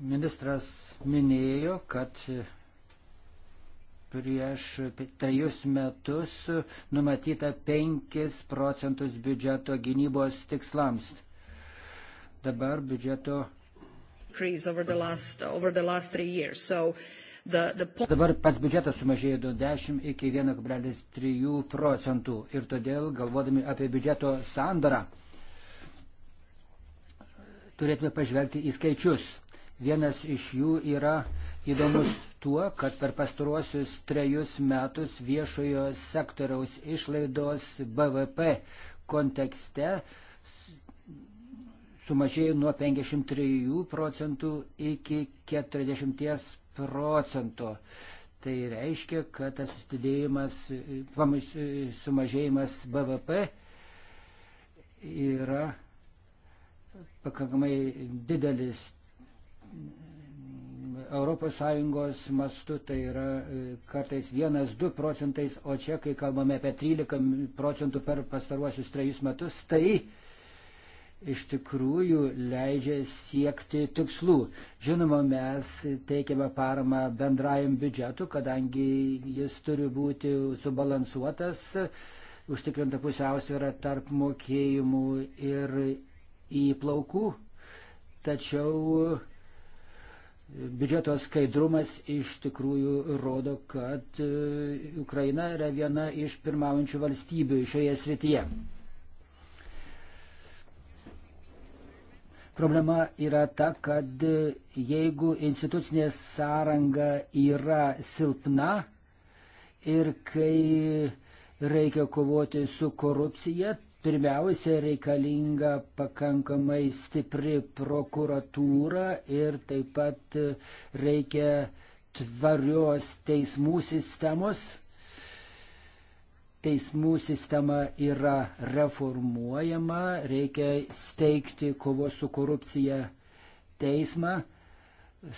S3: Ministras minėjo, kad prieš trejus metus numatyta 5 procentus biudžeto gynybos tikslams. Dabar biudžeto. Last, so the, the... Dabar pats biudžetas sumažėjo nuo 10 iki 1,3 procentų ir todėl galvodami apie biudžeto sandarą turėtume pažvelgti į skaičius Vienas iš jų yra įdomus tuo, kad per pastaruosius trejus metus viešojo sektoriaus išlaidos BVP kontekste sumažėjo nuo 53 procentų iki 40 procentų. Tai reiškia, kad tas didėjimas, sumažėjimas BVP yra pakankamai didelis ES mastu tai yra e, kartais 1-2 procentais, o čia, kai kalbame apie 13 procentų per pastaruosius trejus metus, tai iš tikrųjų leidžia siekti tikslų. Žinoma, mes teikiame paramą bendrajam biudžetu, kadangi jis turi būti subalansuotas, užtikrinta pusiausvėra tarp mokėjimų ir įplaukų. Tačiau biudžeto skaidrumas iš tikrųjų rodo, kad e, Ukraina yra viena iš pirmaujančių valstybių šioje srityje. Problema yra ta, kad e, jeigu institucinė sąranga yra silpna ir kai reikia kovoti su korupcija, pirmiausia reikalinga pakankamai stipri prokuratūra ir taip pat reikia tvarios teismų sistemos. Teismų sistema yra reformuojama, reikia steigti kovos su korupcija teismą,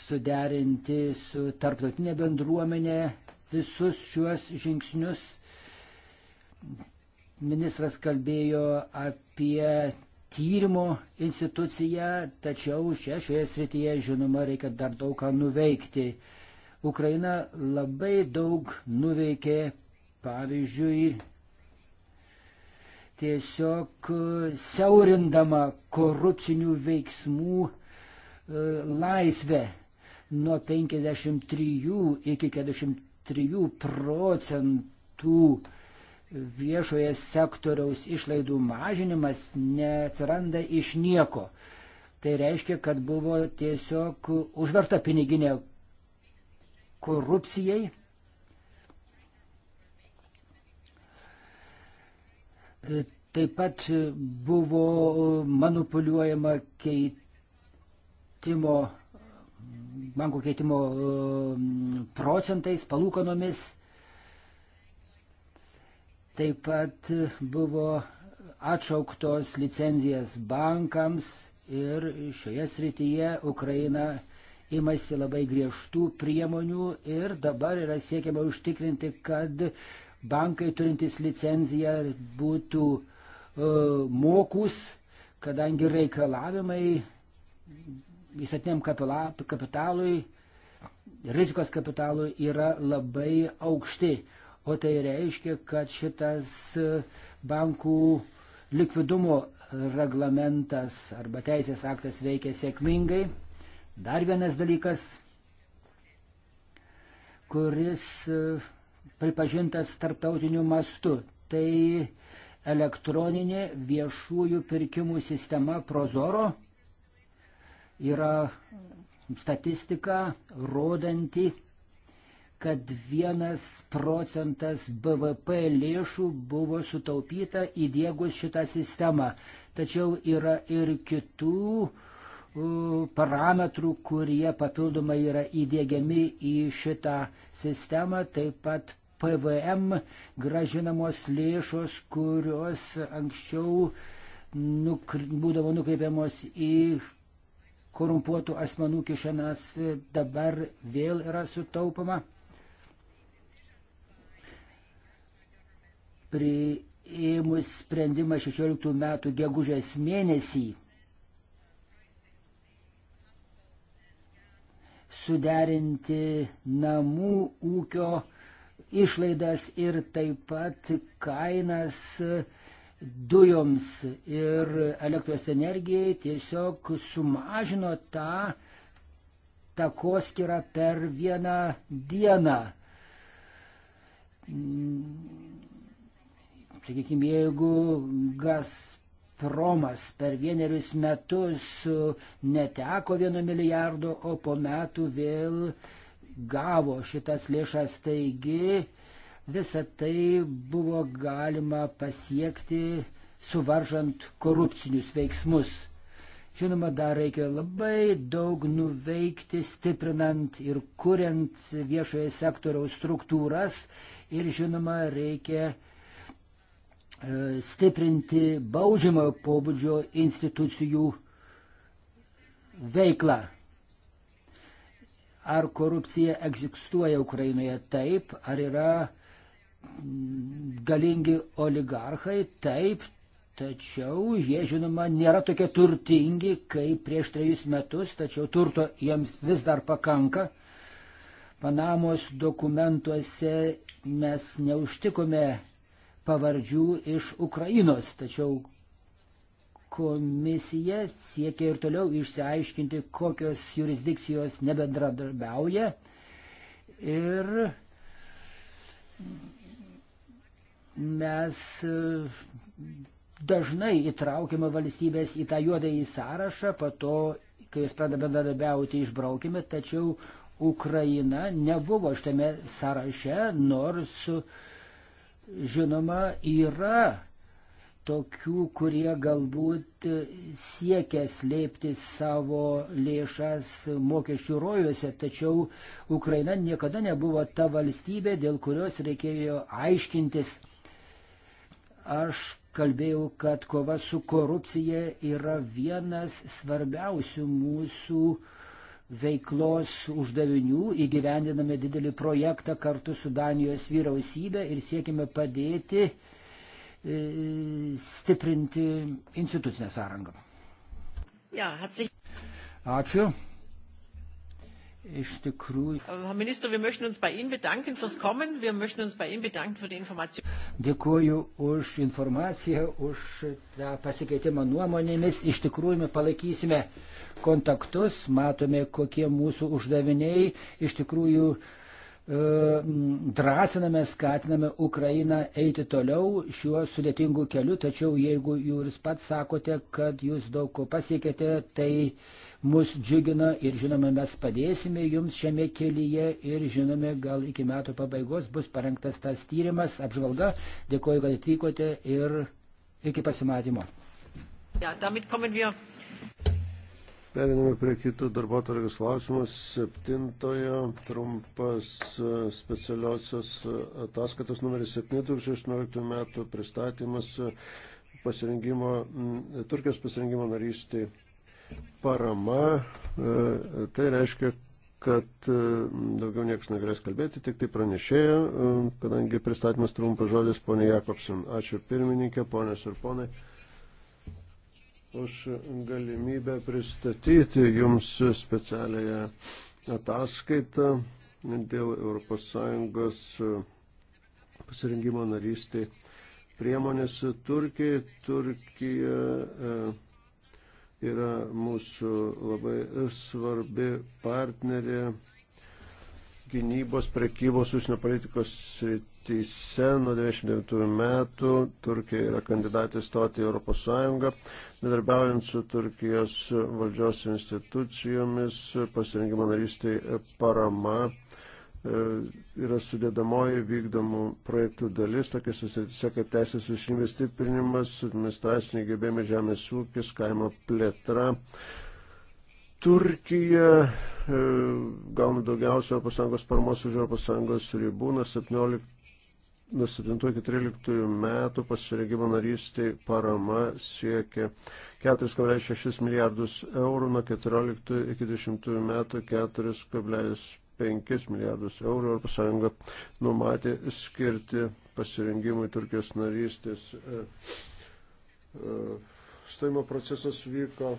S3: suderinti su tarptautinė bendruomenė visus šiuos žingsnius Ministras kalbėjo apie tyrimo instituciją, tačiau čia šioje srityje, žinoma, reikia dar daug ką nuveikti. Ukraina labai daug nuveikė, pavyzdžiui, tiesiog siaurindama korupcinių veiksmų e, laisvę nuo 53 iki 43 procentų viešoje sektoriaus išlaidų mažinimas neatsiranda iš nieko. Tai reiškia, kad buvo tiesiog užverta piniginė korupcijai. Taip pat buvo manipuliuojama keitimo, bankų keitimo um, procentais, palūkanomis Taip pat buvo atšauktos licenzijas bankams ir šioje srityje Ukraina imasi labai griežtų priemonių ir dabar yra siekiama užtikrinti, kad bankai turintys licenziją būtų e, mokus, kadangi reikalavimai įsatiniam kapitalui, rizikos kapitalui yra labai aukšti o tai reiškia, kad šitas e, bankų likvidumo reglamentas arba teisės aktas veikia sėkmingai. Dar vienas dalykas, kuris e, pripažintas tarptautiniu mastu, tai elektroninė viešųjų pirkimų sistema Prozoro yra statistika rodanti, kad vienas procentas BVP lėšų buvo sutaupyta įdėgus šitą sistemą. Tačiau yra ir kitų parametrų, kurie papildomai yra įdėgiami į šitą sistemą, taip pat PVM gražinamos lėšos, kurios anksčiau nukri, būdavo nukreipiamos į korumpuotų asmenų kišenas dabar vėl yra sutaupama. priėmus sprendimą 16 metų gegužės mėnesį suderinti namų ūkio išlaidas ir taip pat kainas dujoms ir elektros energijai tiesiog sumažino tą takoskirą per vieną dieną. Sakykime, jeigu Gazpromas per vienerius metus neteko vieno milijardo, o po metų vėl gavo šitas lėšas, taigi visą tai buvo galima pasiekti suvaržant korupcinius veiksmus. Žinoma, dar reikia labai daug nuveikti, stiprinant ir kuriant viešoje sektoriaus struktūras ir žinoma, reikia E, stiprinti baudžiamojo pobūdžio institucijų veiklą. Ar korupcija egzistuoja Ukrainoje taip, ar yra mm, galingi oligarchai taip, tačiau jie žinoma nėra tokie turtingi kaip prieš trejus metus, tačiau turto jiems vis dar pakanka. Panamos dokumentuose mes neužtikome pavardžių iš Ukrainos, tačiau komisija siekia ir toliau išsiaiškinti, kokios jurisdikcijos nebendradarbiauja ir mes e, dažnai įtraukiame valstybės į tą juodąjį sąrašą, po to, kai jis pradeda bendradarbiauti, išbraukime, tačiau Ukraina nebuvo šitame sąraše, nors žinoma, yra tokių, kurie galbūt siekia slėpti savo lėšas mokesčių rojuose, tačiau Ukraina niekada nebuvo ta valstybė, dėl kurios reikėjo aiškintis. Aš kalbėjau, kad kova su korupcija yra vienas svarbiausių mūsų uh, veiklos uždavinių įgyvendiname didelį projektą kartu su Danijos vyriausybė ir siekime padėti e, stiprinti institucinę sąrangą. Ja, Ačiū. Iš tikrųjų.
S1: Äh, Herr Minister, wir möchten uns bei Ihnen bedanken fürs Kommen. Wir möchten uns bei Ihnen bedanken für die Information.
S3: Dėkuoju už informaciją, už tą pasikeitimą nuomonėmis. Iš tikrųjų, mes palaikysime uh, kontaktus, matome, kokie mūsų uždaviniai iš tikrųjų e, drąsiname, skatiname Ukrainą eiti toliau šiuo sudėtingu keliu, tačiau jeigu jūs pats sakote, kad jūs daug ko pasiekėte, tai mus džiugina ir žinome, mes padėsime jums šiame kelyje ir žinome, gal iki metų pabaigos bus parengtas tas tyrimas, apžvalga. Dėkuoju, kad atvykote ir iki pasimatymo.
S1: Ja, damit kommen wir
S4: Periname prie kitų darbo targos klausimus. Septintojo trumpas e, specialiosios e, ataskaitos numeris 7 2016 metų pristatymas e, pasirengimo, Turkijos pasirengimo narystį parama. Tai reiškia, kad daugiau niekas negalės kalbėti, tik tai pranešėjo, kadangi pristatymas trumpas žodis ponė Jakobsen. Ačiū pirmininkė, ponės ir ponai už galimybę pristatyti Jums specialiąją ataskaitą dėl ES pasirinkimo narystį priemonės Turkijai. Turkija e, yra mūsų labai svarbi partnerė gynybos, prekybos, užsienio politikos srityse nuo 99 metų Turkija yra kandidatė stoti į Europos Sąjungą, nedarbiaujant su Turkijos valdžios institucijomis, pasirinkimo narystai parama e, yra sudėdamoji vykdomų projektų dalis, tokia susitikse kaip teisės viršinybės stiprinimas, administraciniai gebėjimai žemės ūkis, kaimo plėtra, Turkija e, gauna daugiausia ES paramos už ES ribų nuo 17. Nuo 7-13 metų pasirengimo narystė parama siekia 4,6 milijardus eurų, nuo 14 iki 20 metų 4,5 milijardus eurų. Europos Sąjunga numatė skirti pasirengimui Turkijos narystės. E, e, stojimo procesas vyko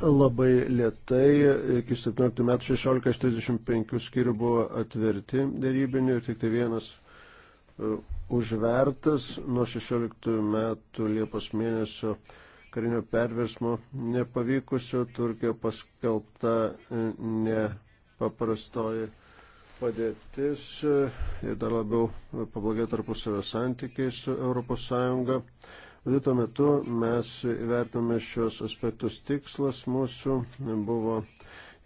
S4: labai lietai, iki 17 metų 16-35 skyrių buvo atverti dėrybinių ir tik tai vienas e, užvertas nuo 16 metų Liepos mėnesio karinio perversmo nepavykusio Turkija paskelbta e, nepaprastoji padėtis e, ir dar labiau pablogė tarpusavio santykiai su ES. Audito metu mes įvertiname šios aspektus. Tikslas mūsų buvo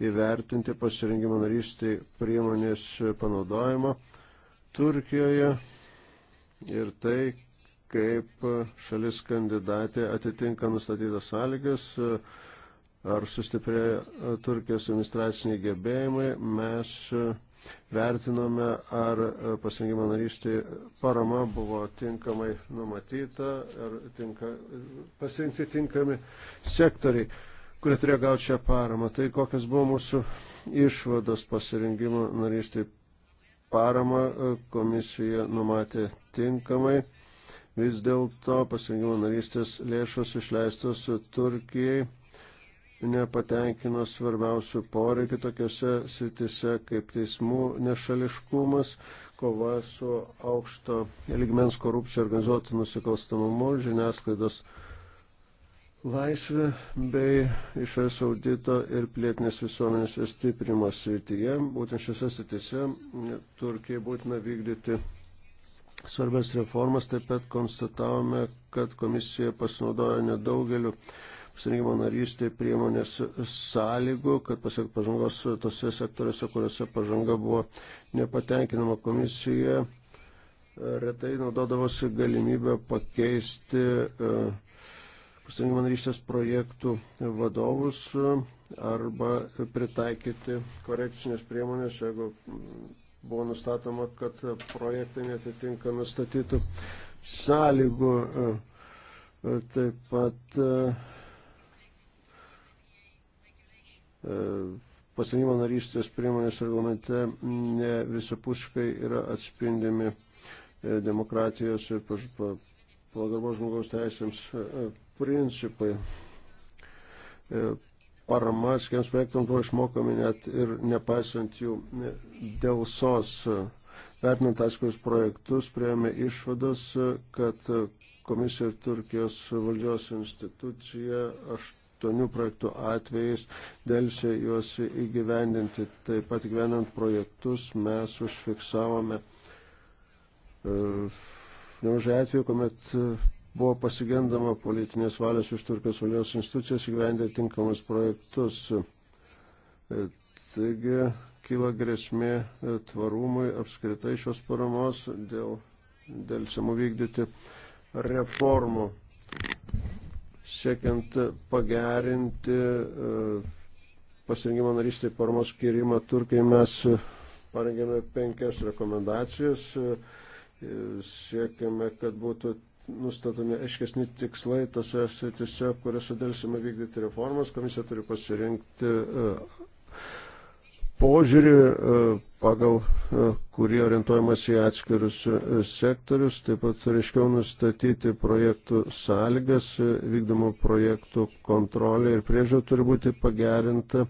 S4: įvertinti pasirinkimo narystai priemonės panaudojimą Turkijoje ir tai, kaip šalis kandidatė atitinka nustatytas sąlygas, ar sustiprėjo Turkijos administraciniai gebėjimai, mes vertinome, ar e, pasirinkimo narystė parama buvo tinkamai numatyta, ar tinka, pasirinkti tinkami sektoriai, kurie turėjo gauti šią paramą. Tai kokios buvo mūsų išvados pasirinkimo narystė parama e, komisija numatė tinkamai. Vis dėlto pasirinkimo narystės lėšos išleistos Turkijai nepatenkino svarbiausių poreikių tokiuose sritise kaip teismų nešališkumas, kova su aukšto ligmens korupcija organizuotų nusikalstamumu, žiniasklaidos laisvė bei išorės audito ir plėtinės visuomenės stiprimo srityje. Būtent šiose sritise Turkijai būtina vykdyti svarbias reformas, taip pat konstatavome, kad komisija pasinaudojo nedaugeliu pasirinkimo narystė priemonės sąlygų, kad pasiektų pažangos tose sektoriuose, kuriuose pažanga buvo nepatenkinama komisija, retai naudodavosi galimybę pakeisti e, pasirinkimo narystės projektų vadovus e, arba pritaikyti korekcinės priemonės, jeigu buvo nustatoma, kad projektai netitinka nustatytų sąlygų. E, taip pat E, pasienimo narystės priemonės reglamente ne visapuškai yra atspindimi e, demokratijos ir pagarbos žmogaus teisėms e, principai. Parama skiems projektams buvo išmokami net ir nepaisant jų dėlsos. Vertinant atskirius projektus, prieėmė išvadas, kad komisija ir Turkijos valdžios institucija aš aštuonių projektų atvejais dėlse juos įgyvendinti. Taip pat gyvenant projektus mes užfiksavome e, nemažai atvejų, kuomet e, buvo pasigendama politinės valios iš Turkijos valios institucijos įgyvendinti tinkamus projektus. E, taigi kyla grėsmė tvarumui apskritai šios paramos dėl dėlsiamų vykdyti reformų siekiant pagerinti e, pasirinkimo narystėje paramos skirimą Turkijai mes parengėme penkias rekomendacijas, e, siekiame, kad būtų nustatomi aiškesni tikslai tose sritise, kuriuose dėlsime vykdyti reformas, komisija turi pasirinkti e, požiūrį, e, pagal e, kurį orientuojamas į atskirus e, sektorius, taip pat reiškiau nustatyti projektų sąlygas, vykdomų projektų kontrolė ir priežiūra turi būti pagerinta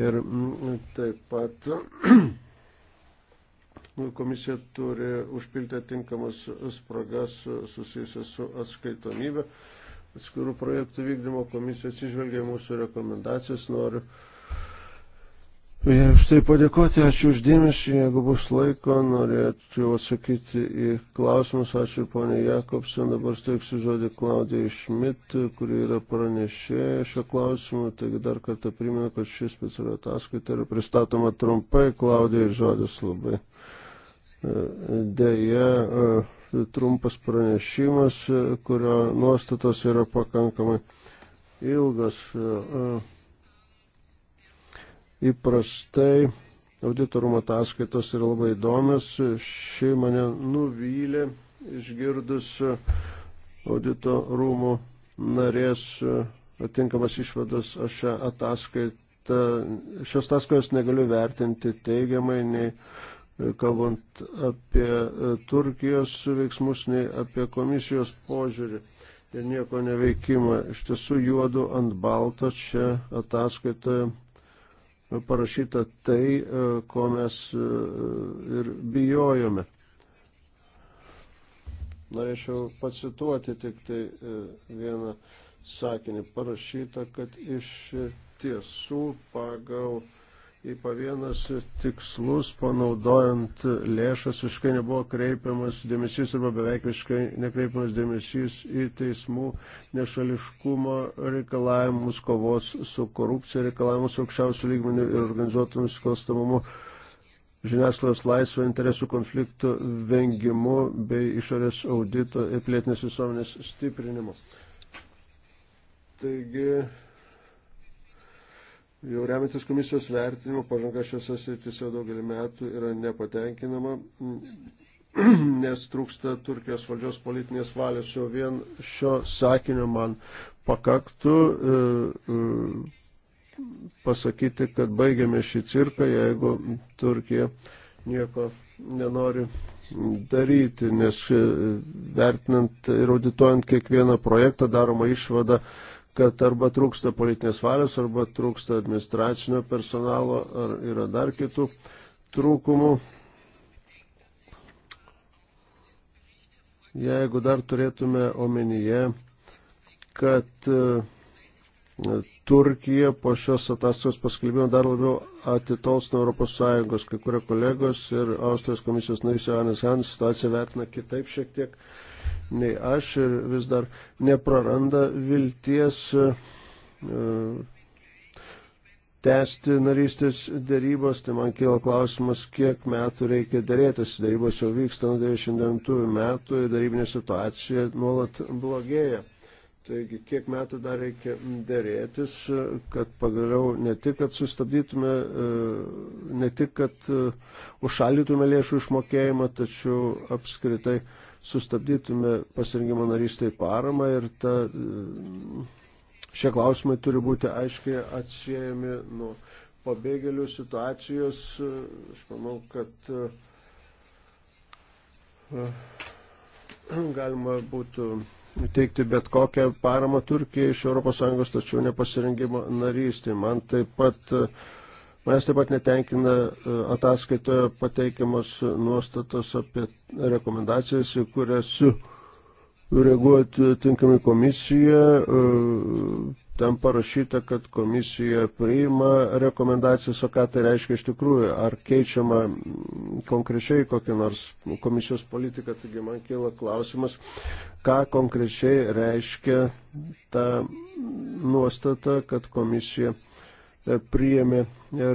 S4: ir mm, taip pat komisija turi užpilti atinkamas spragas susijusias su atskaitomybė. Atskirų projektų vykdymo komisija atsižvelgia mūsų rekomendacijas, noriu Jei už tai padėkoti, ačiū uždėmesį, jeigu bus laiko, norėčiau atsakyti į klausimus, ačiū ponė Jakobsen, dabar steiksiu žodį Klaudijai Šmit, kuri yra pranešėja šio klausimu, taigi dar kartą primenu, kad šis specialio ataskaita yra pristatoma trumpai, Klaudijai žodis labai. E, Deja, e, trumpas pranešimas, e, kurio nuostatos yra pakankamai ilgas. Uh, Įprastai auditorumo ataskaitos yra labai įdomios. Ši mane nuvylė išgirdus auditorumo narės atinkamas išvadas. Aš šią ataskaitą, šios ataskaitos negaliu vertinti teigiamai, nei kalbant apie Turkijos veiksmus, nei apie komisijos požiūrį ir nieko neveikimą. Iš tiesų juodu ant balto čia ataskaitoje parašyta tai, e, ko mes e, ir bijojome. Norėčiau pacituoti tik tai e, vieną sakinį. Parašyta, kad iš tiesų pagal į pavienus tikslus, panaudojant lėšas, visiškai nebuvo kreipiamas dėmesys arba beveik visiškai nekreipiamas dėmesys į teismų nešališkumo reikalavimus, kovos su korupcija reikalavimus aukščiausių lygmenių ir organizuotų nusikalstamumu žiniasklaidos laisvo interesų konfliktų vengimu bei išorės audito ir plėtinės visuomenės stiprinimu. Taigi, Jau remiantis komisijos vertinimo, pažanga šiuose srityse daugelį metų yra nepatenkinama, nes trūksta Turkijos valdžios politinės valios. Jau vien šio sakinio man pakaktų e, e, pasakyti, kad baigiame šį cirką, jeigu Turkija nieko nenori daryti, nes e, vertinant ir audituojant kiekvieną projektą daroma išvada, kad arba trūksta politinės valios, arba trūksta administracinio personalo, ar yra dar kitų trūkumų. Jeigu dar turėtume omenyje, kad e, Turkija po šios ataskaitos paskelbimo dar labiau atitols nuo Europos Sąjungos, kai kurie kolegos ir Austrijos komisijos narys Johannes Hans situaciją vertina kitaip šiek tiek nei aš ir vis dar nepraranda vilties e, tęsti narystės dėrybos, tai man kyla klausimas, kiek metų reikia dėrėtis. Dėrybos jau vyksta nuo 99 metų ir darybinė situacija nuolat blogėja. Taigi, kiek metų dar reikia dėrėtis, kad pagaliau ne tik, kad sustabdytume, e, ne tik, kad e, užšaldytume lėšų išmokėjimą, tačiau apskritai uh, sustabdytume pasirinkimo narystai paramą ir ta, šie klausimai turi būti aiškiai atsiejami nuo pabėgėlių situacijos. Aš manau, kad eh, galima būtų teikti bet kokią paramą Turkijai iš ES, tačiau nepasirinkimo narystė. Man taip pat uh, Manęs taip pat netenkina e, ataskaitoje pateikiamas nuostatos apie rekomendacijas, į kurias reaguoti tinkami komisija. E, ten parašyta, kad komisija priima rekomendacijas, o ką tai reiškia iš tikrųjų, ar keičiama konkrečiai kokią nors komisijos politiką, taigi man kyla klausimas, ką konkrečiai reiškia ta nuostata, kad komisija E, priėmė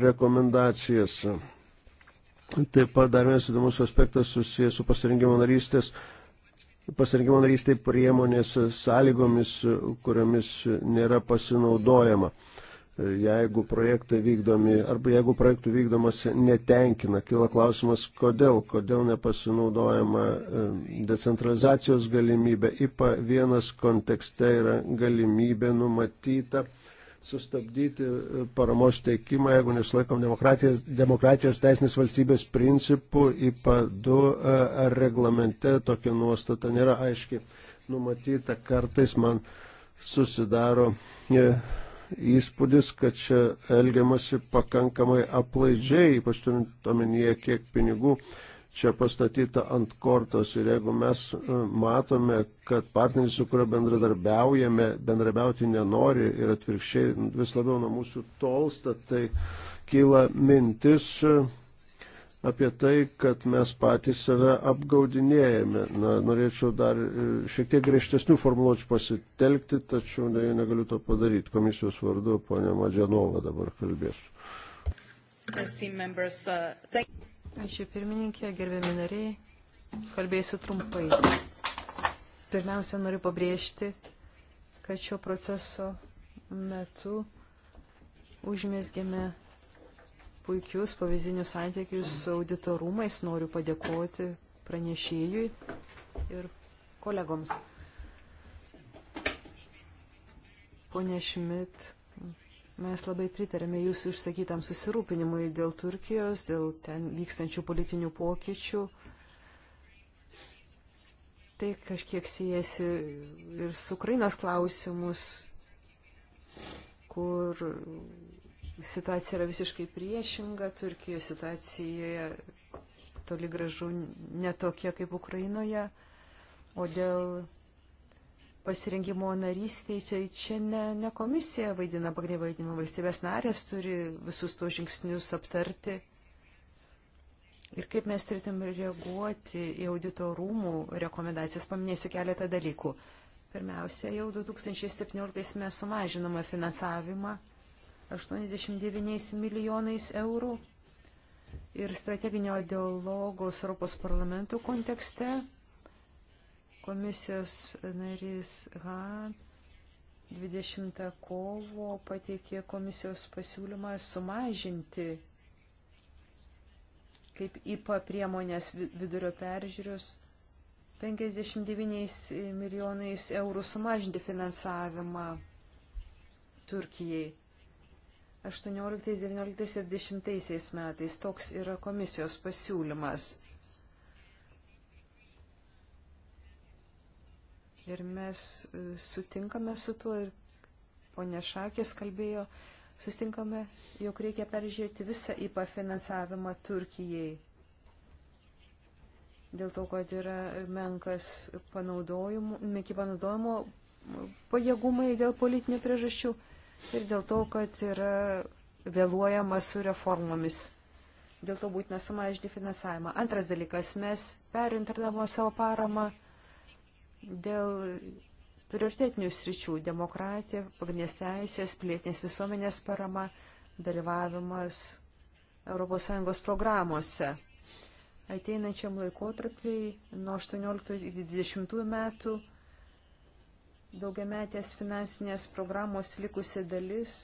S4: rekomendacijas. Taip pat dar vienas įdomus aspektas susijęs su pasirinkimo narystės pasirinkimo narystė priemonės sąlygomis, kuriomis nėra pasinaudojama. Jeigu projektai vykdomi arba jeigu projektų vykdomas netenkina, kila klausimas, kodėl, kodėl nepasinaudojama e, decentralizacijos galimybė. IPA vienas kontekste yra galimybė numatyta sustabdyti e, paramos teikimą, jeigu nesilaikom demokratijos, demokratijos teisinės valstybės principų, IPA2 ar e, reglamente tokia nuostata nėra aiškiai numatyta. Kartais man susidaro e, įspūdis, kad čia elgiamasi pakankamai aplaidžiai, ypač turint omenyje, kiek pinigų uh, čia pastatyta ant kortos. Ir jeigu mes e, matome, kad partneris, su kuriuo bendradarbiaujame, bendrabiauti nenori ir atvirkščiai vis labiau nuo mūsų tolsta, tai kyla mintis e, apie tai, kad mes patys save apgaudinėjame. Na, norėčiau dar e, šiek tiek griežtesnių formuluočių pasitelkti, tačiau ne, negaliu to padaryti. Komisijos vardu ponia Madžianova dabar kalbės.
S2: Ačiū pirmininkė, gerbėmi nariai. Kalbėsiu trumpai. Pirmiausia, noriu pabrėžti, kad šio proceso metu užmėsgėme puikius pavyzdinius santykius su auditorumais. Noriu padėkoti pranešėjui ir kolegoms. Pone Šmit Mes labai pritarėme jūsų išsakytam susirūpinimui dėl Turkijos, dėl ten vykstančių politinių pokyčių. Tai kažkiek siejasi ir su Ukrainos klausimus, kur situacija yra visiškai priešinga, Turkijoje situacija toli gražu netokia kaip Ukrainoje, o dėl pasirengimo narystiai, čia, čia ne, ne komisija vaidina pagrindinį vaidinimą, valstybės narės turi visus tos žingsnius aptarti. Ir kaip mes turėtum reaguoti į audito rūmų rekomendacijas, paminėsiu keletą dalykų. Pirmiausia, jau 2017 mes sumažinome finansavimą 89 milijonais eurų ir strateginio dialogo su Europos parlamentu kontekste Komisijos narys Han 20 kovo pateikė komisijos pasiūlymą sumažinti kaip IPA priemonės vidurio peržiūrius 59 milijonais eurų sumažinti finansavimą Turkijai 18, 19 ir 10 metais. Toks yra komisijos pasiūlymas. Ir mes e, sutinkame su tuo ir ponė Šakės kalbėjo, sustinkame, jog reikia peržiūrėti visą IPA finansavimą Turkijai. Dėl to, kad yra menkas panaudojimo, menki panaudojimo pajėgumai dėl politinių priežasčių ir dėl to, kad yra vėluojama su reformomis. Dėl to būtina sumažinti finansavimą. Antras dalykas, mes perintardavome savo paramą dėl prioritetinių sričių - demokratija, pagrindinės teisės, plėtinės visuomenės parama, dalyvavimas ES programuose. Ateinančiam laikotarpiai nuo 18 iki 20 metų daugiametės finansinės programos likusi dalis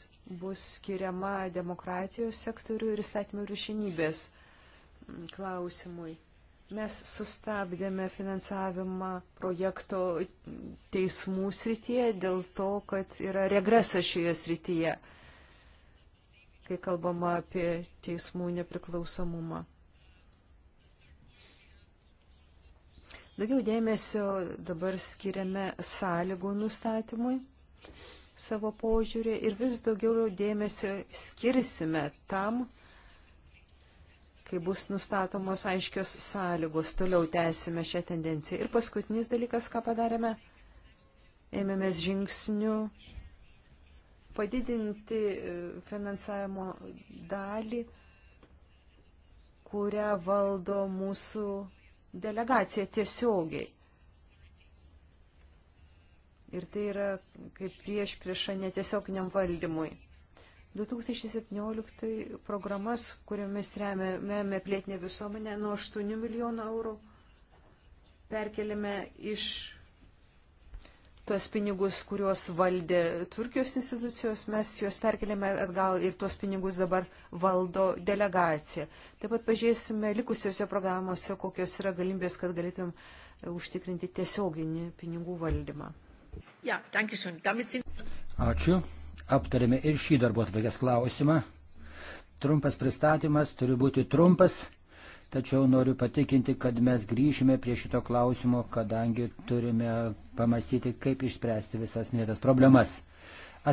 S2: bus skiriama demokratijos sektorių ir įstatymų viršinybės klausimui. Mes sustabdėme finansavimą projekto teismų srityje dėl to, kad yra regresas šioje srityje, kai kalbama apie teismų nepriklausomumą. Daugiau dėmesio dabar skiriame sąlygų nustatymui savo požiūrį ir vis daugiau dėmesio skirsime tam, kai bus nustatomos aiškios sąlygos, toliau tęsime šią tendenciją. Ir paskutinis dalykas, ką padarėme, ėmėmės žingsnių padidinti e, finansavimo dalį, kurią valdo mūsų delegacija tiesiogiai. Ir tai yra kaip prieš priešą netiesioginiam valdymui. 2017 programas, kuriomis remiame plėtinę visuomenę, nuo 8 milijonų eurų perkeliame iš tuos pinigus, kuriuos valdė Turkijos institucijos, mes juos perkeliame atgal ir tuos pinigus dabar valdo delegacija. Taip pat pažiūrėsime likusiuose programuose, kokios yra galimybės, kad galėtum e, užtikrinti tiesioginį pinigų valdymą.
S1: Ja,
S3: Ačiū aptarėme ir šį darbo atvarkės klausimą. Trumpas pristatymas turi būti trumpas, tačiau noriu patikinti, kad mes grįšime prie šito klausimo, kadangi turime pamastyti, kaip išspręsti visas minėtas problemas.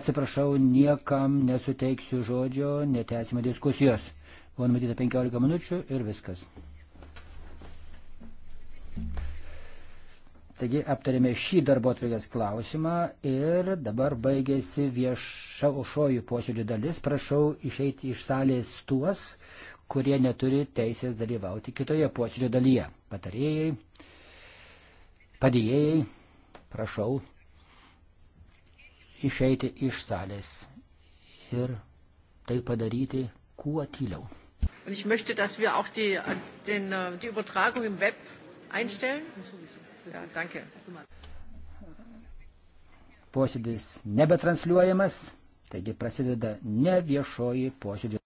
S3: Atsiprašau, niekam nesuteiksiu žodžio, netesime diskusijos. Buvo numatyta 15 minučių ir viskas. Taigi aptarėme šį darbo atvejas klausimą ir dabar baigėsi viešošojų posėdžio dalis. Prašau išeiti iš salės tuos, kurie neturi teisės dalyvauti kitoje posėdžio dalyje. Patarėjai, padėjėjai, prašau išeiti iš salės ir tai padaryti kuo tyliau.
S1: Und ich möchte, dass wir auch die, äh, den, äh, die Übertragung im Web einstellen. Ja,
S3: Posėdis nebetransliuojamas, taigi prasideda ne viešoji posėdžio.